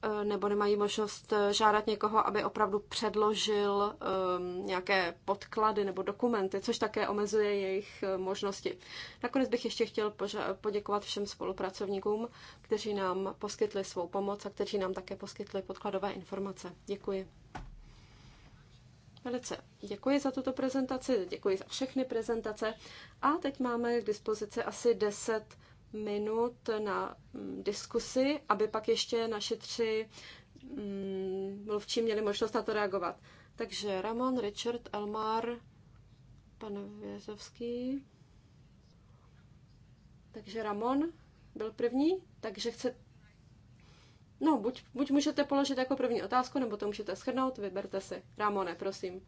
Eh, nebo nemají možnost eh, žádat někoho, aby opravdu předložil um, nějaké podklady nebo dokumenty, což také omezuje jejich eh, možnosti. Nakonec bych ještě chtěl poděkovat všem spolupracovníkům, kteří nám poskytli svou pomoc a kteří nám také poskytli podkladové informace. Děkuji. Velice děkuji za tuto prezentaci, děkuji za všechny prezentace a teď máme k dispozici asi 10 minut na mm, diskusi, aby pak ještě naše tři mm, mluvčí měli možnost na to reagovat. Takže Ramon, Richard, Elmar, pan Vězovský. Takže Ramon byl první, takže chce... No, buď, buď můžete položit jako první otázku, nebo to můžete schrnout, vyberte si. Ramone, prosím.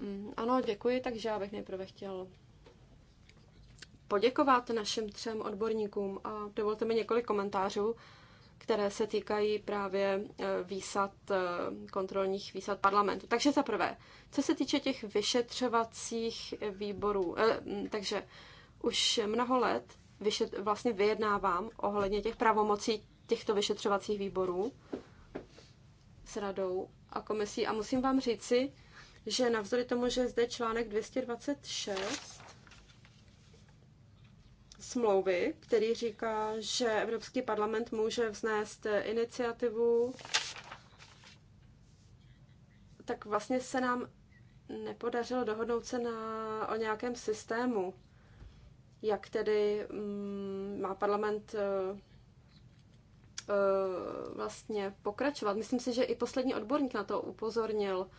Mm, ano, děkuji, takže já bych nejprve chtěl poděkovat našim třem odborníkům a dovolte mi několik komentářů, které se týkají právě eh, výsad, eh, kontrolních výsad parlamentu. Takže za prvé, co se týče těch vyšetřovacích výborů, eh, takže už mnoho let vyšet, vlastně vyjednávám ohledně těch pravomocí těchto vyšetřovacích výborů s radou a komisí. A musím vám říci, že navzdory tomu, že zde článek 226 smlouvy, který říká, že Evropský parlament může vznést iniciativu, tak vlastně se nám nepodařilo dohodnout se na, o nějakém systému, jak tedy mm, má parlament eh, eh, vlastně pokračovat. Myslím si, že i poslední odborník na to upozornil.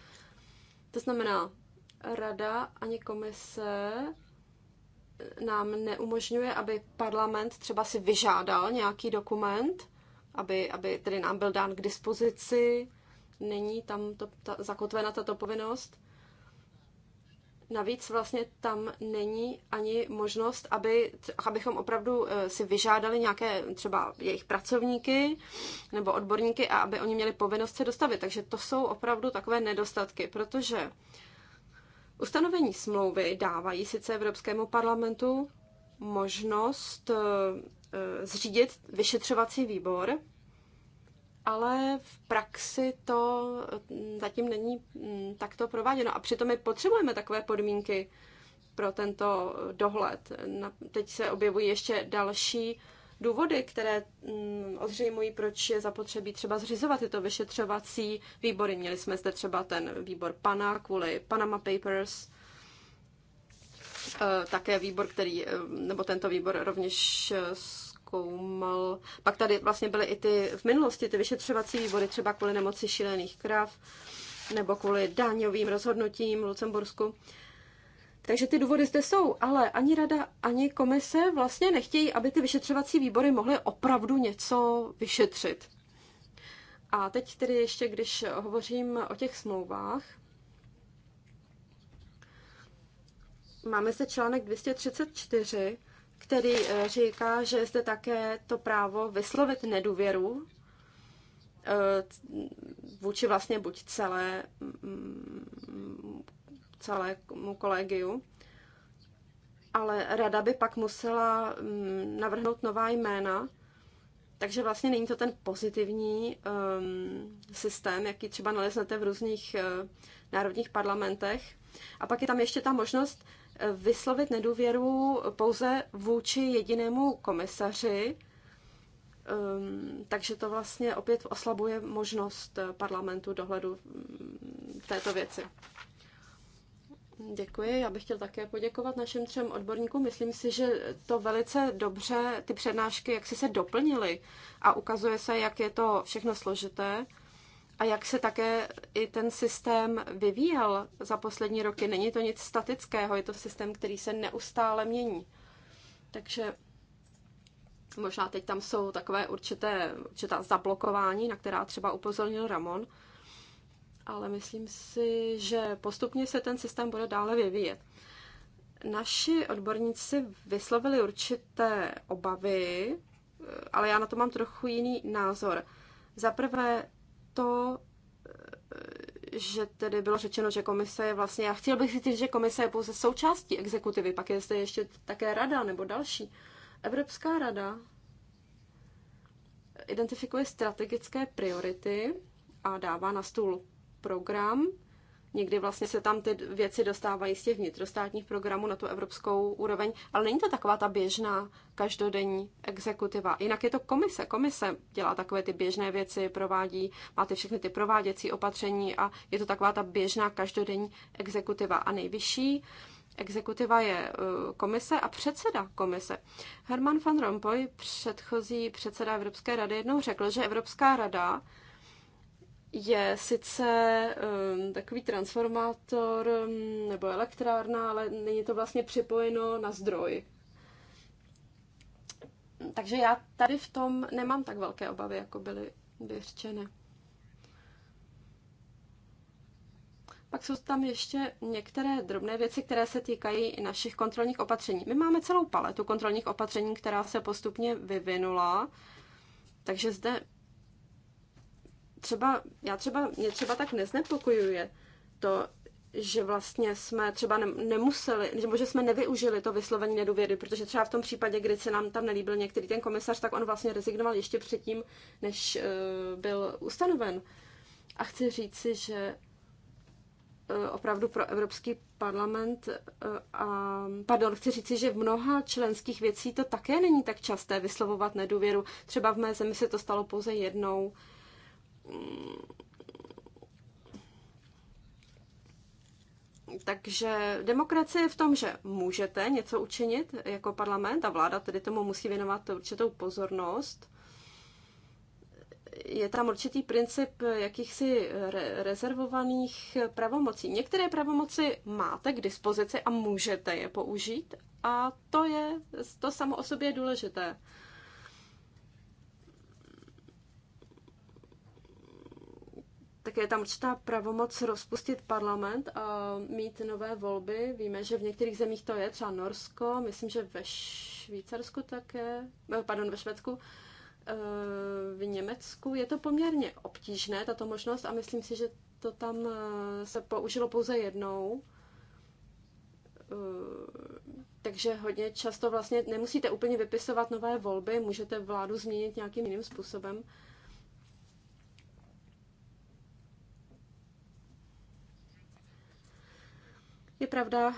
To znamená, rada ani komise nám neumožňuje, aby parlament třeba si vyžádal nějaký dokument, aby, aby tedy nám byl dán k dispozici. Není tam to, ta, zakotvena tato povinnost. Navíc vlastně tam není ani možnost, aby, abychom opravdu eh, si vyžádali nějaké třeba jejich pracovníky nebo odborníky a aby oni měli povinnost se dostavit. Takže to jsou opravdu takové nedostatky, protože Ustanovení smlouvy dávají sice Evropskému parlamentu možnost eh, eh, zřídit vyšetřovací výbor, ale v praxi to eh, zatím není mm, takto prováděno. A přitom my potřebujeme takové podmínky pro tento dohled. Teď se objevují ještě další důvody, které mm, ozřejmují, proč je zapotřebí třeba zřizovat tyto vyšetřovací výbory. Měli jsme zde třeba ten výbor PANA kvůli Panama Papers, eh, také výbor, který, eh, nebo tento výbor rovněž eh, zkoumal. Pak tady vlastně byly i ty v minulosti ty vyšetřovací výbory třeba kvůli nemoci šílených krav nebo kvůli daňovým rozhodnutím v Lucembursku. Takže ty důvody zde jsou, ale ani rada, ani komise vlastně nechtějí, aby ty vyšetřovací výbory mohly opravdu něco vyšetřit. A teď tedy ještě, když hovořím o těch smlouvách, máme se článek 234, který eh, říká, že je zde také to právo vyslovit nedůvěru eh, vůči vlastně buď celé mm, celému kolegiu, ale rada by pak musela mm, navrhnout nová jména, takže vlastně není to ten pozitivní um, systém, jaký třeba naleznete v různých uh, národních parlamentech. A pak je tam ještě ta možnost eh, vyslovit nedůvěru pouze vůči jedinému komisaři, um, takže to vlastně opět oslabuje možnost eh, parlamentu dohledu mm, v této věci. Děkuji. Já bych chtěl také poděkovat našim třem odborníkům. Myslím si, že to velice dobře, ty přednášky, jak si se doplnily a ukazuje se, jak je to všechno složité a jak se také i ten systém vyvíjel za poslední roky. Není to nic statického, je to systém, který se neustále mění. Takže možná teď tam jsou takové určité, určitá zablokování, na která třeba upozornil Ramon, ale myslím si, že postupně se ten systém bude dále vyvíjet. Naši odborníci vyslovili určité obavy, ale já na to mám trochu jiný názor. Za prvé to, že tedy bylo řečeno, že komise je vlastně, já chtěl bych říct, že komise je pouze součástí exekutivy, pak je zde ještě také rada nebo další. Evropská rada identifikuje strategické priority a dává na stůl program. Někdy vlastně se tam ty věci dostávají z těch vnitrostátních programů na tu evropskou úroveň, ale není to taková ta běžná každodenní exekutiva. Jinak je to komise. Komise dělá takové ty běžné věci, provádí, má ty všechny ty prováděcí opatření a je to taková ta běžná každodenní exekutiva. A nejvyšší exekutiva je eh, komise a předseda komise. Herman van Rompuy, předchozí předseda Evropské rady, jednou řekl, že Evropská rada je sice um, takový transformátor um, nebo elektrárna, ale není to vlastně připojeno na zdroj. Takže já tady v tom nemám tak velké obavy, jako byly vyřčeny. Pak jsou tam ještě některé drobné věci, které se týkají i našich kontrolních opatření. My máme celou paletu kontrolních opatření, která se postupně vyvinula, takže zde třeba, já třeba, mě třeba tak neznepokojuje to, že vlastně jsme třeba nemuseli, nebo že jsme nevyužili to vyslovení nedůvěry, protože třeba v tom případě, kdy se nám tam nelíbil některý ten komisař, tak on vlastně rezignoval ještě předtím, než eh, byl ustanoven. A chci říci, že eh, opravdu pro Evropský parlament eh, a, pardon, chci říci, že v mnoha členských věcí to také není tak časté vyslovovat nedůvěru. Třeba v mé zemi se to stalo pouze jednou, takže demokracie je v tom, že můžete něco učinit jako parlament a vláda tedy tomu musí věnovat určitou pozornost. Je tam určitý princip jakýchsi re- rezervovaných pravomocí. Některé pravomoci máte k dispozici a můžete je použít a to je, to samo o sobě je důležité. také je tam určitá pravomoc rozpustit parlament a mít nové volby. Víme, že v některých zemích to je, třeba Norsko, myslím, že ve Švýcarsku také, eh, pardon, ve Švédsku, eh, v Německu. Je to poměrně obtížné, tato možnost, a myslím si, že to tam eh, se použilo pouze jednou. Takže hodně často vlastně nemusíte úplně vypisovat nové volby, můžete vládu změnit nějakým jiným způsobem. Je pravda,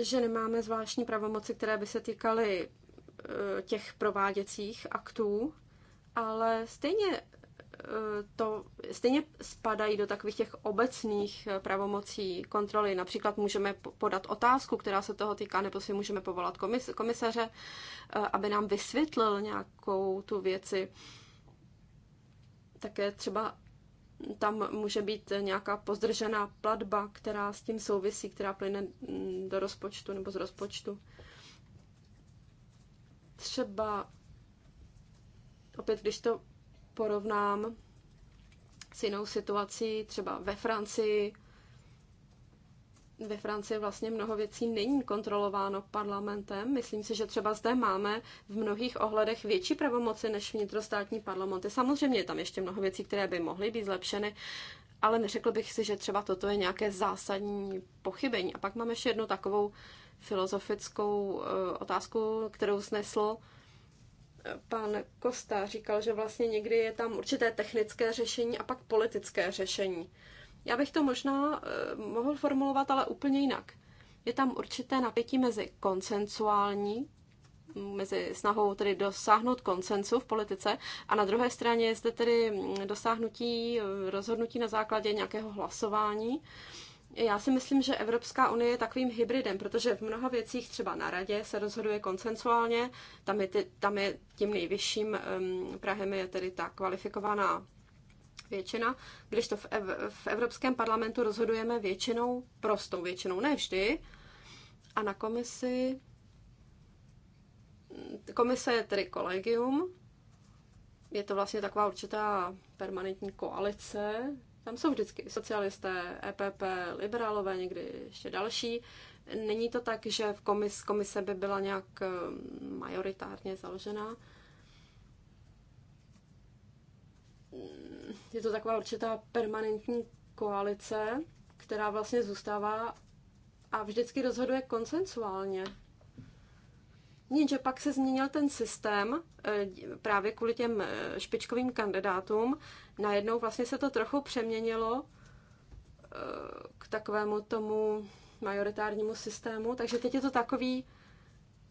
že nemáme zvláštní pravomoci, které by se týkaly e, těch prováděcích aktů, ale stejně e, to stejně spadají do takových těch obecných e, pravomocí kontroly. Například můžeme podat otázku, která se toho týká, nebo si můžeme povolat komisaře, aby nám vysvětlil nějakou tu věci. Také třeba tam může být nějaká pozdržená platba, která s tím souvisí, která plyne mm, do rozpočtu nebo z rozpočtu. Třeba opět, když to porovnám s jinou situací, třeba ve Francii, ve Francii vlastně mnoho věcí není kontrolováno parlamentem. Myslím si, že třeba zde máme v mnohých ohledech větší pravomoci než vnitrostátní parlamenty. Samozřejmě je tam ještě mnoho věcí, které by mohly být zlepšeny, ale neřekl bych si, že třeba toto je nějaké zásadní pochybení. A pak máme ještě jednu takovou filozofickou eh, otázku, kterou snesl eh, pan Kosta. Říkal, že vlastně někdy je tam určité technické řešení a pak politické řešení. Já bych to možná eh, mohl formulovat, ale úplně jinak. Je tam určité napětí mezi koncensuální, mm, mezi snahou tedy dosáhnout koncensu v politice a na druhé straně je zde tedy mm, dosáhnutí eh, rozhodnutí na základě nějakého hlasování. Já si myslím, že Evropská unie je takovým hybridem, protože v mnoha věcích třeba na radě se rozhoduje konsensuálně, tam je, ty, tam je tím nejvyšším um, Prahem je tedy ta kvalifikovaná většina, když to v, ev- v Evropském parlamentu rozhodujeme většinou, prostou většinou, ne vždy. A na komisi, komise je tedy kolegium, je to vlastně taková určitá permanentní koalice, tam jsou vždycky socialisté, EPP, liberálové, někdy ještě další. Není to tak, že v komis, komise by byla nějak eh, majoritárně založená je to taková určitá permanentní koalice, která vlastně zůstává a vždycky rozhoduje konsensuálně. Jenže pak se změnil ten systém eh, právě kvůli těm eh, špičkovým kandidátům. Najednou vlastně se to trochu přeměnilo eh, k takovému tomu majoritárnímu systému, takže teď je to takový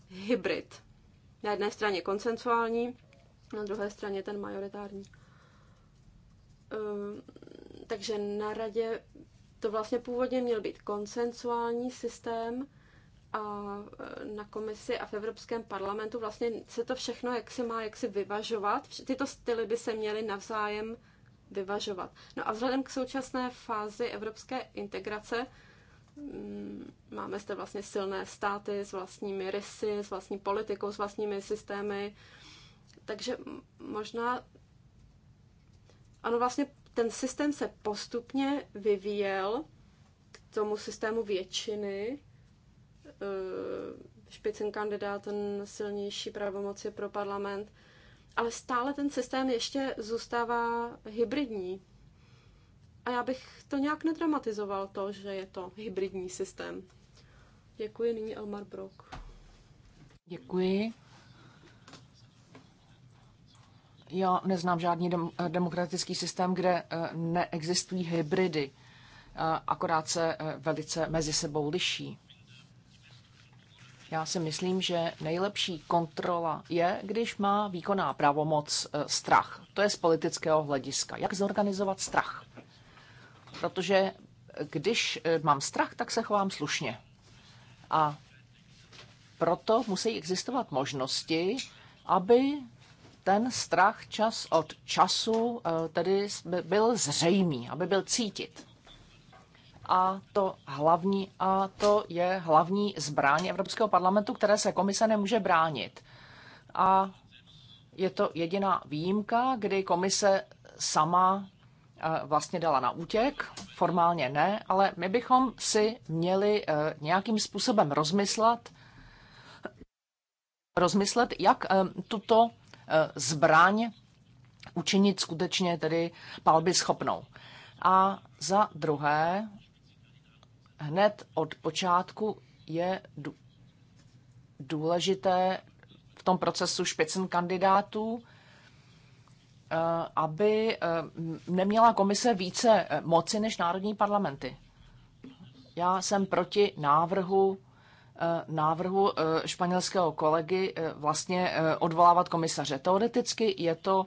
hybrid. Na jedné straně koncensuální, na druhé straně ten majoritární. Eh, takže na radě to vlastně původně měl být konsensuální systém a eh, na komisi a v Evropském parlamentu vlastně se to všechno jak se má jak si vyvažovat. Tyto styly by se měly navzájem vyvažovat. No a vzhledem k současné fázi evropské integrace mm, máme zde vlastně silné státy s vlastními rysy, s vlastní politikou, s vlastními systémy, takže možná ano, vlastně ten systém se postupně vyvíjel k tomu systému většiny. Eh, špicen kandidát, ten silnější pravomoci pro parlament. Ale stále ten systém ještě zůstává hybridní. A já bych to nějak nedramatizoval, to, že je to hybridní systém. Děkuji, nyní Elmar Brok. Děkuji. Já neznám žádný dem, eh, demokratický systém, kde eh, neexistují hybridy, eh, akorát se velice mezi sebou liší. Já si myslím, že nejlepší kontrola je, když má výkonná pravomoc strach. To je z politického hlediska. Jak zorganizovat strach? Protože když mám strach, tak se chovám slušně. A proto musí existovat možnosti, aby ten strach čas od času eh, tedy byl zřejmý, aby byl cítit. A to hlavní, a to je hlavní zbraň Evropského parlamentu, které se komise nemůže bránit. A je to jediná výjimka, kdy komise sama eh, vlastně dala na útěk, formálně ne, ale my bychom si měli eh, nějakým způsobem rozmyslet, rozmyslet, jak tuto Eh, zbraň učinit skutečně tedy palby schopnou. A za druhé, hned od počátku je důležité v tom procesu špicen kandidátů, eh, aby eh, neměla komise více moci než národní parlamenty. Já jsem proti návrhu Eh, návrhu eh, španělského kolegy eh, vlastně odvolávat komisaře. Teoreticky je to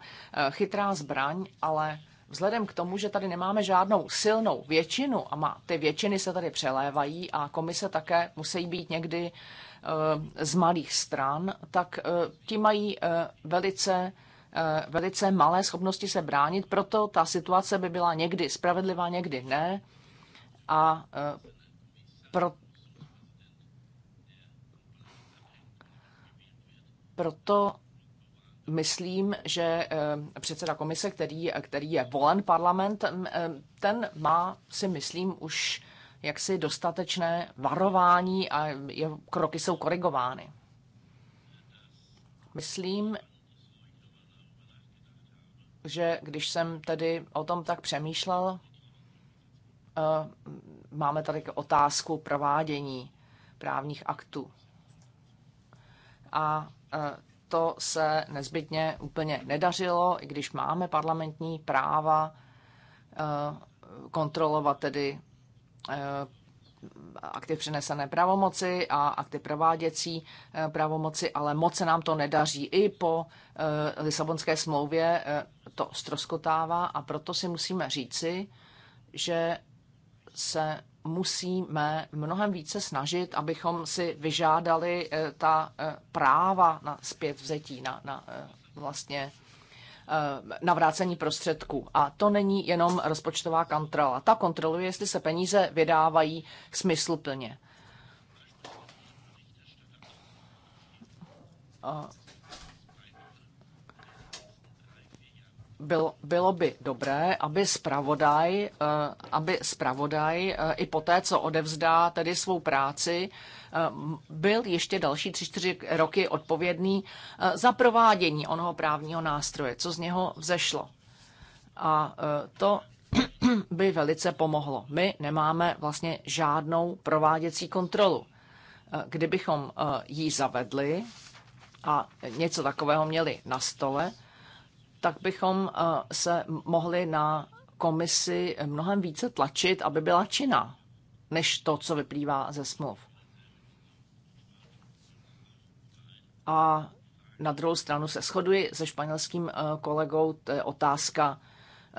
chytrá zbraň, ale vzhledem k tomu, že tady nemáme žádnou silnou většinu a má, ty většiny se tady přelévají a komise také musí být někdy z malých stran, tak ti mají velice velice malé schopnosti se bránit, proto ta situace by byla někdy spravedlivá, někdy ne. A pro, Proto myslím, že eh, předseda komise, který, který je volen parlament, eh, ten má si myslím už jaksi dostatečné varování a jeho kroky jsou korigovány. Myslím, že když jsem tedy o tom tak přemýšlel, eh, máme tady otázku provádění právních aktů. A E, to se nezbytně úplně nedařilo, i když máme parlamentní práva e, kontrolovat tedy e, akty přenesené pravomoci a akty prováděcí pravomoci, ale moc se nám to nedaří. I po Lisabonské smlouvě to stroskotává a proto si musíme říci, že se musíme mnohem více snažit, abychom si vyžádali eh, ta eh, práva na zpět vzetí, na, na eh, vlastně navrácení prostředků. A to není jenom rozpočtová kontrola. Ta kontroluje, jestli se peníze vydávají smysluplně. bylo, bylo by dobré, aby spravodaj, eh, aby spravodaj eh, i po té, co odevzdá tedy svou práci, eh, byl ještě další tři, čtyři roky odpovědný za provádění onoho právního nástroje, co z něho vzešlo. A to by velice pomohlo. My nemáme vlastně žádnou prováděcí kontrolu. Kdybychom ji zavedli a něco takového měli na stole, tak bychom eh, se mohli na komisi mnohem více tlačit, aby byla činná, než to, co vyplývá ze smluv. A na druhou stranu se shoduji se španělským eh, kolegou, to je otázka,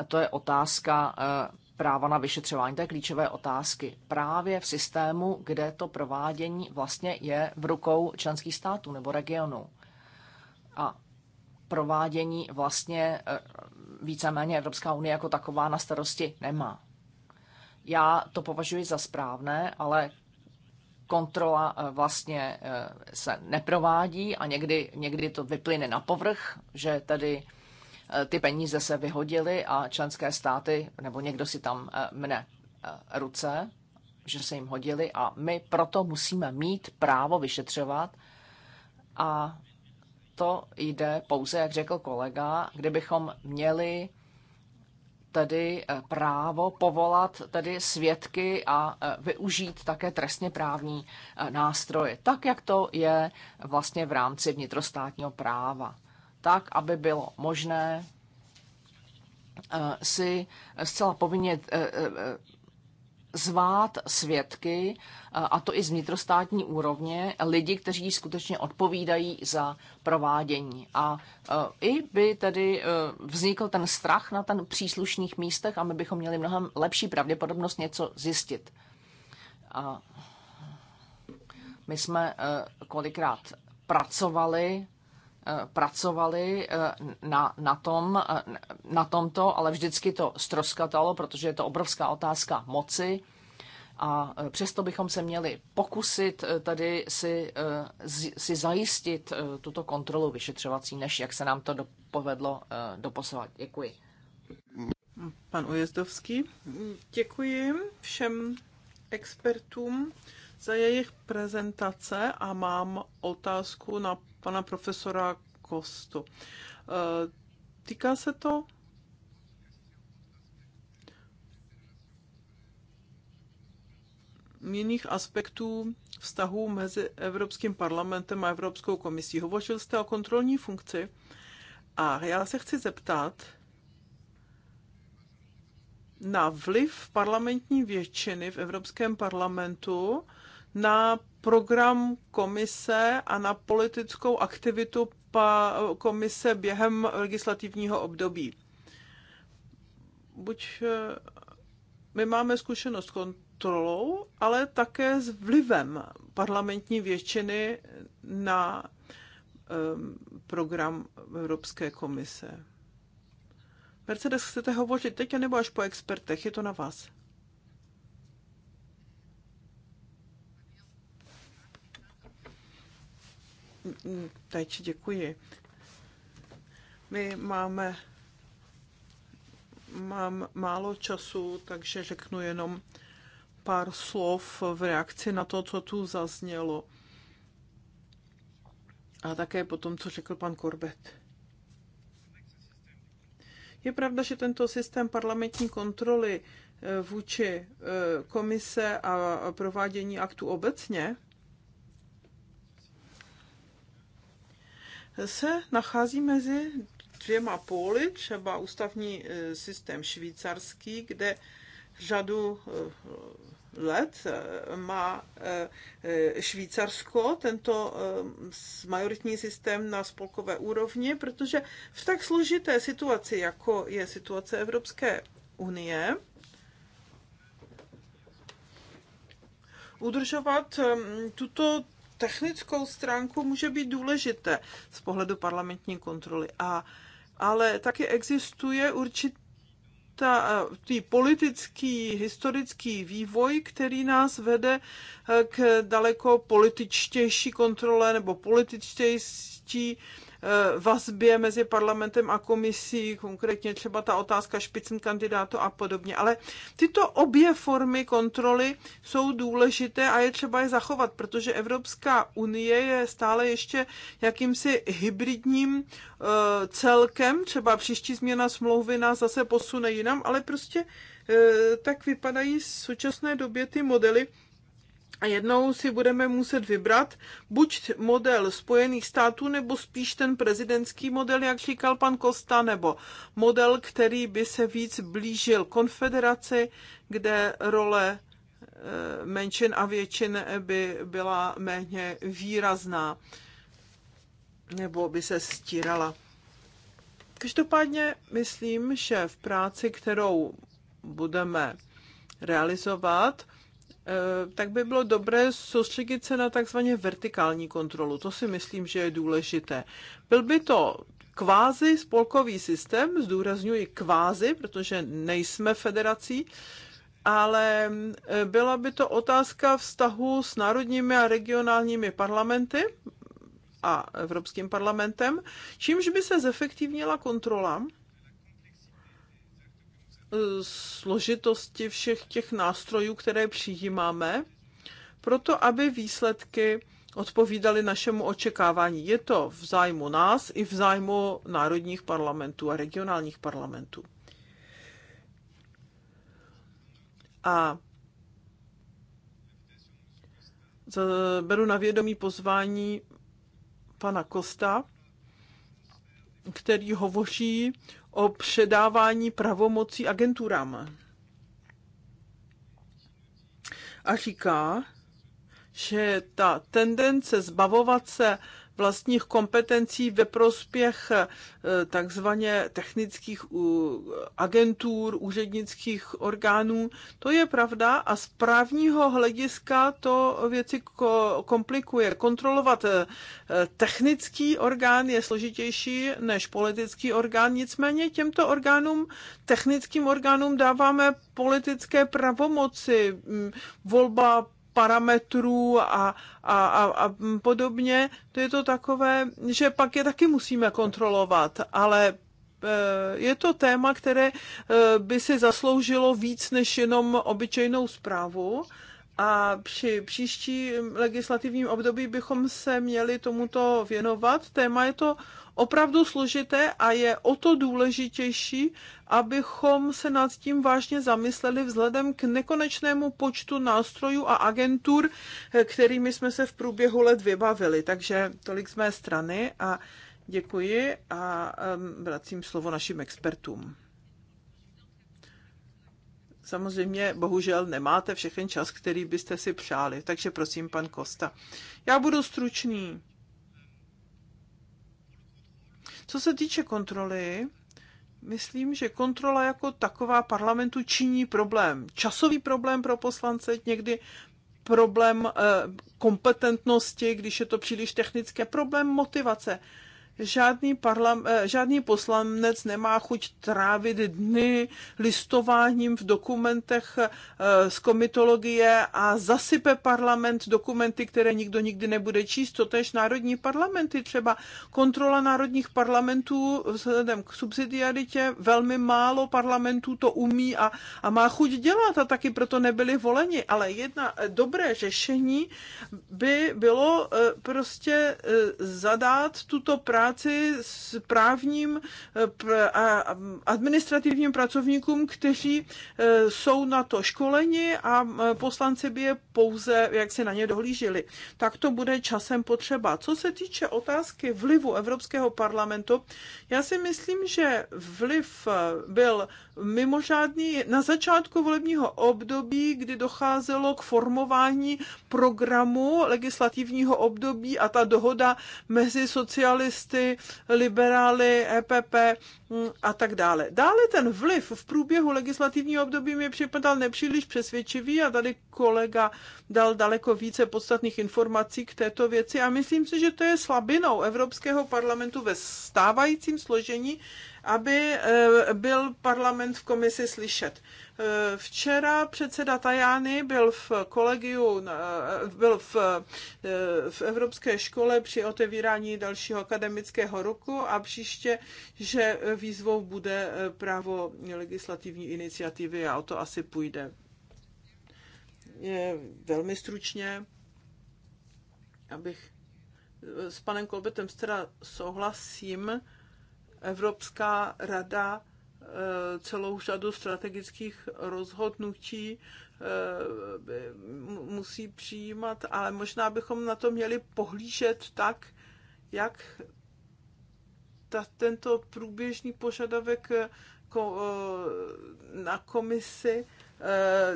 to je otázka eh, práva na vyšetřování, to je klíčové otázky. Právě v systému, kde to provádění vlastně je v rukou členských států nebo regionů. A provádění vlastně eh, víceméně Evropská unie jako taková na starosti nemá. Já to považuji za správné, ale kontrola eh, vlastně eh, se neprovádí a někdy, někdy to vyplyne na povrch, že tedy ty peníze se vyhodily a členské státy, nebo někdo si tam mne ruce, že se jim hodili a my proto musíme mít právo vyšetřovat a to jde pouze, jak řekl kolega, kdybychom měli tedy eh, právo povolat tedy svědky a eh, využít také trestně právní eh, nástroje, tak jak to je vlastně v rámci vnitrostátního práva. Tak, aby bylo možné si zcela povinně zvát svědky, eh, a to i z vnitrostátní úrovně, lidi, kteří skutečně odpovídají za provádění. A eh, i by tedy eh, vznikl ten strach na ten příslušných místech a my bychom měli mnohem lepší pravděpodobnost něco zjistit. A my jsme kolikrát pracovali Eh, pracovali eh, na, na, tom, eh, na tomto, ale vždycky to stroskatalo, protože je to obrovská otázka moci. A přesto bychom se měli pokusit tady si, si zajistit tuto kontrolu vyšetřovací, než jak se nám to do, povedlo doposovat. Děkuji. Pan Ujezdovský. Děkuji všem expertům za jejich prezentace a mám otázku na pana profesora Kostu. Eh, týká se to jiných aspektů vztahů mezi Evropským parlamentem a Evropskou komisí. Hovořil jste o kontrolní funkci a já se chci zeptat na vliv parlamentní většiny v Evropském parlamentu na program komise a na politickou aktivitu komise během legislativního období. Buď eh, my máme zkušenost s kontrolou, ale také s vlivem parlamentní většiny na ehm, program Evropské komise. Mercedes, chcete hovořit teď nebo až po expertech? Je to na vás. Teď děkuji. My máme mám málo času, takže řeknu jenom pár slov v reakci na to, co tu zaznělo. A také po tom, co řekl pan Korbet. Je pravda, že tento systém parlamentní kontroly eh, vůči eh, komise a provádění aktu obecně se nachází mezi dvěma póly, třeba ústavní e, systém švýcarský, kde řadu e, let e, má Švýcarsko tento majoritní systém na spolkové úrovni, protože v tak složité situaci, jako je situace Evropské unie, udržovat tuto technickou stránku může být důležité z pohledu parlamentní kontroly. A, ale taky existuje určitý ta, tý politický, historický vývoj, který nás vede e, k daleko političtější kontrole nebo političtější Eh, vazbě mezi parlamentem a komisí, konkrétně třeba ta otázka špicen kandidátu a podobně. Ale tyto obě formy kontroly jsou důležité a je třeba je zachovat, protože Evropská unie je stále ještě jakýmsi hybridním eh, celkem, třeba příští změna smlouvy nás zase posune jinam, ale prostě eh, tak vypadají v současné době ty modely, a jednou si budeme muset vybrat buď model Spojených států, nebo spíš ten prezidentský model, jak říkal pan Kosta, nebo model, který by se víc blížil konfederaci, kde role eh, menšin a většin by byla méně výrazná nebo by se stírala. Každopádně myslím, že v práci, kterou budeme realizovat, Eh, tak by bylo dobré soustředit se na takzvaně vertikální kontrolu. To si myslím, že je důležité. Byl by to kvázi spolkový systém, zdůrazňuji kvázi, protože nejsme federací, ale eh, byla by to otázka vztahu s národními a regionálními parlamenty a Evropským parlamentem, čímž by se zefektivnila kontrola složitosti všech těch nástrojů, které přijímáme, proto aby výsledky odpovídaly našemu očekávání. Je to v zájmu nás i v zájmu národních parlamentů a regionálních parlamentů. A beru na vědomí pozvání pana Kosta, který hovoří o předávání pravomocí agenturám. A říká, že ta tendence zbavovat se vlastních kompetencí ve prospěch eh, takzvaně technických agentur, úřednických orgánů. To je pravda a z právního hlediska to věci komplikuje. Kontrolovat eh, technický orgán je složitější než politický orgán, nicméně těmto orgánům, technickým orgánům dáváme politické pravomoci, mm, volba parametrů a, a, a, a podobně. To je to takové, že pak je taky musíme kontrolovat, ale e, je to téma, které e, by si zasloužilo víc než jenom obyčejnou zprávu. A při příští legislativním období bychom se měli tomuto věnovat. Téma je to opravdu složité a je o to důležitější, abychom se nad tím vážně zamysleli vzhledem k nekonečnému počtu nástrojů a agentur, eh, kterými jsme se v průběhu let vybavili. Takže tolik z mé strany a děkuji a vracím slovo našim expertům. Samozřejmě, bohužel, nemáte všechny čas, který byste si přáli, takže prosím, pan Kosta. Já budu stručný. Co se týče kontroly, myslím, že kontrola jako taková parlamentu činí problém. Časový problém pro poslance, někdy problém eh, kompetentnosti, když je to příliš technické, problém motivace žádný, parlam, eh, žádný poslanec nemá chuť trávit dny listováním v dokumentech eh, z komitologie a zasype parlament dokumenty, které nikdo nikdy nebude číst, to tež národní parlamenty. Třeba kontrola národních parlamentů vzhledem k subsidiaritě, velmi málo parlamentů to umí a, a má chuť dělat a taky proto nebyli voleni. Ale jedna eh, dobré řešení by bylo prostě zadat tuto práci práci s právním eh, a administrativním pracovníkům, kteří eh, jsou na to školeni a eh, poslanci by je pouze, jak se na ně dohlíželi. Tak to bude časem potřeba. Co se týče otázky vlivu Evropského parlamentu, já si myslím, že vliv byl mimořádný na začátku volebního období, kdy docházelo k formování programu legislativního období a ta dohoda mezi socialisty demokraty, liberály, EPP mm, a tak dále. Dále ten vliv v průběhu legislativního období mi připadal nepříliš přesvědčivý a tady kolega dal daleko více podstatných informací k této věci a myslím si, že to je slabinou Evropského parlamentu ve stávajícím složení, aby eh, byl parlament v komisi slyšet. Eh, včera předseda Tajány byl v kolegiu, eh, byl v, eh, v Evropské škole při otevírání dalšího akademického roku a příště, že výzvou bude právo legislativní iniciativy a o to asi půjde. Je Velmi stručně, abych s panem Kolbetem teda souhlasím, Evropská rada Eh, celou řadu strategických rozhodnutí eh, musí přijímat, ale možná bychom na to měli pohlížet tak, jak ta, tento průběžný požadavek eh, na komisi,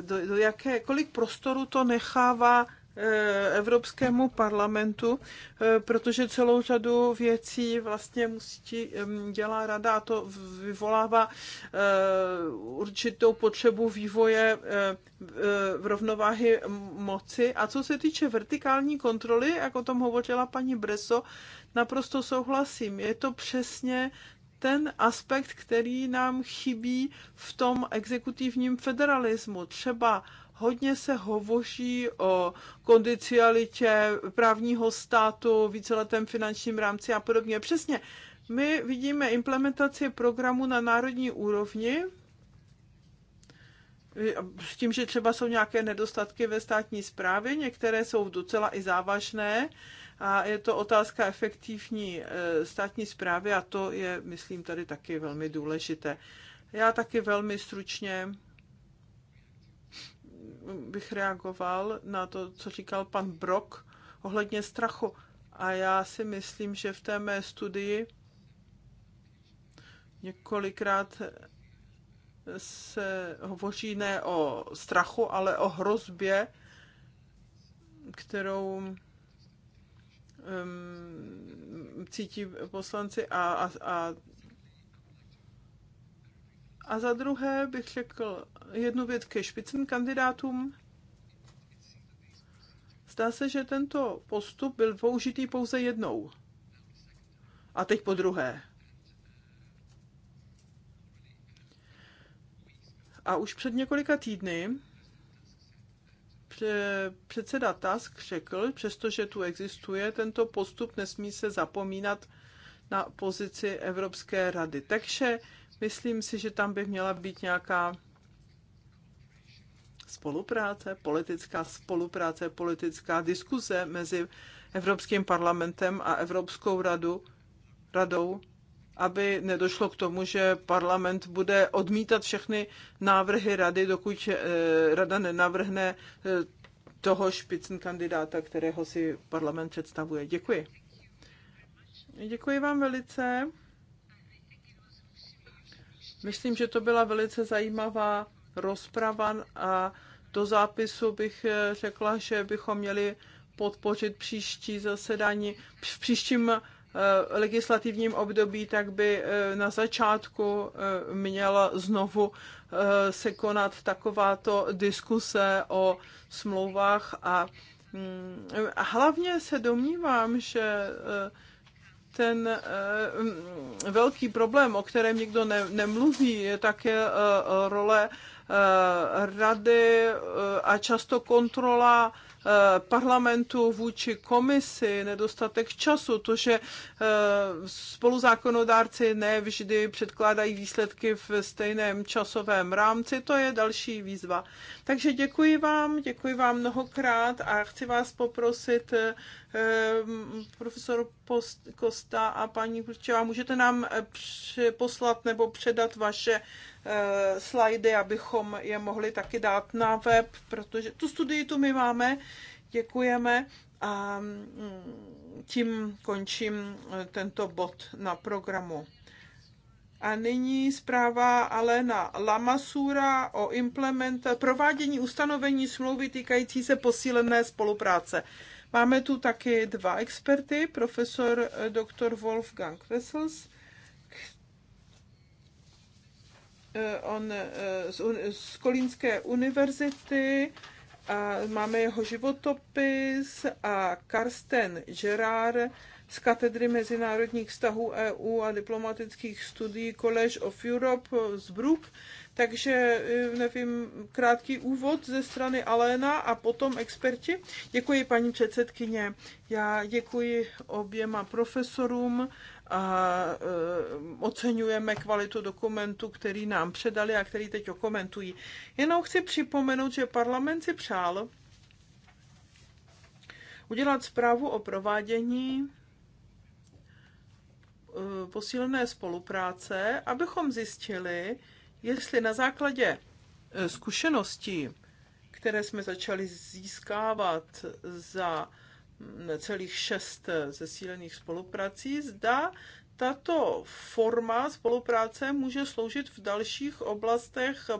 do, do jaké, kolik prostoru to nechává Eh, Evropskému parlamentu, eh, protože celou řadu věcí vlastně musí dělá rada a to vyvolává eh, určitou potřebu vývoje v rovnováhy moci. A co se týče vertikální kontroly, jak o tom hovořila paní Breso, naprosto souhlasím. Je to přesně ten aspekt, který nám chybí v tom exekutivním federalismu. Třeba Hodně se hovoří o kondicionalitě právního státu, víceletém finančním rámci a podobně. Přesně, my vidíme implementaci programu na národní úrovni, s tím, že třeba jsou nějaké nedostatky ve státní správě, některé jsou docela i závažné a je to otázka efektivní eh, státní správy a to je, myslím, tady taky velmi důležité. Já taky velmi stručně bych reagoval na to, co říkal pan Brok ohledně strachu. A já si myslím, že v té mé studii několikrát se hovoří ne o strachu, ale o hrozbě, kterou um, cítí poslanci a, a, a a za druhé bych řekl jednu věc ke špicným kandidátům. Zdá se, že tento postup byl použitý pouze jednou. A teď po druhé. A už před několika týdny předseda Tusk řekl, přestože tu existuje tento postup, nesmí se zapomínat na pozici Evropské rady. Takže Myslím si, že tam by měla být nějaká spolupráce, politická spolupráce, politická diskuze mezi Evropským parlamentem a Evropskou radu, radou, aby nedošlo k tomu, že parlament bude odmítat všechny návrhy rady, dokud eh, rada nenavrhne eh, toho špicn kandidáta, kterého si parlament představuje. Děkuji. Děkuji vám velice. Myslím, že to byla velice zajímavá rozprava a do zápisu bych eh, řekla, že bychom měli podpořit příští zasedání v příštím eh, legislativním období, tak by eh, na začátku měla znovu se konat takováto diskuse o smlouvách a mm, hlavně se domnívám, že ten eh, mm, velký problém, o kterém nikdo ne, nemluví, je také eh, role eh, rady a často kontrola Eh, parlamentu vůči komisi, nedostatek času, to, že eh, spoluzákonodárci ne vždy předkládají výsledky v stejném časovém rámci, to je další výzva. Takže děkuji vám, děkuji vám mnohokrát a chci vás poprosit, eh, profesor Post, Kosta a paní Kručová, můžete nám poslat nebo předat vaše Eh, slajdy, abychom je mohli taky dát na web, protože tu studii tu my máme, děkujeme a mm, tím končím eh, tento bod na programu. A nyní zpráva Alena Lamasura o implement, provádění ustanovení smlouvy týkající se posílené spolupráce. Máme tu taky dva experty, profesor eh, dr. Wolfgang Wessels Eh, on eh, z, z Kolínské univerzity, a máme jeho životopis a Karsten Gerard z katedry mezinárodních vztahů EU a diplomatických studií College of Europe z Brook. Takže, eh, nevím, krátký úvod ze strany Aléna a potom experti. Děkuji, paní předsedkyně. Já děkuji oběma profesorům a eh, oceňujeme kvalitu dokumentu, který nám předali a který teď okomentují. Jenom chci připomenout, že parlament si přál udělat zprávu o provádění eh, posílené spolupráce, abychom zjistili, jestli na základě eh, zkušeností, které jsme začali získávat za celých šest eh, zesílených spoluprací, zda tato forma spolupráce může sloužit v dalších oblastech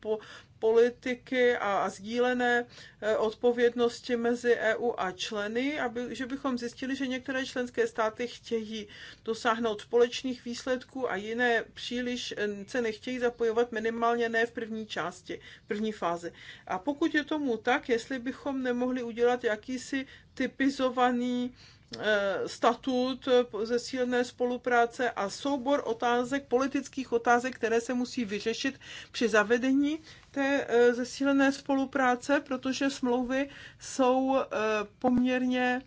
po politiky a, a sdílené eh, odpovědnosti mezi EU a členy, aby, že bychom zjistili, že některé členské státy chtějí dosáhnout společných výsledků a jiné příliš eh, se nechtějí zapojovat, minimálně ne v první části, první fázi. A pokud je tomu tak, jestli bychom nemohli udělat jakýsi typizovaný Eh, statut eh, zesílené spolupráce a soubor otázek, politických otázek, které se musí vyřešit při zavedení té eh, zesílené spolupráce, protože smlouvy jsou poměrně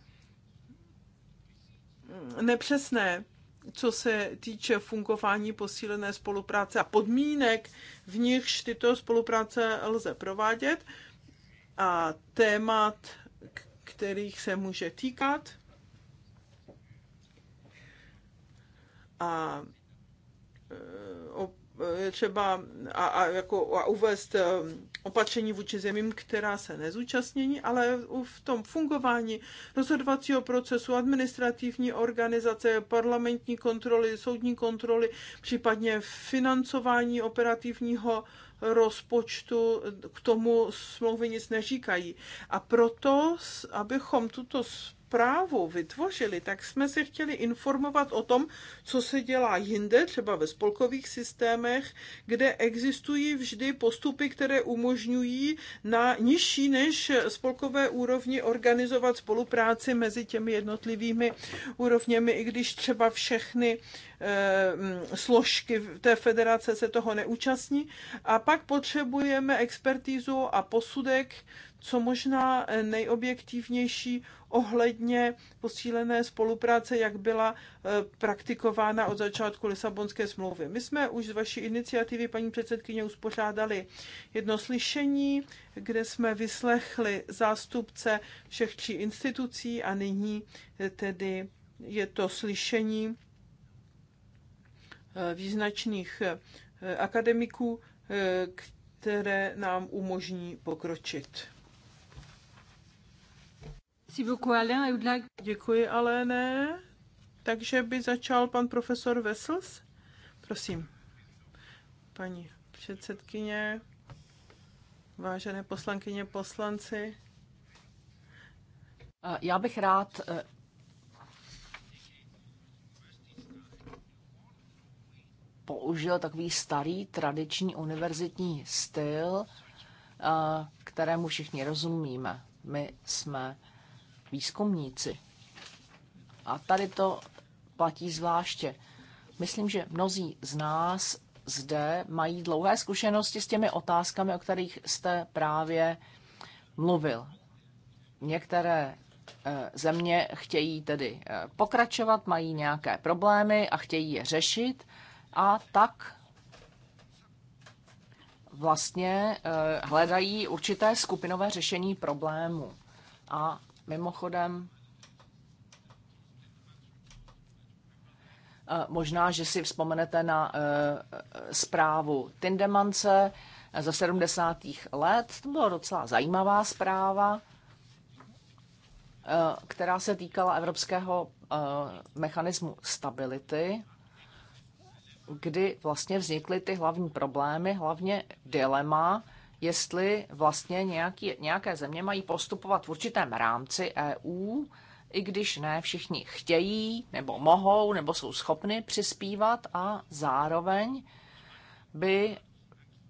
mm, nepřesné, co se týče fungování posílené spolupráce a podmínek, v nichž tyto spolupráce lze provádět a témat, kterých se může týkat a e, je třeba a, a, jako, a uvést e, opatření vůči zemím, která se nezúčastnění, ale v tom fungování rozhodovacího procesu, administrativní organizace, parlamentní kontroly, soudní kontroly, případně financování operativního rozpočtu e, k tomu smlouvy nic neříkají. A proto, abychom tuto zprávu vytvořili, tak jsme se chtěli informovat o tom, co se dělá jinde, třeba ve spolkových systémech, kde existují vždy postupy, které umožňují na nižší než spolkové úrovni organizovat spolupráci mezi těmi jednotlivými úrovněmi, i když třeba všechny eh, mm, složky té federace se toho neúčastní. A pak potřebujeme expertízu a posudek, co možná eh, nejobjektivnější ohledně posílené spolupráce, jak byla eh, praktikována od začátku Lisabonské smlouvy. My jsme už z vaší iniciativy, paní předsedkyně, uspořádali jedno slyšení, kde jsme vyslechli zástupce všech tří institucí a nyní eh, tedy je to slyšení význačných akademiků, které nám umožní pokročit. Děkuji, Aléne. Takže by začal pan profesor Vesels. Prosím, paní předsedkyně, vážené poslankyně, poslanci. Eh, já bych rád eh, použil takový starý tradiční univerzitní styl, eh, kterému všichni rozumíme. My jsme výzkumníci. A tady to platí zvláště. Myslím, že mnozí z nás zde mají dlouhé zkušenosti s těmi otázkami, o kterých jste právě mluvil. Některé eh, země chtějí tedy eh, pokračovat, mají nějaké problémy a chtějí je řešit a tak vlastně eh, hledají určité skupinové řešení problému. A Mimochodem, eh, možná, že si vzpomenete na eh, zprávu Tindemance ze 70. let. To byla docela zajímavá zpráva, eh, která se týkala evropského mechanismu stability, kdy vlastně vznikly ty hlavní problémy, hlavně dilema, jestli vlastně nějaký, nějaké země mají postupovat v určitém rámci EU, i když ne všichni chtějí, nebo mohou, nebo jsou schopni přispívat a zároveň by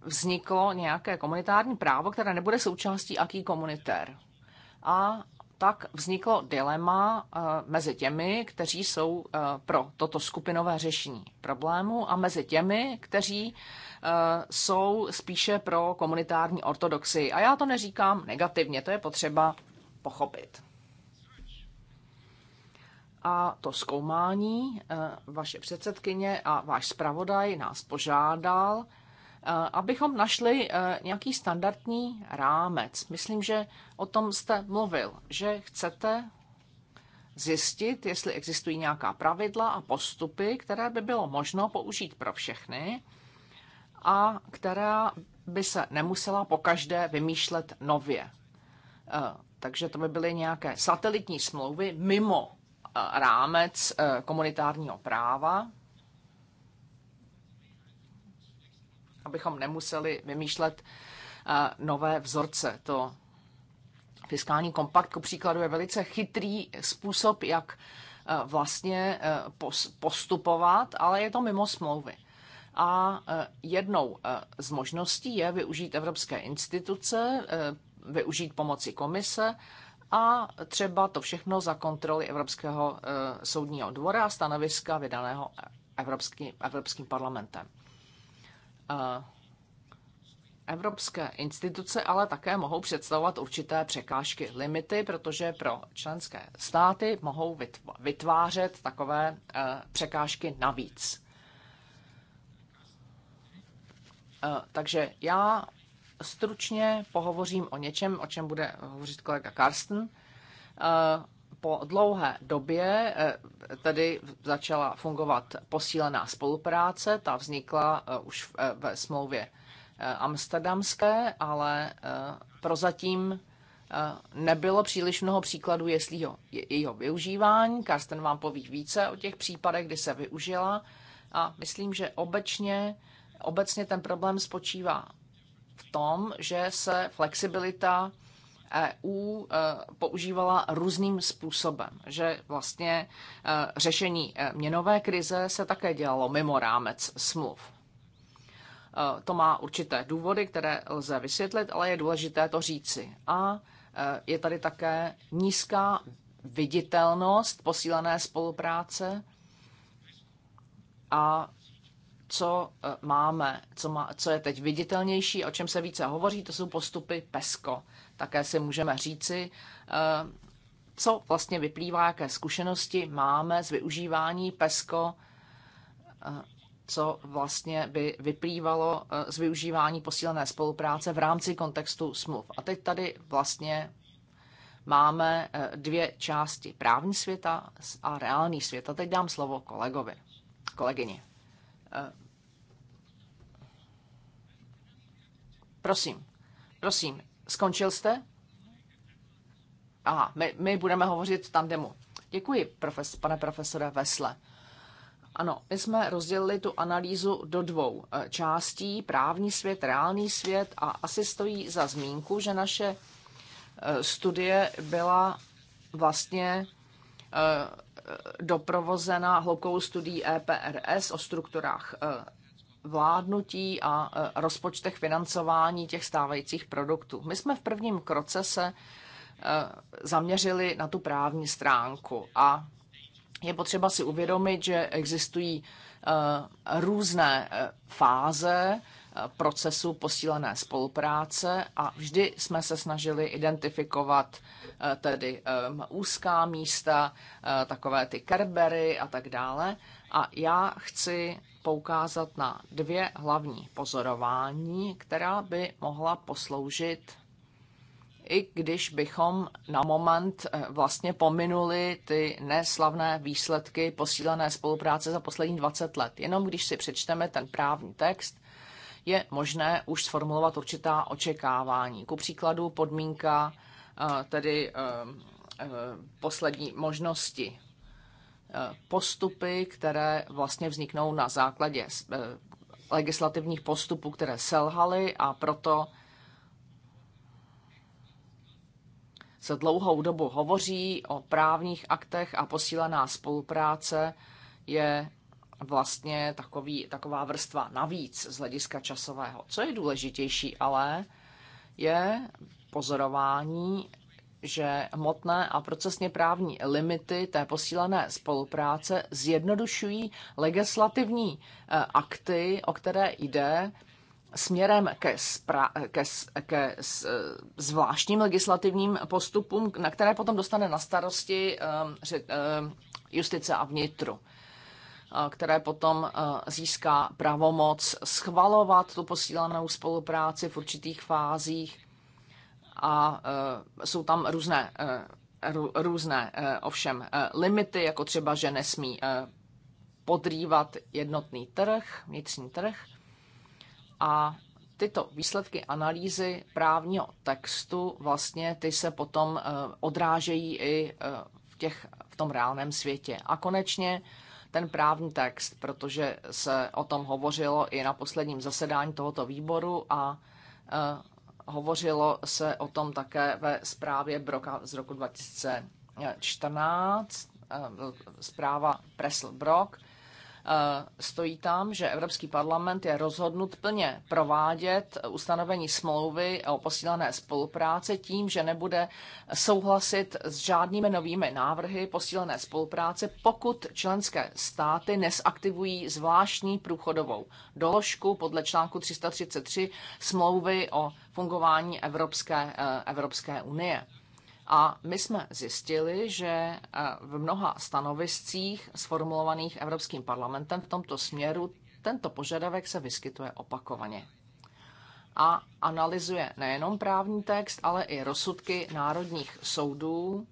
vzniklo nějaké komunitární právo, které nebude součástí aký komunitér. A tak vzniklo dilema eh, mezi těmi, kteří jsou eh, pro toto skupinové řešení problému a mezi těmi, kteří Eh, jsou spíše pro komunitární ortodoxy A já to neříkám negativně, to je potřeba pochopit. A to zkoumání eh, vaše předsedkyně a váš zpravodaj nás požádal, eh, abychom našli nějaký standardní rámec. Myslím, že o tom jste mluvil, že chcete zjistit, jestli existují nějaká pravidla a postupy, které by bylo možno použít pro všechny, a která by se nemusela po každé vymýšlet nově. Eh, takže to by byly nějaké satelitní smlouvy mimo eh, rámec eh, komunitárního práva, abychom nemuseli vymýšlet nové vzorce. To fiskální kompakt, ku příkladu, je velice chytrý způsob, jak vlastně postupovat, ale je to mimo smlouvy. A e, jednou e, z možností je využít evropské instituce, e, využít pomoci komise a třeba to všechno za kontroly Evropského soudního dvora a stanoviska vydaného Evropský, Evropským parlamentem. Evropské instituce ale také mohou představovat určité překážky, limity, protože pro členské státy mohou vytvářet takové překážky navíc. Eh, takže já stručně pohovořím o něčem, o čem bude hovořit kolega Karsten. Eh, po dlouhé době eh, tedy začala fungovat posílená spolupráce, ta vznikla už ve smlouvě amsterdamské, ale prozatím nebylo příliš mnoho příkladů jeslího, jejího využívání. Karsten vám poví více o těch případech, kdy se využila a myslím, že obecně Obecně ten problém spočívá v tom, že se flexibilita EU e, používala různým způsobem, že vlastně e, řešení e, měnové krize se také dělalo mimo rámec smluv. To má určité důvody, které lze vysvětlit, ale je důležité to říci. A je tady také nízká viditelnost posílené spolupráce a co eh, máme, co, má, co je teď viditelnější, o čem se více hovoří, to jsou postupy PESCO. Také si můžeme říci, eh, co vlastně vyplývá, jaké zkušenosti máme z využívání PESCO, eh, co vlastně by vyplývalo z využívání posílené spolupráce v rámci kontextu smluv. A teď tady vlastně máme dvě části právní světa a reální světa. Teď dám slovo kolegovi, kolegyni. Prosím, prosím, skončil jste? Aha, my, my budeme hovořit v tandemu. Děkuji, profes, pane profesore Vesle. Ano, my jsme rozdělili tu analýzu do dvou e, částí, právní svět, reálný svět a asi stojí za zmínku, že naše e, studie byla vlastně e, doprovozena hloukou studií EPRS o strukturách e, vládnutí a e, rozpočtech financování těch stávajících produktů. My jsme v prvním kroce se e, zaměřili na tu právní stránku a je potřeba si uvědomit, že existují různé fáze procesu posílené spolupráce a vždy jsme se snažili identifikovat eh, tedy ehm, úzká místa, eh, takové ty kerbery a tak dále. A já chci poukázat na dvě hlavní pozorování, která by mohla posloužit i když bychom na moment eh, vlastně pominuli ty neslavné výsledky posílené spolupráce za poslední 20 let. Jenom když si přečteme ten právní text, je možné už sformulovat určitá očekávání. Ku příkladu podmínka eh, tedy eh, eh, poslední možnosti. Postupy, které vlastně vzniknou na základě legislativních postupů, které selhaly a proto se dlouhou dobu hovoří o právních aktech a posílená spolupráce je vlastně takový, taková vrstva navíc z hlediska časového. Co je důležitější ale, je pozorování, že hmotné a procesně právní limity té posílené spolupráce zjednodušují legislativní eh, akty, o které jde, směrem ke, spra- ke, ke eh, zvláštním legislativním postupům, na které potom dostane na starosti um, um, justice a vnitru které potom získá pravomoc schvalovat tu posílanou spolupráci v určitých fázích. A e, jsou tam různé, e, různé e, ovšem limity, jako třeba, že nesmí podrývat jednotný trh, vnitřní trh. A tyto výsledky analýzy právního textu vlastně ty se potom odrážejí i v, těch, v tom reálném světě. A konečně ten právní text, protože se o tom hovořilo i na posledním zasedání tohoto výboru a e, hovořilo se o tom také ve zprávě Broka z roku 2014, e, zpráva Pressl Brok, Eh, stojí tam, že Evropský parlament je rozhodnut plně provádět eh, ustanovení smlouvy o posílené spolupráci tím, že nebude souhlasit s žádnými novými návrhy posílené spolupráce, pokud členské státy nesaktivují zvláštní průchodovou doložku podle článku 333 smlouvy o fungování Evropské, eh, Evropské unie. A my jsme zjistili, že eh, v mnoha stanoviscích sformulovaných Evropským parlamentem v tomto směru tento požadavek se vyskytuje opakovaně. A analyzuje nejenom právní text, ale i rozsudky národních soudů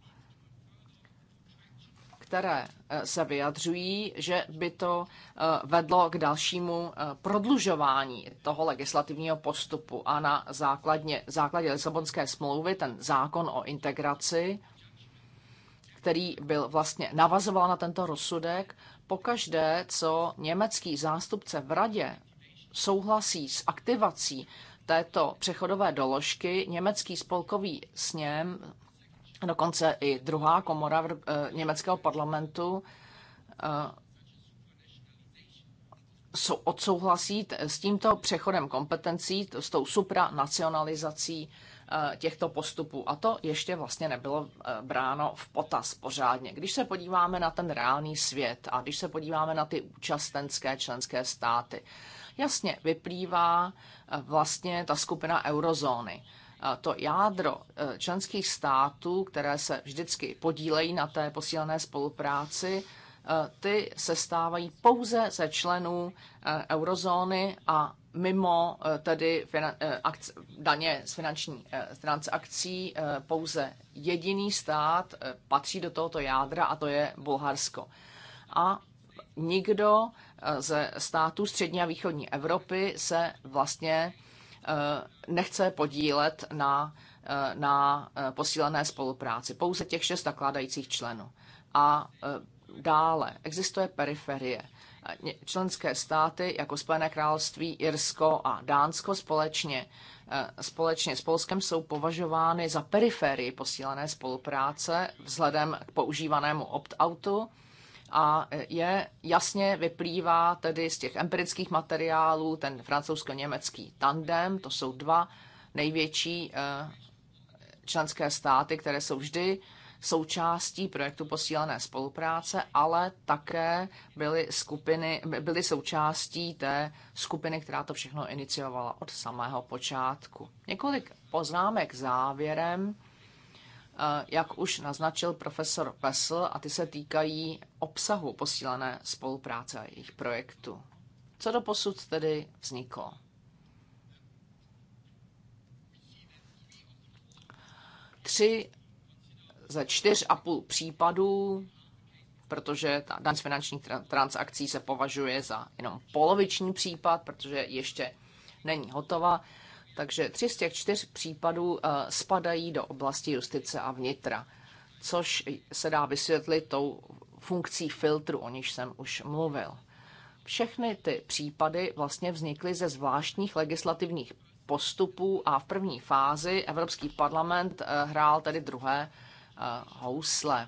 které eh, se vyjadřují, že by to eh, vedlo k dalšímu eh, prodlužování toho legislativního postupu. A na základně, základě Lisabonské smlouvy ten zákon o integraci, který byl vlastně navazoval na tento rozsudek, pokaždé, co německý zástupce v radě souhlasí s aktivací této přechodové doložky, německý spolkový sněm dokonce i druhá komora eh, německého parlamentu eh, odsouhlasí s tímto přechodem kompetencí, s tou supranacionalizací eh, těchto postupů. A to ještě vlastně nebylo bráno v potaz pořádně. Když se podíváme na ten reálný svět a když se podíváme na ty účastenské členské státy, jasně vyplývá vlastně ta skupina eurozóny to jádro eh, členských států, které se vždycky podílejí na té posílené spolupráci, eh, ty se stávají pouze ze členů eh, eurozóny a mimo tedy daně z finanční transakcí pouze jediný stát patří do tohoto jádra a to je Bulharsko. A nikdo ze států střední a východní Evropy se vlastně Eh, nechce podílet na, eh, na eh, posílené spolupráci. Pouze těch šest zakládajících členů. A dále existuje periferie. Členské státy jako Spojené království, Irsko a Dánsko společně, společně s Polskem jsou považovány za periferii posílené spolupráce vzhledem k používanému opt-outu a e, je jasně vyplývá tedy z těch empirických materiálů ten francouzsko-německý tandem, to jsou dva největší e, členské státy, které jsou vždy součástí projektu posílené spolupráce, ale také byly, skupiny, byly součástí té skupiny, která to všechno iniciovala od samého počátku. Několik poznámek závěrem Eh, jak už naznačil profesor Vesl, a ty se týkají obsahu posílené spolupráce a jejich projektu. Co do posud tedy vzniklo? Tři ze čtyř a půl případů, protože ta daň z finančních transakcí se považuje za jenom poloviční případ, protože ještě není hotová, takže tři z těch čtyř případů eh, spadají do oblasti justice a vnitra, což se dá vysvětlit tou funkcí filtru, o níž jsem už mluvil. Všechny ty případy vlastně vznikly ze zvláštních legislativních postupů a v první fázi Evropský parlament eh, hrál tedy druhé eh, housle.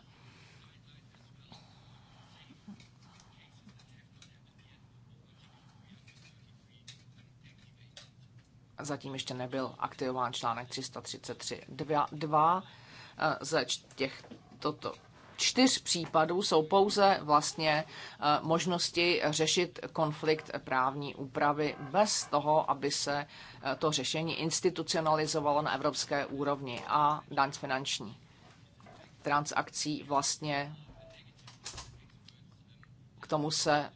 zatím ještě nebyl aktivován článek 333.2. Eh, ze těch toto čtyř případů jsou pouze vlastně eh, možnosti řešit konflikt právní úpravy bez toho, aby se eh, to řešení institucionalizovalo na evropské úrovni a daň z finanční transakcí vlastně k tomu se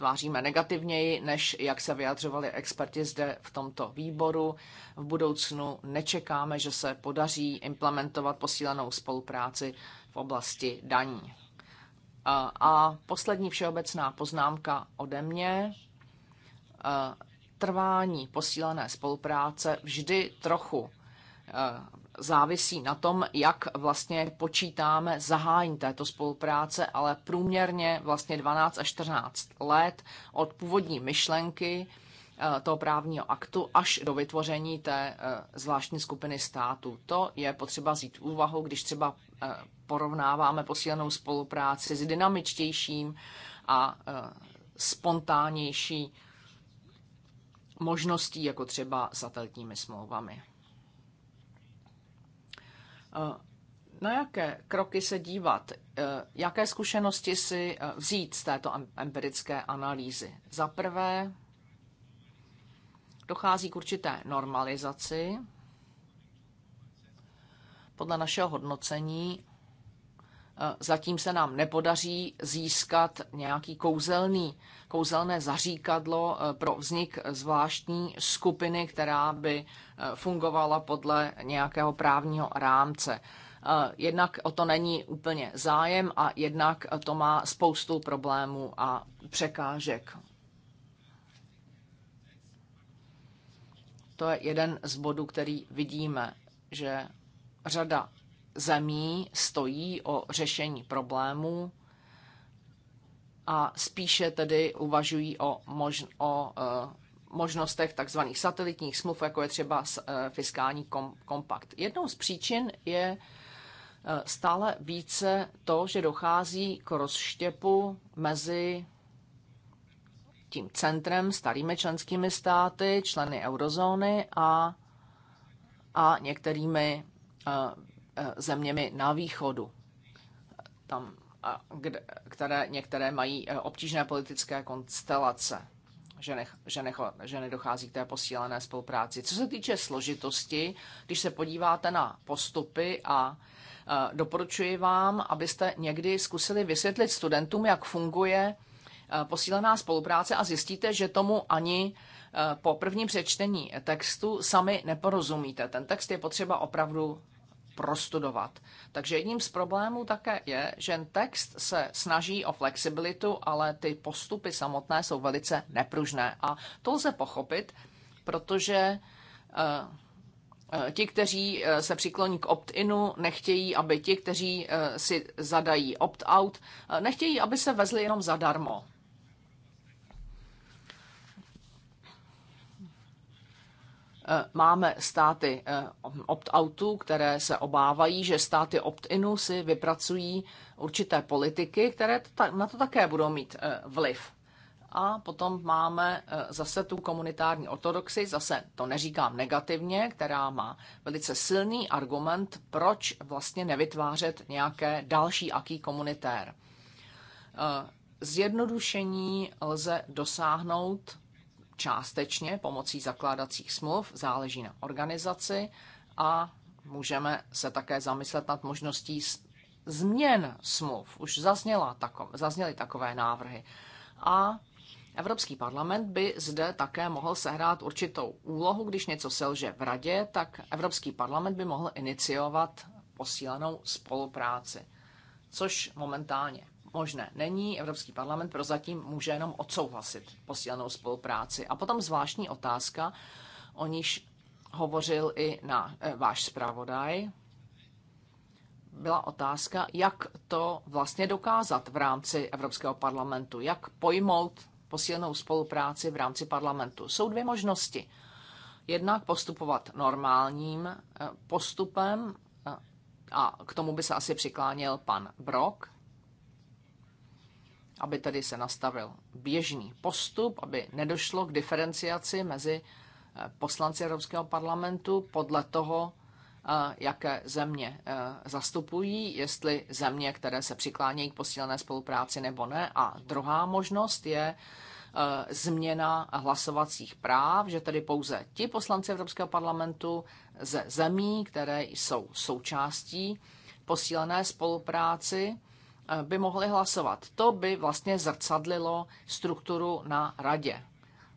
tváříme negativněji, než jak se vyjadřovali experti zde v tomto výboru. V budoucnu nečekáme, že se podaří implementovat posílenou spolupráci v oblasti daní. A poslední všeobecná poznámka ode mě. Trvání posílené spolupráce vždy trochu závisí na tom, jak vlastně počítáme zahájení této spolupráce, ale průměrně vlastně 12 až 14 let od původní myšlenky eh, toho právního aktu až do vytvoření té eh, zvláštní skupiny států. To je potřeba vzít v úvahu, když třeba eh, porovnáváme posílenou spolupráci s dynamičtějším a spontánnější možností, jako třeba satelitními smlouvami. Eh, na jaké kroky se dívat? Eh, jaké zkušenosti si eh, vzít z této empirické analýzy? Za prvé, dochází k určité normalizaci podle našeho hodnocení zatím se nám nepodaří získat nějaký kouzelný, kouzelné zaříkadlo e, pro vznik zvláštní skupiny, která by e, fungovala podle nějakého právního rámce. E, jednak o to není úplně zájem a jednak to má spoustu problémů a překážek. To je jeden z bodů, který vidíme, že řada zemí stojí o řešení problémů a spíše tedy uvažují o, možn- o e, možnostech tzv. satelitních smluv, jako je třeba e, fiskální kompakt. Jednou z příčin je e, stále více to, že dochází k rozštěpu mezi tím centrem, starými členskými státy, členy eurozóny a, a některými Eh, zeměmi na východu, tam, kde, které některé mají eh, obtížné politické konstelace, že, nech, že, necho, že nedochází k té posílené spolupráci. Co se týče složitosti, když se podíváte na postupy a eh, doporučuji vám, abyste někdy zkusili vysvětlit studentům, jak funguje posílená spolupráce a zjistíte, že tomu ani po prvním přečtení textu sami neporozumíte. Ten text je potřeba opravdu prostudovat. Takže jedním z problémů také je, že text se snaží o flexibilitu, ale ty postupy samotné jsou velice nepružné. A to lze pochopit, protože eh, eh, ti, kteří eh, se přikloní k opt-inu, nechtějí, aby ti, kteří si zadají opt-out, nechtějí, aby se vezli jenom zadarmo. Eh, máme státy eh, opt outu které se obávají, že státy opt-inu si vypracují určité politiky, které na to také budou mít eh, vliv. A potom máme zase tu komunitární ortodoxy, zase to neříkám negativně, která má velice silný argument, proč vlastně nevytvářet nějaké další aký komunitér. Zjednodušení lze dosáhnout částečně pomocí zakládacích smluv, záleží na organizaci a můžeme se také zamyslet nad možností změn smluv. Už zazněla tako, zazněly takové návrhy. A Evropský parlament by zde také mohl sehrát určitou úlohu, když něco selže v radě, tak Evropský parlament by mohl iniciovat posílenou spolupráci, což momentálně možné není. Evropský parlament prozatím může jenom odsouhlasit posílenou spolupráci. A potom zvláštní otázka, o níž hovořil i na, e, váš zpravodaj, byla otázka, jak to vlastně dokázat v rámci Evropského parlamentu, jak pojmout posílenou spolupráci v rámci parlamentu. Jsou dvě možnosti. Jednak postupovat normálním e, postupem, e, a k tomu by se asi přikláněl pan Brok, aby tedy se nastavil běžný postup, aby nedošlo k diferenciaci mezi eh, poslanci Evropského parlamentu podle toho, eh, jaké země eh, zastupují, jestli země, které se přiklánějí k posílené spolupráci nebo ne. A druhá možnost je změna hlasovacích práv, že tedy pouze ti poslanci Evropského parlamentu ze zemí, které jsou součástí posílené spolupráci, Eh, by mohli hlasovat. To by vlastně zrcadlilo strukturu na radě.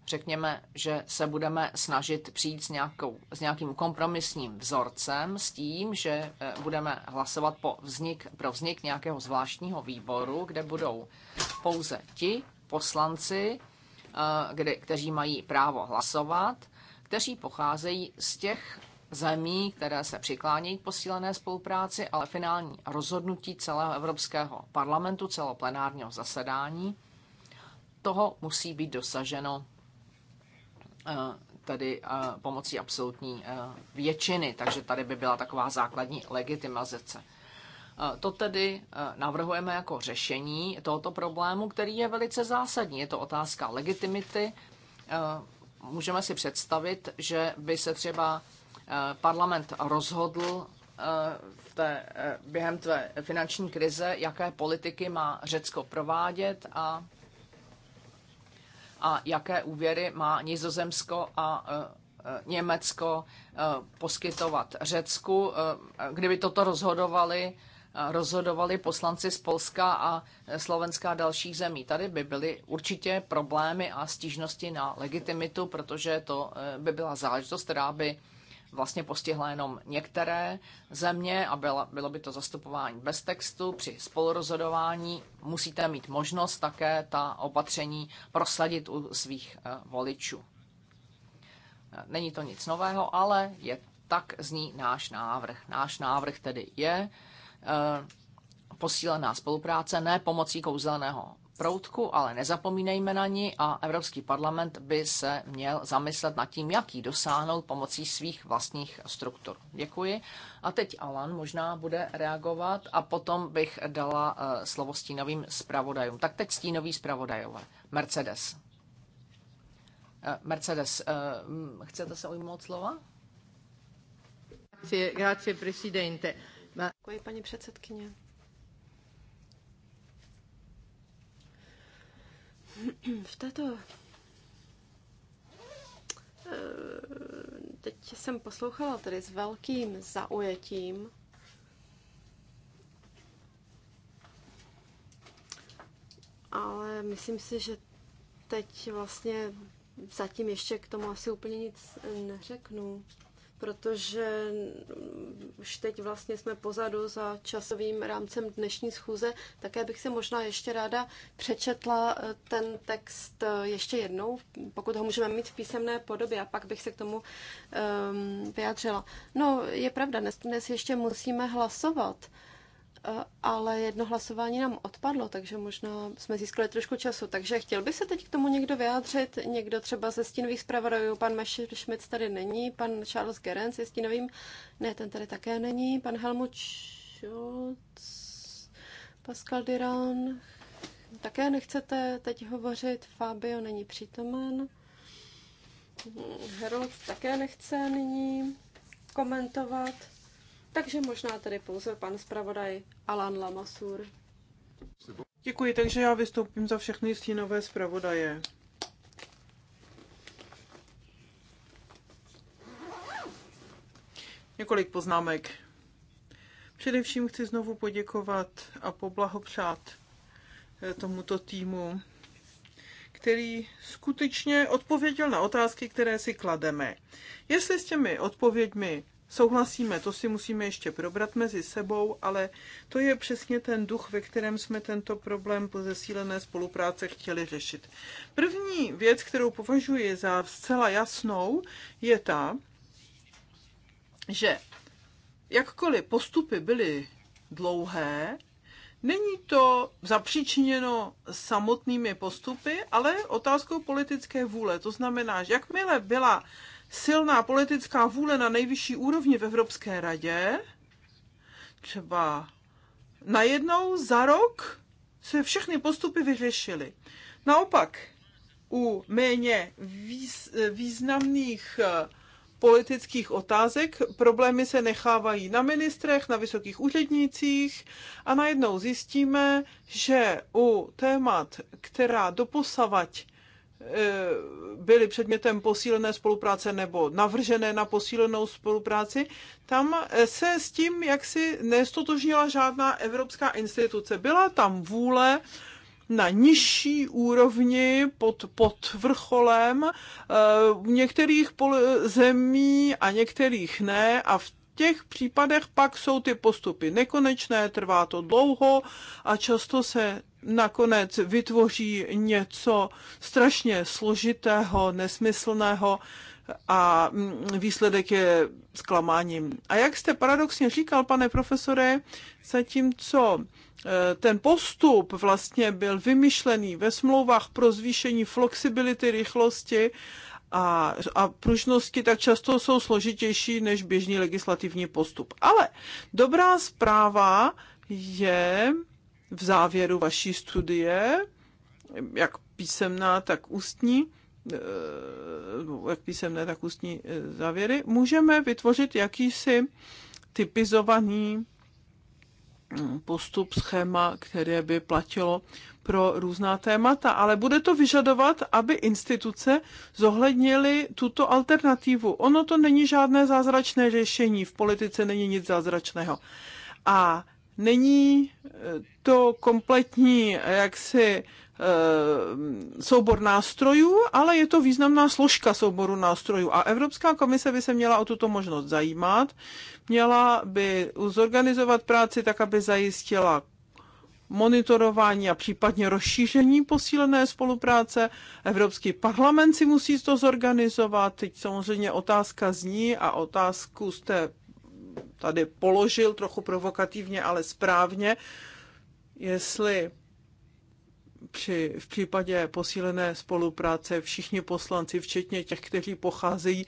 Řekněme, že se budeme snažit přijít s, nějakou, s nějakým kompromisním vzorcem, s tím, že eh, budeme hlasovat po vznik, pro vznik nějakého zvláštního výboru, kde budou pouze ti poslanci, eh, kde, kteří mají právo hlasovat, kteří pocházejí z těch zemí, které se přiklánějí k posílené spolupráci, ale finální rozhodnutí celého Evropského parlamentu, celého plenárního zasedání, toho musí být dosaženo eh, tedy eh, pomocí absolutní eh, většiny, takže tady by byla taková základní legitimizace. To tedy navrhujeme jako řešení tohoto problému, který je velice zásadní. Je to otázka legitimity. Můžeme si představit, že by se třeba Eh, parlament rozhodl eh, v té, eh, během té finanční krize, jaké politiky má Řecko provádět a, a jaké úvěry má Nizozemsko a Německo poskytovat Řecku. Kdyby toto rozhodovali, rozhodovali poslanci z Polska a Slovenska a dalších zemí. Tady by byly určitě problémy a stížnosti na legitimitu, protože to by byla záležitost, která by vlastně postihla jenom některé země a byla, bylo by to zastupování bez textu. Při spolurozhodování musíte mít možnost také ta opatření prosadit u svých eh, voličů. Eh, není to nic nového, ale je tak zní náš návrh. Náš návrh tedy je eh, posílená spolupráce ne pomocí kouzelného proutku, ale nezapomínejme na ní a Evropský parlament by se měl zamyslet nad tím, jak ji dosáhnout pomocí svých vlastních struktur. Děkuji. A teď Alan možná bude reagovat a potom bych dala eh, slovo stínovým zpravodajům. Tak teď stínový zpravodajové. Mercedes. Eh, Mercedes, eh, chcete se ujmout slova? Grazie, grazie, presidente. Děkuji, paní předsedkyně. V této eh, teď jsem poslouchala tedy s velkým zaujetím ale myslím si, že teď vlastně zatím ještě k tomu asi úplně nic neřeknu protože už teď vlastně jsme pozadu za časovým rámcem dnešní schůze. Také bych si možná ještě ráda přečetla eh, ten text eh, ještě jednou, pokud ho můžeme mít v písemné podobě a pak bych se k tomu um, vyjádřila. No, je pravda, dnes, dnes ještě musíme hlasovat. Uh, Eh, ale jedno hlasování nám odpadlo, takže možná jsme získali trošku času. Takže chtěl by se teď k tomu někdo vyjádřit, někdo třeba ze stínových zpravodajů, pan Mešmic tady není, pan Charles Gerenc je stínovým, ne, ten tady také není, pan Helmut Schultz, Pascal Diran, také nechcete teď hovořit, Fabio není přítomen, Herold hm, také nechce nyní komentovat. Takže možná tady pouze pan zpravodaj Alan Lamasur. Děkuji, takže já vystoupím za všechny stínové zpravodaje. Několik poznámek. Především chci znovu poděkovat a poblahopřát eh, tomuto týmu, který skutečně odpověděl na otázky, které si klademe. Jestli s těmi odpověďmi souhlasíme, to si musíme ještě probrat mezi sebou, ale to je přesně ten duch, ve kterém jsme tento problém po zesílené spolupráce chtěli řešit. První věc, kterou považuji za zcela jasnou, je ta, že jakkoliv postupy byly dlouhé, Není to zapříčiněno samotnými postupy, ale otázkou politické vůle. To znamená, že jakmile byla silná politická vůle na nejvyšší úrovni v Evropské radě, třeba najednou za rok se všechny postupy vyřešily. Naopak, u méně významných eh, politických otázek. Problémy se nechávají na ministrech, na vysokých úřednících a najednou zjistíme, že u témat, která doposavať Eh, byly předmětem posílené spolupráce nebo navržené na posílenou spolupráci, tam eh, se s tím jaksi nestotožnila žádná evropská instituce. Byla tam vůle na nižší úrovni pod, pod vrcholem eh, některých zemí a některých ne a v těch případech pak jsou ty postupy nekonečné, trvá to dlouho a často se nakonec vytvoří něco strašně složitého, nesmyslného a mm, výsledek je zklamáním. A jak jste paradoxně říkal, pane profesore, zatímco e, ten postup vlastně byl vymyšlený ve smlouvách pro zvýšení flexibility rychlosti a, a pružnosti tak často jsou složitější než běžný legislativní postup. Ale dobrá zpráva je, v závěru vaší studie, jak písemná, tak ústní, eh, jak písemné, tak ústní eh, závěry, můžeme vytvořit jakýsi typizovaný hm, postup, schéma, které by platilo pro různá témata, ale bude to vyžadovat, aby instituce zohlednily tuto alternativu. Ono to není žádné zázračné řešení, v politice není nic zázračného. A není eh, to kompletní jaksi eh, soubor nástrojů, ale je to významná složka souboru nástrojů. A Evropská komise by se měla o tuto možnost zajímat, měla by zorganizovat práci tak, aby zajistila monitorování a případně rozšíření posílené spolupráce. Evropský parlament si musí to zorganizovat. Teď samozřejmě otázka zní a otázku jste tady položil trochu provokativně, ale správně, jestli při, v případě posílené spolupráce všichni poslanci, včetně těch, kteří pocházejí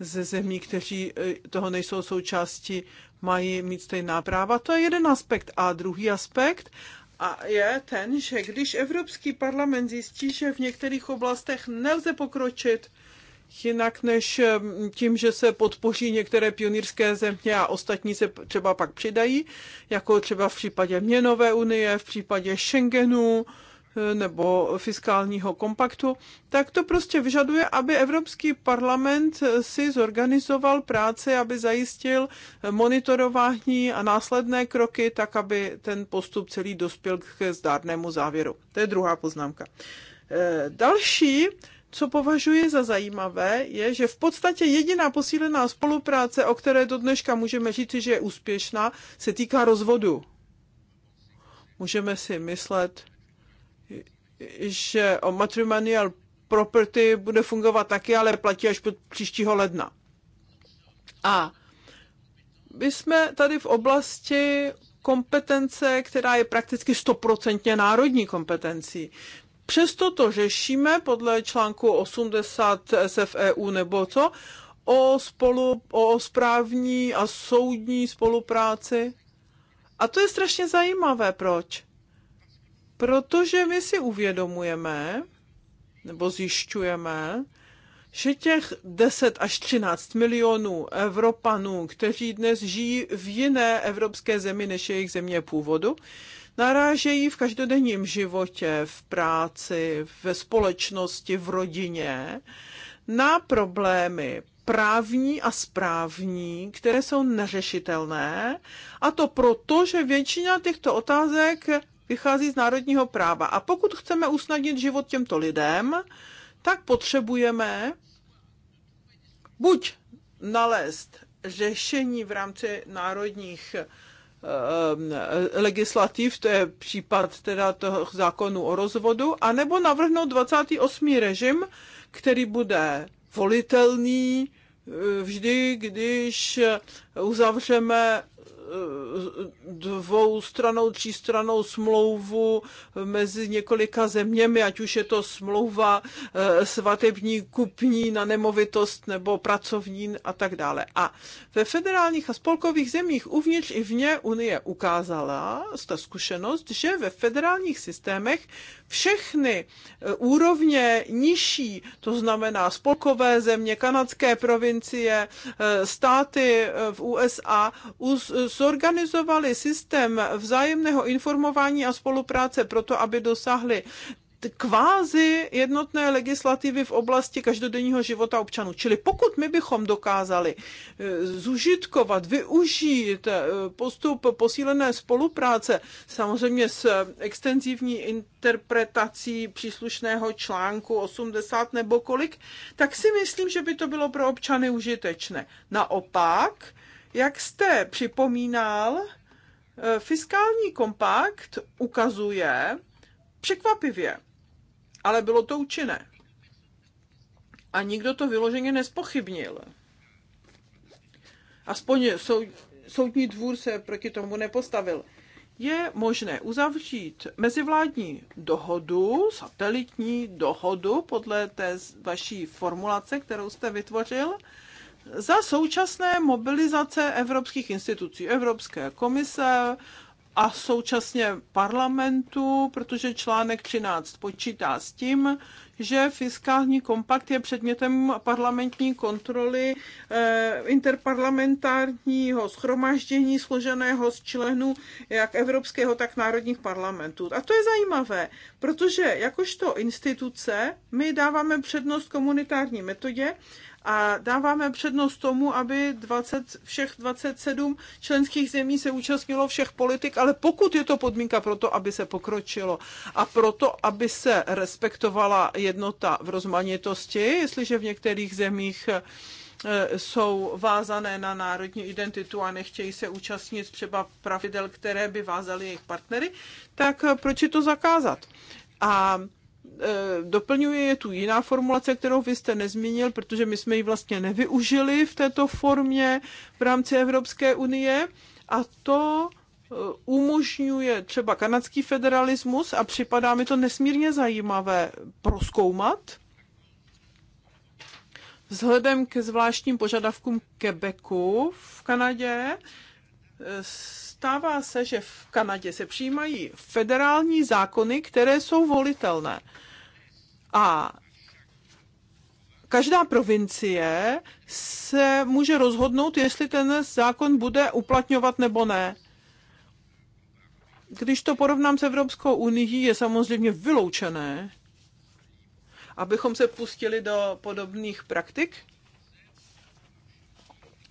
ze zemí, kteří e, toho nejsou součástí, mají mít stejná práva. To je jeden aspekt. A druhý aspekt a je ten, že když Evropský parlament zjistí, že v některých oblastech nelze pokročit, jinak než tím, že se podpoří některé pionýrské země a ostatní se třeba pak přidají, jako třeba v případě měnové unie, v případě Schengenu e, nebo fiskálního kompaktu, tak to prostě vyžaduje, aby Evropský parlament e, si zorganizoval práci, aby zajistil e, monitorování a následné kroky, tak aby ten postup celý dospěl k zdárnému závěru. To je druhá poznámka. Další co považuji za zajímavé, je, že v podstatě jediná posílená spolupráce, o které do dneška můžeme říct, že je úspěšná, se týká rozvodu. Můžeme si myslet, že o matrimonial property bude fungovat taky, ale platí až pod příštího ledna. A my jsme tady v oblasti kompetence, která je prakticky stoprocentně národní kompetencí. Přesto to řešíme podle článku 80 SFEU nebo co, o, spolu, o správní a soudní spolupráci. A to je strašně zajímavé. Proč? Protože my si uvědomujeme, nebo zjišťujeme, že těch 10 až 13 milionů Evropanů, kteří dnes žijí v jiné evropské zemi než jejich země původu, narážejí v každodenním životě, v práci, ve společnosti, v rodině na problémy právní a správní, které jsou neřešitelné, a to proto, že většina těchto otázek vychází z národního práva. A pokud chceme usnadnit život těmto lidem, tak potřebujeme buď nalézt řešení v rámci národních Ehm, legislativ, to je případ teda toho zákonu o rozvodu, anebo navrhnout 28. režim, který bude volitelný eh, vždy, když uzavřeme Eh, dvoustranou, stranou smlouvu mezi několika zeměmi, ať už je to smlouva eh, svatební, kupní na nemovitost nebo pracovní a tak dále. A ve federálních a spolkových zemích uvnitř i vně Unie ukázala ta zkušenost, že ve federálních systémech všechny eh, úrovně nižší, to znamená spolkové země, kanadské provincie, státy v USA, jsou zorganizovali systém vzájemného informování a spolupráce proto, aby dosáhli kvázi jednotné legislativy v oblasti každodenního života občanů. Čili pokud my bychom dokázali e, zužitkovat, využít e, postup posílené spolupráce, samozřejmě s extenzivní interpretací příslušného článku 80 nebo kolik, tak si myslím, že by to bylo pro občany užitečné. Naopak, jak jste připomínal, eh, fiskální kompakt ukazuje překvapivě, ale bylo to účinné. A nikdo to vyloženě nespochybnil. Aspoň sou, soudní dvůr se proti tomu nepostavil. Je možné uzavřít mezivládní dohodu, satelitní dohodu podle té vaší formulace, kterou jste vytvořil, za současné mobilizace evropských institucí, Evropské komise a současně parlamentu, protože článek 13 počítá s tím, že fiskální kompakt je předmětem parlamentní kontroly eh, interparlamentárního schromaždění složeného z členů jak evropského, tak národních parlamentů. A to je zajímavé, protože jakožto instituce my dáváme přednost komunitární metodě a dáváme přednost tomu, aby 20, všech 27 členských zemí se účastnilo všech politik, ale pokud je to podmínka pro to, aby se pokročilo a proto, aby se respektovala jednota v rozmanitosti, jestliže v některých zemích eh, jsou vázané na národní identitu a nechtějí se účastnit třeba pravidel, které by vázaly jejich partnery, tak eh, proč je to zakázat? A Eh, doplňuje je tu jiná formulace, kterou vy jste nezmínil, protože my jsme ji vlastně nevyužili v této formě v rámci Evropské unie a to eh, umožňuje třeba kanadský federalismus a připadá mi to nesmírně zajímavé proskoumat vzhledem ke zvláštním požadavkům Quebecu v Kanadě, stává se, že v Kanadě se přijímají federální zákony, které jsou volitelné. A každá provincie se může rozhodnout, jestli ten zákon bude uplatňovat nebo ne. Když to porovnám s Evropskou unii, je samozřejmě vyloučené, abychom se pustili do podobných praktik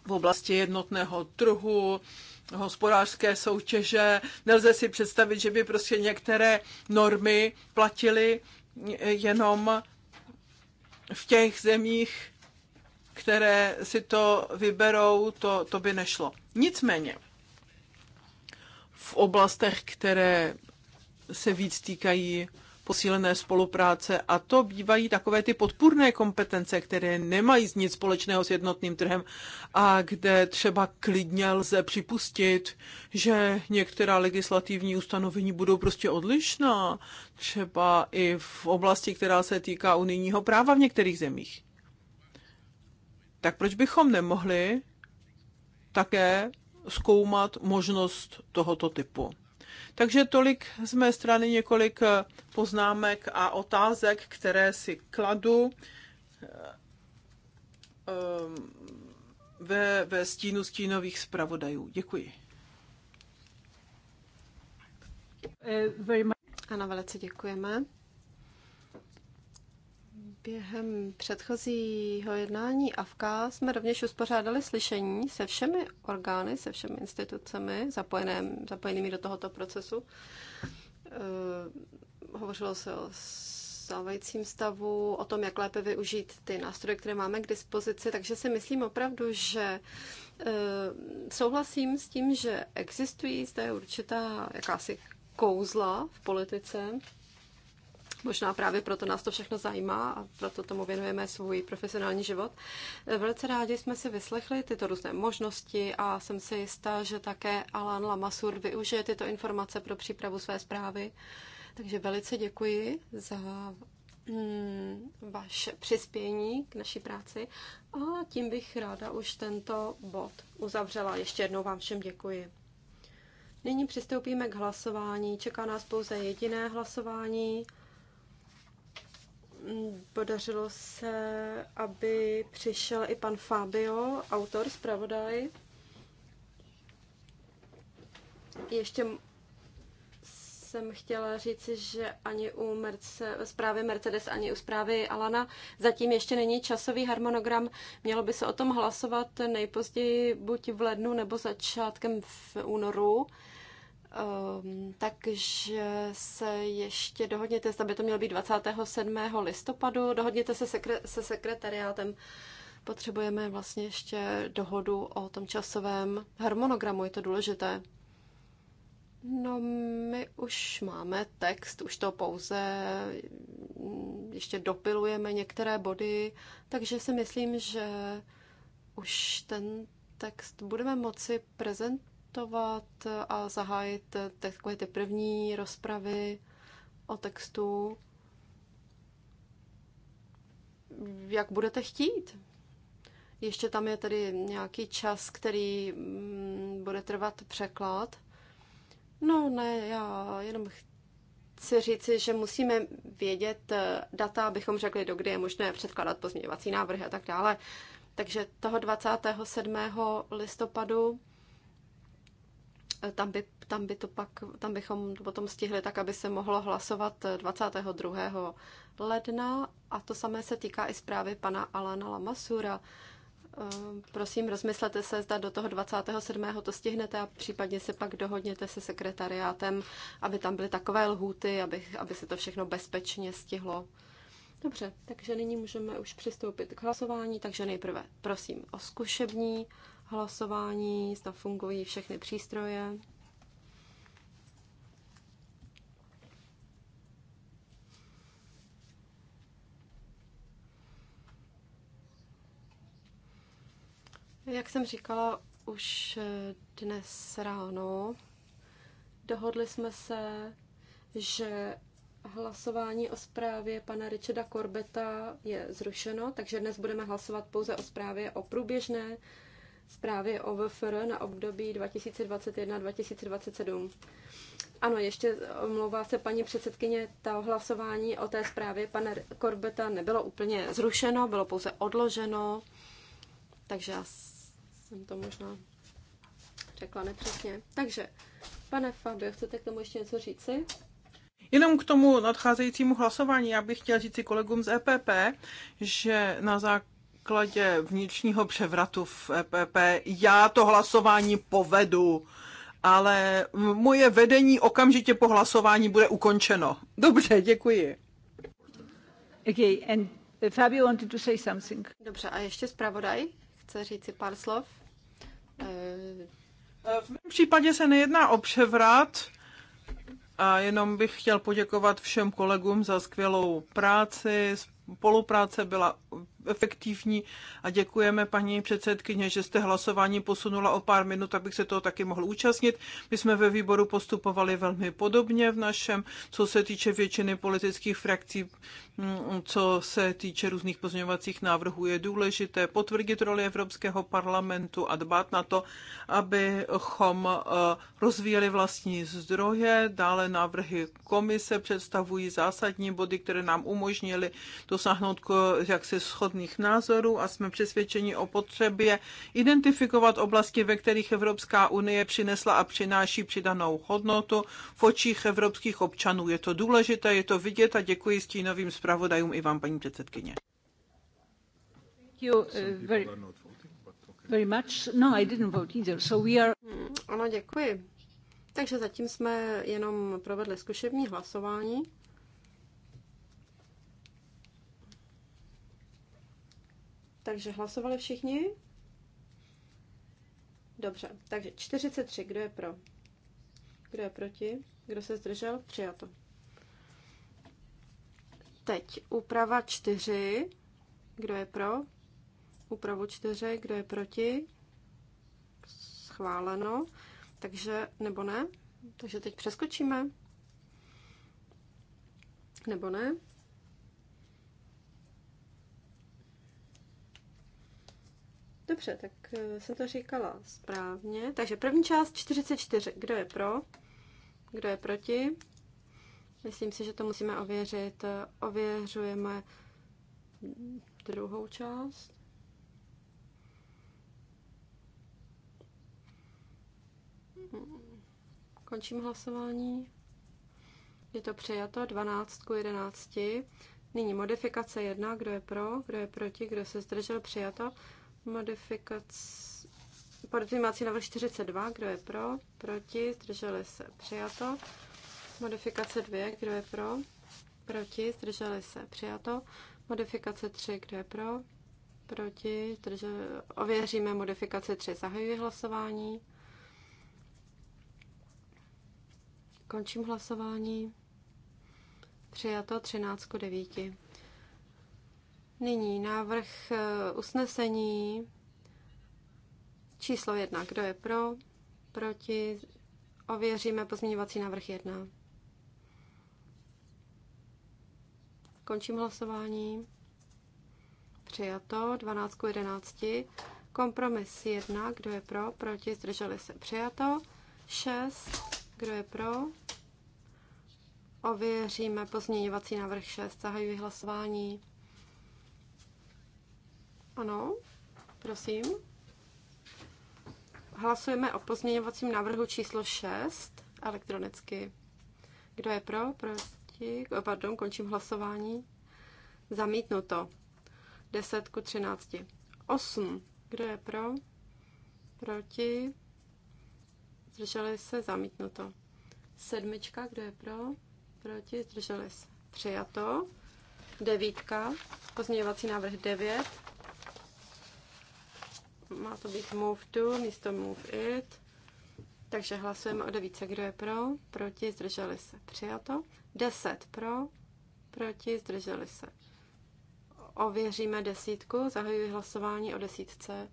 v oblasti jednotného trhu, hospodářské soutěže. Nelze si představit, že by prostě některé normy platily jenom v těch zemích, které si to vyberou, to, to by nešlo. Nicméně, v oblastech, které se víc týkají posílené spolupráce a to bývají takové ty podpůrné kompetence, které nemají nic společného s jednotným trhem a kde třeba klidně lze připustit, že některá legislativní ustanovení budou prostě odlišná, třeba i v oblasti, která se týká unijního práva v některých zemích. Tak proč bychom nemohli také zkoumat možnost tohoto typu? Takže tolik z mé strany několik eh, poznámek a otázek, které si kladu eh, eh, ve, ve stínu stínových zpravodajů. Děkuji. Ano, velice děkujeme. Během předchozího jednání AFKA jsme rovněž uspořádali slyšení se všemi orgány, se všemi institucemi zapojeným, zapojenými do tohoto procesu. Uh, hovořilo se o stávajícím stavu, o tom, jak lépe využít ty nástroje, které máme k dispozici. Takže si myslím opravdu, že uh, souhlasím s tím, že existují zde určitá jakási kouzla v politice, Možná právě proto nás to všechno zajímá a proto tomu věnujeme svůj profesionální život. Velice rádi jsme si vyslechli tyto různé možnosti a jsem si jistá, že také Alan Lamasur využije tyto informace pro přípravu své zprávy. Takže velice děkuji za mm, vaše přispění k naší práci a tím bych ráda už tento bod uzavřela. Ještě jednou vám všem děkuji. Nyní přistoupíme k hlasování. Čeká nás pouze jediné hlasování. Mm, podařilo se, aby přišel i pan Fabio, autor zpravodaj. Ještě jsem chtěla říci, že ani u Merce, zprávy Mercedes, ani u zprávy Alana zatím ještě není časový harmonogram. Mělo by se o tom hlasovat nejpozději buď v lednu nebo začátkem v únoru. Um, takže se ještě dohodněte, zda by to mělo být 27. listopadu, dohodněte se, sekre, se sekretariátem. Potřebujeme vlastně ještě dohodu o tom časovém harmonogramu, je to důležité. No, my už máme text, už to pouze mm, ještě dopilujeme některé body, takže si myslím, že už ten text budeme moci prezentovat diskutovat a zahájit takové ty první rozpravy o textu, jak budete chtít. Ještě tam je tedy nějaký čas, který mm, bude trvat překlad. No ne, já jenom chci říci, že musíme vědět eh, data, abychom řekli, do kdy je možné předkládat pozměňovací návrhy a tak dále. Takže toho 27. listopadu tam by, tam by to pak, tam bychom to potom stihli tak, aby se mohlo hlasovat 22. ledna a to samé se týká i zprávy pana Alana Lamasura. Ehm, prosím, rozmyslete se, zda do toho 27. to stihnete a případně se pak dohodněte se sekretariátem, aby tam byly takové lhůty, aby, aby se to všechno bezpečně stihlo. Dobře, takže nyní můžeme už přistoupit k hlasování, takže nejprve prosím o zkušební hlasování, zda fungují všechny přístroje. Jak jsem říkala už dnes ráno, dohodli jsme se, že hlasování o zprávě pana Richarda Korbeta je zrušeno, takže dnes budeme hlasovat pouze o zprávě o průběžné zprávy o VFR na období 2021-2027. Ano, ještě omlouvá se paní předsedkyně, ta hlasování o té zprávě pana Korbeta nebylo úplně zrušeno, bylo pouze odloženo, takže já jsem to možná řekla nepřesně. Takže, pane Fabio, chcete k tomu ještě něco říci? Jenom k tomu nadcházejícímu hlasování, já bych chtěl říct si kolegům z EPP, že na zák- základě vnitřního převratu v EPP já to hlasování povedu, ale moje vedení okamžitě po hlasování bude ukončeno. Dobře, děkuji. Okay, and uh, Fabio wanted to say something. Dobře, a ještě zpravodaj chce říct si pár slov. Eh, v mém případě se nejedná o převrat, a jenom bych chtěl poděkovat všem kolegům za skvělou práci. Spolupráce byla efektivní a děkujeme paní předsedkyně, že jste hlasování posunula o pár minut, abych se toho taky mohl účastnit. My jsme ve výboru postupovali velmi podobně v našem, co se týče většiny politických frakcí, mm, co se týče různých pozměňovacích návrhů, je důležité potvrdit roli Evropského parlamentu a dbát na to, abychom e, rozvíjeli vlastní zdroje. Dále návrhy komise představují zásadní body, které nám umožnily dosáhnout jaksi shodných názorů a jsme přesvědčeni o potřebě identifikovat oblasti, ve kterých Evropská unie přinesla a přináší přidanou hodnotu v očích evropských občanů. Je to důležité, je to vidět a děkuji stínovým zpravodajům i vám, paní předsedkyně. Uh, no, mm, Ano, děkuji. Takže zatím jsme jenom provedli zkušební hlasování. Takže hlasovali všichni? Dobře, takže 43, kdo je pro? Kdo je proti? Kdo se zdržel? Přijato. Teď úprava 4, kdo je pro? Úpravu 4, kdo je proti? Schváleno. Takže, nebo ne? Takže teď přeskočíme. Nebo ne? Dobře, tak eh, jsem to říkala správně. Takže první část 44. Kdo je pro? Kdo je proti? Myslím si, že to musíme ověřit. Ověřujeme druhou část. Končím hlasování. Je to přijato 12 k 11. Nyní modifikace 1. Kdo je pro? Kdo je proti? Kdo se zdržel? Přijato. Modifikace, podpímací návrh 42, kdo je pro, proti, zdrželi se, přijato. Modifikace 2, kdo je pro, proti, zdrželi se, přijato. Modifikace 3, kdo je pro, proti, zdrželi, ověříme modifikace 3, zahajuji hlasování. Končím hlasování. Přijato 13 k 9. Nyní návrh eh, usnesení číslo jedna. Kdo je pro? Proti? Ověříme pozměňovací návrh jedna. Končím hlasování. Přijato 12 k 11. Kompromis 1. Kdo je pro? Proti? Zdrželi se. Přijato 6. Kdo je pro? Ověříme pozměňovací návrh 6. Zahajuji hlasování. Ano, prosím. Hlasujeme o pozměňovacím návrhu číslo 6 elektronicky. Kdo je pro, proti? Pardon, končím hlasování. Zamítnuto. 10 ku 13. 8. Kdo je pro? Proti? Zdrželi se? Zamítnuto. Sedmička, kdo je pro? Proti? Zdrželi se? Přijato. Devítka. Pozměňovací návrh 9. Má to být move to místo move it. Takže hlasujeme o devíce, kdo je pro, proti, zdrželi se, přijato. 10 pro, proti, zdrželi se. Ověříme desítku, zahajuji hlasování o desítce.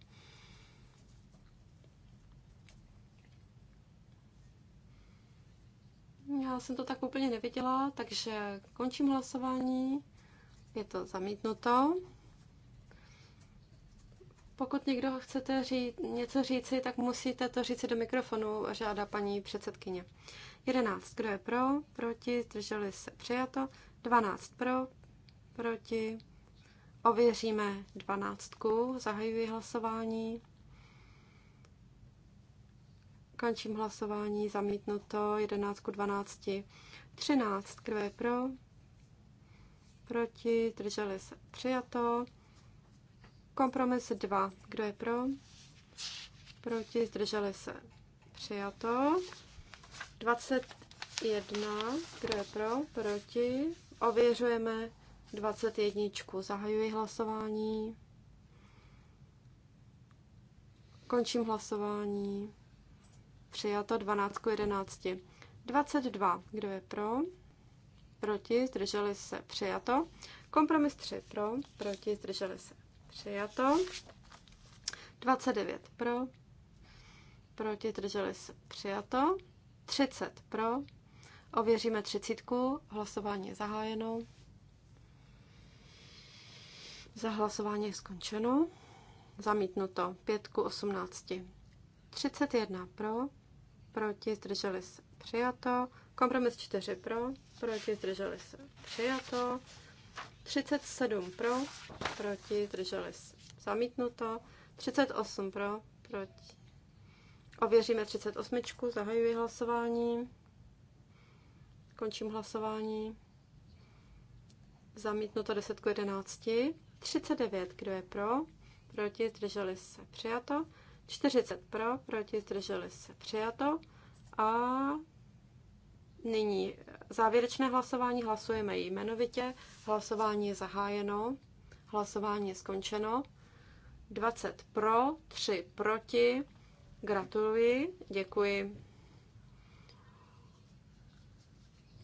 Já jsem to tak úplně neviděla, takže končím hlasování. Je to zamítnuto. Pokud někdo chcete ří, něco říci, tak musíte to říci do mikrofonu, žádá paní předsedkyně. 11. Kdo je pro? Proti? Zdrželi se? Přijato. 12. Pro? Proti? Ověříme 12. Zahajuji hlasování. Končím hlasování. Zamítnuto 11 12. 13. Kdo je pro? Proti? Zdrželi se? Přijato. Kompromis 2. Kdo je pro? Proti, zdrželi se. Přijato. 21. Kdo je pro? Proti. Ověřujeme 21. Zahajuji hlasování. Končím hlasování. Přijato 12 11. 22. Kdo je pro? Proti, zdrželi se. Přijato. Kompromis 3 pro, proti, zdrželi se. Přijato. 29 pro. Proti drželi se. Přijato. 30 pro. Ověříme třicítku. Hlasování je zahájeno. Za hlasování je skončeno. Zamítnuto. 5 ku 18. 31 pro. Proti zdrželi se. Přijato. Kompromis 4 pro. Proti zdrželi se. Přijato. 37 pro, proti, drželi se zamítnuto. 38 pro, proti. Ověříme 38, zahajuji hlasování. Končím hlasování. Zamítnuto 10 k 11. 39, kdo je pro, proti, zdrželi se přijato. 40 pro, proti, zdrželi se přijato. A nyní Závěrečné hlasování hlasujeme jmenovitě. Hlasování je zahájeno. Hlasování je skončeno. 20 pro, 3 proti. Gratuluji, děkuji.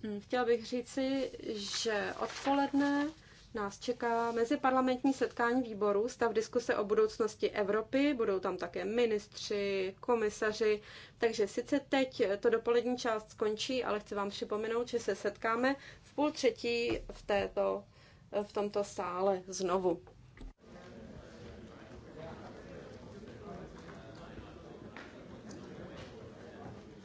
Hm, chtěla bych říci, že odpoledne nás čeká meziparlamentní setkání výboru stav diskuse o budoucnosti Evropy, budou tam také ministři, komisaři, takže sice teď to dopolední část skončí, ale chci vám připomenout, že se setkáme v půl třetí v, této, v tomto sále znovu.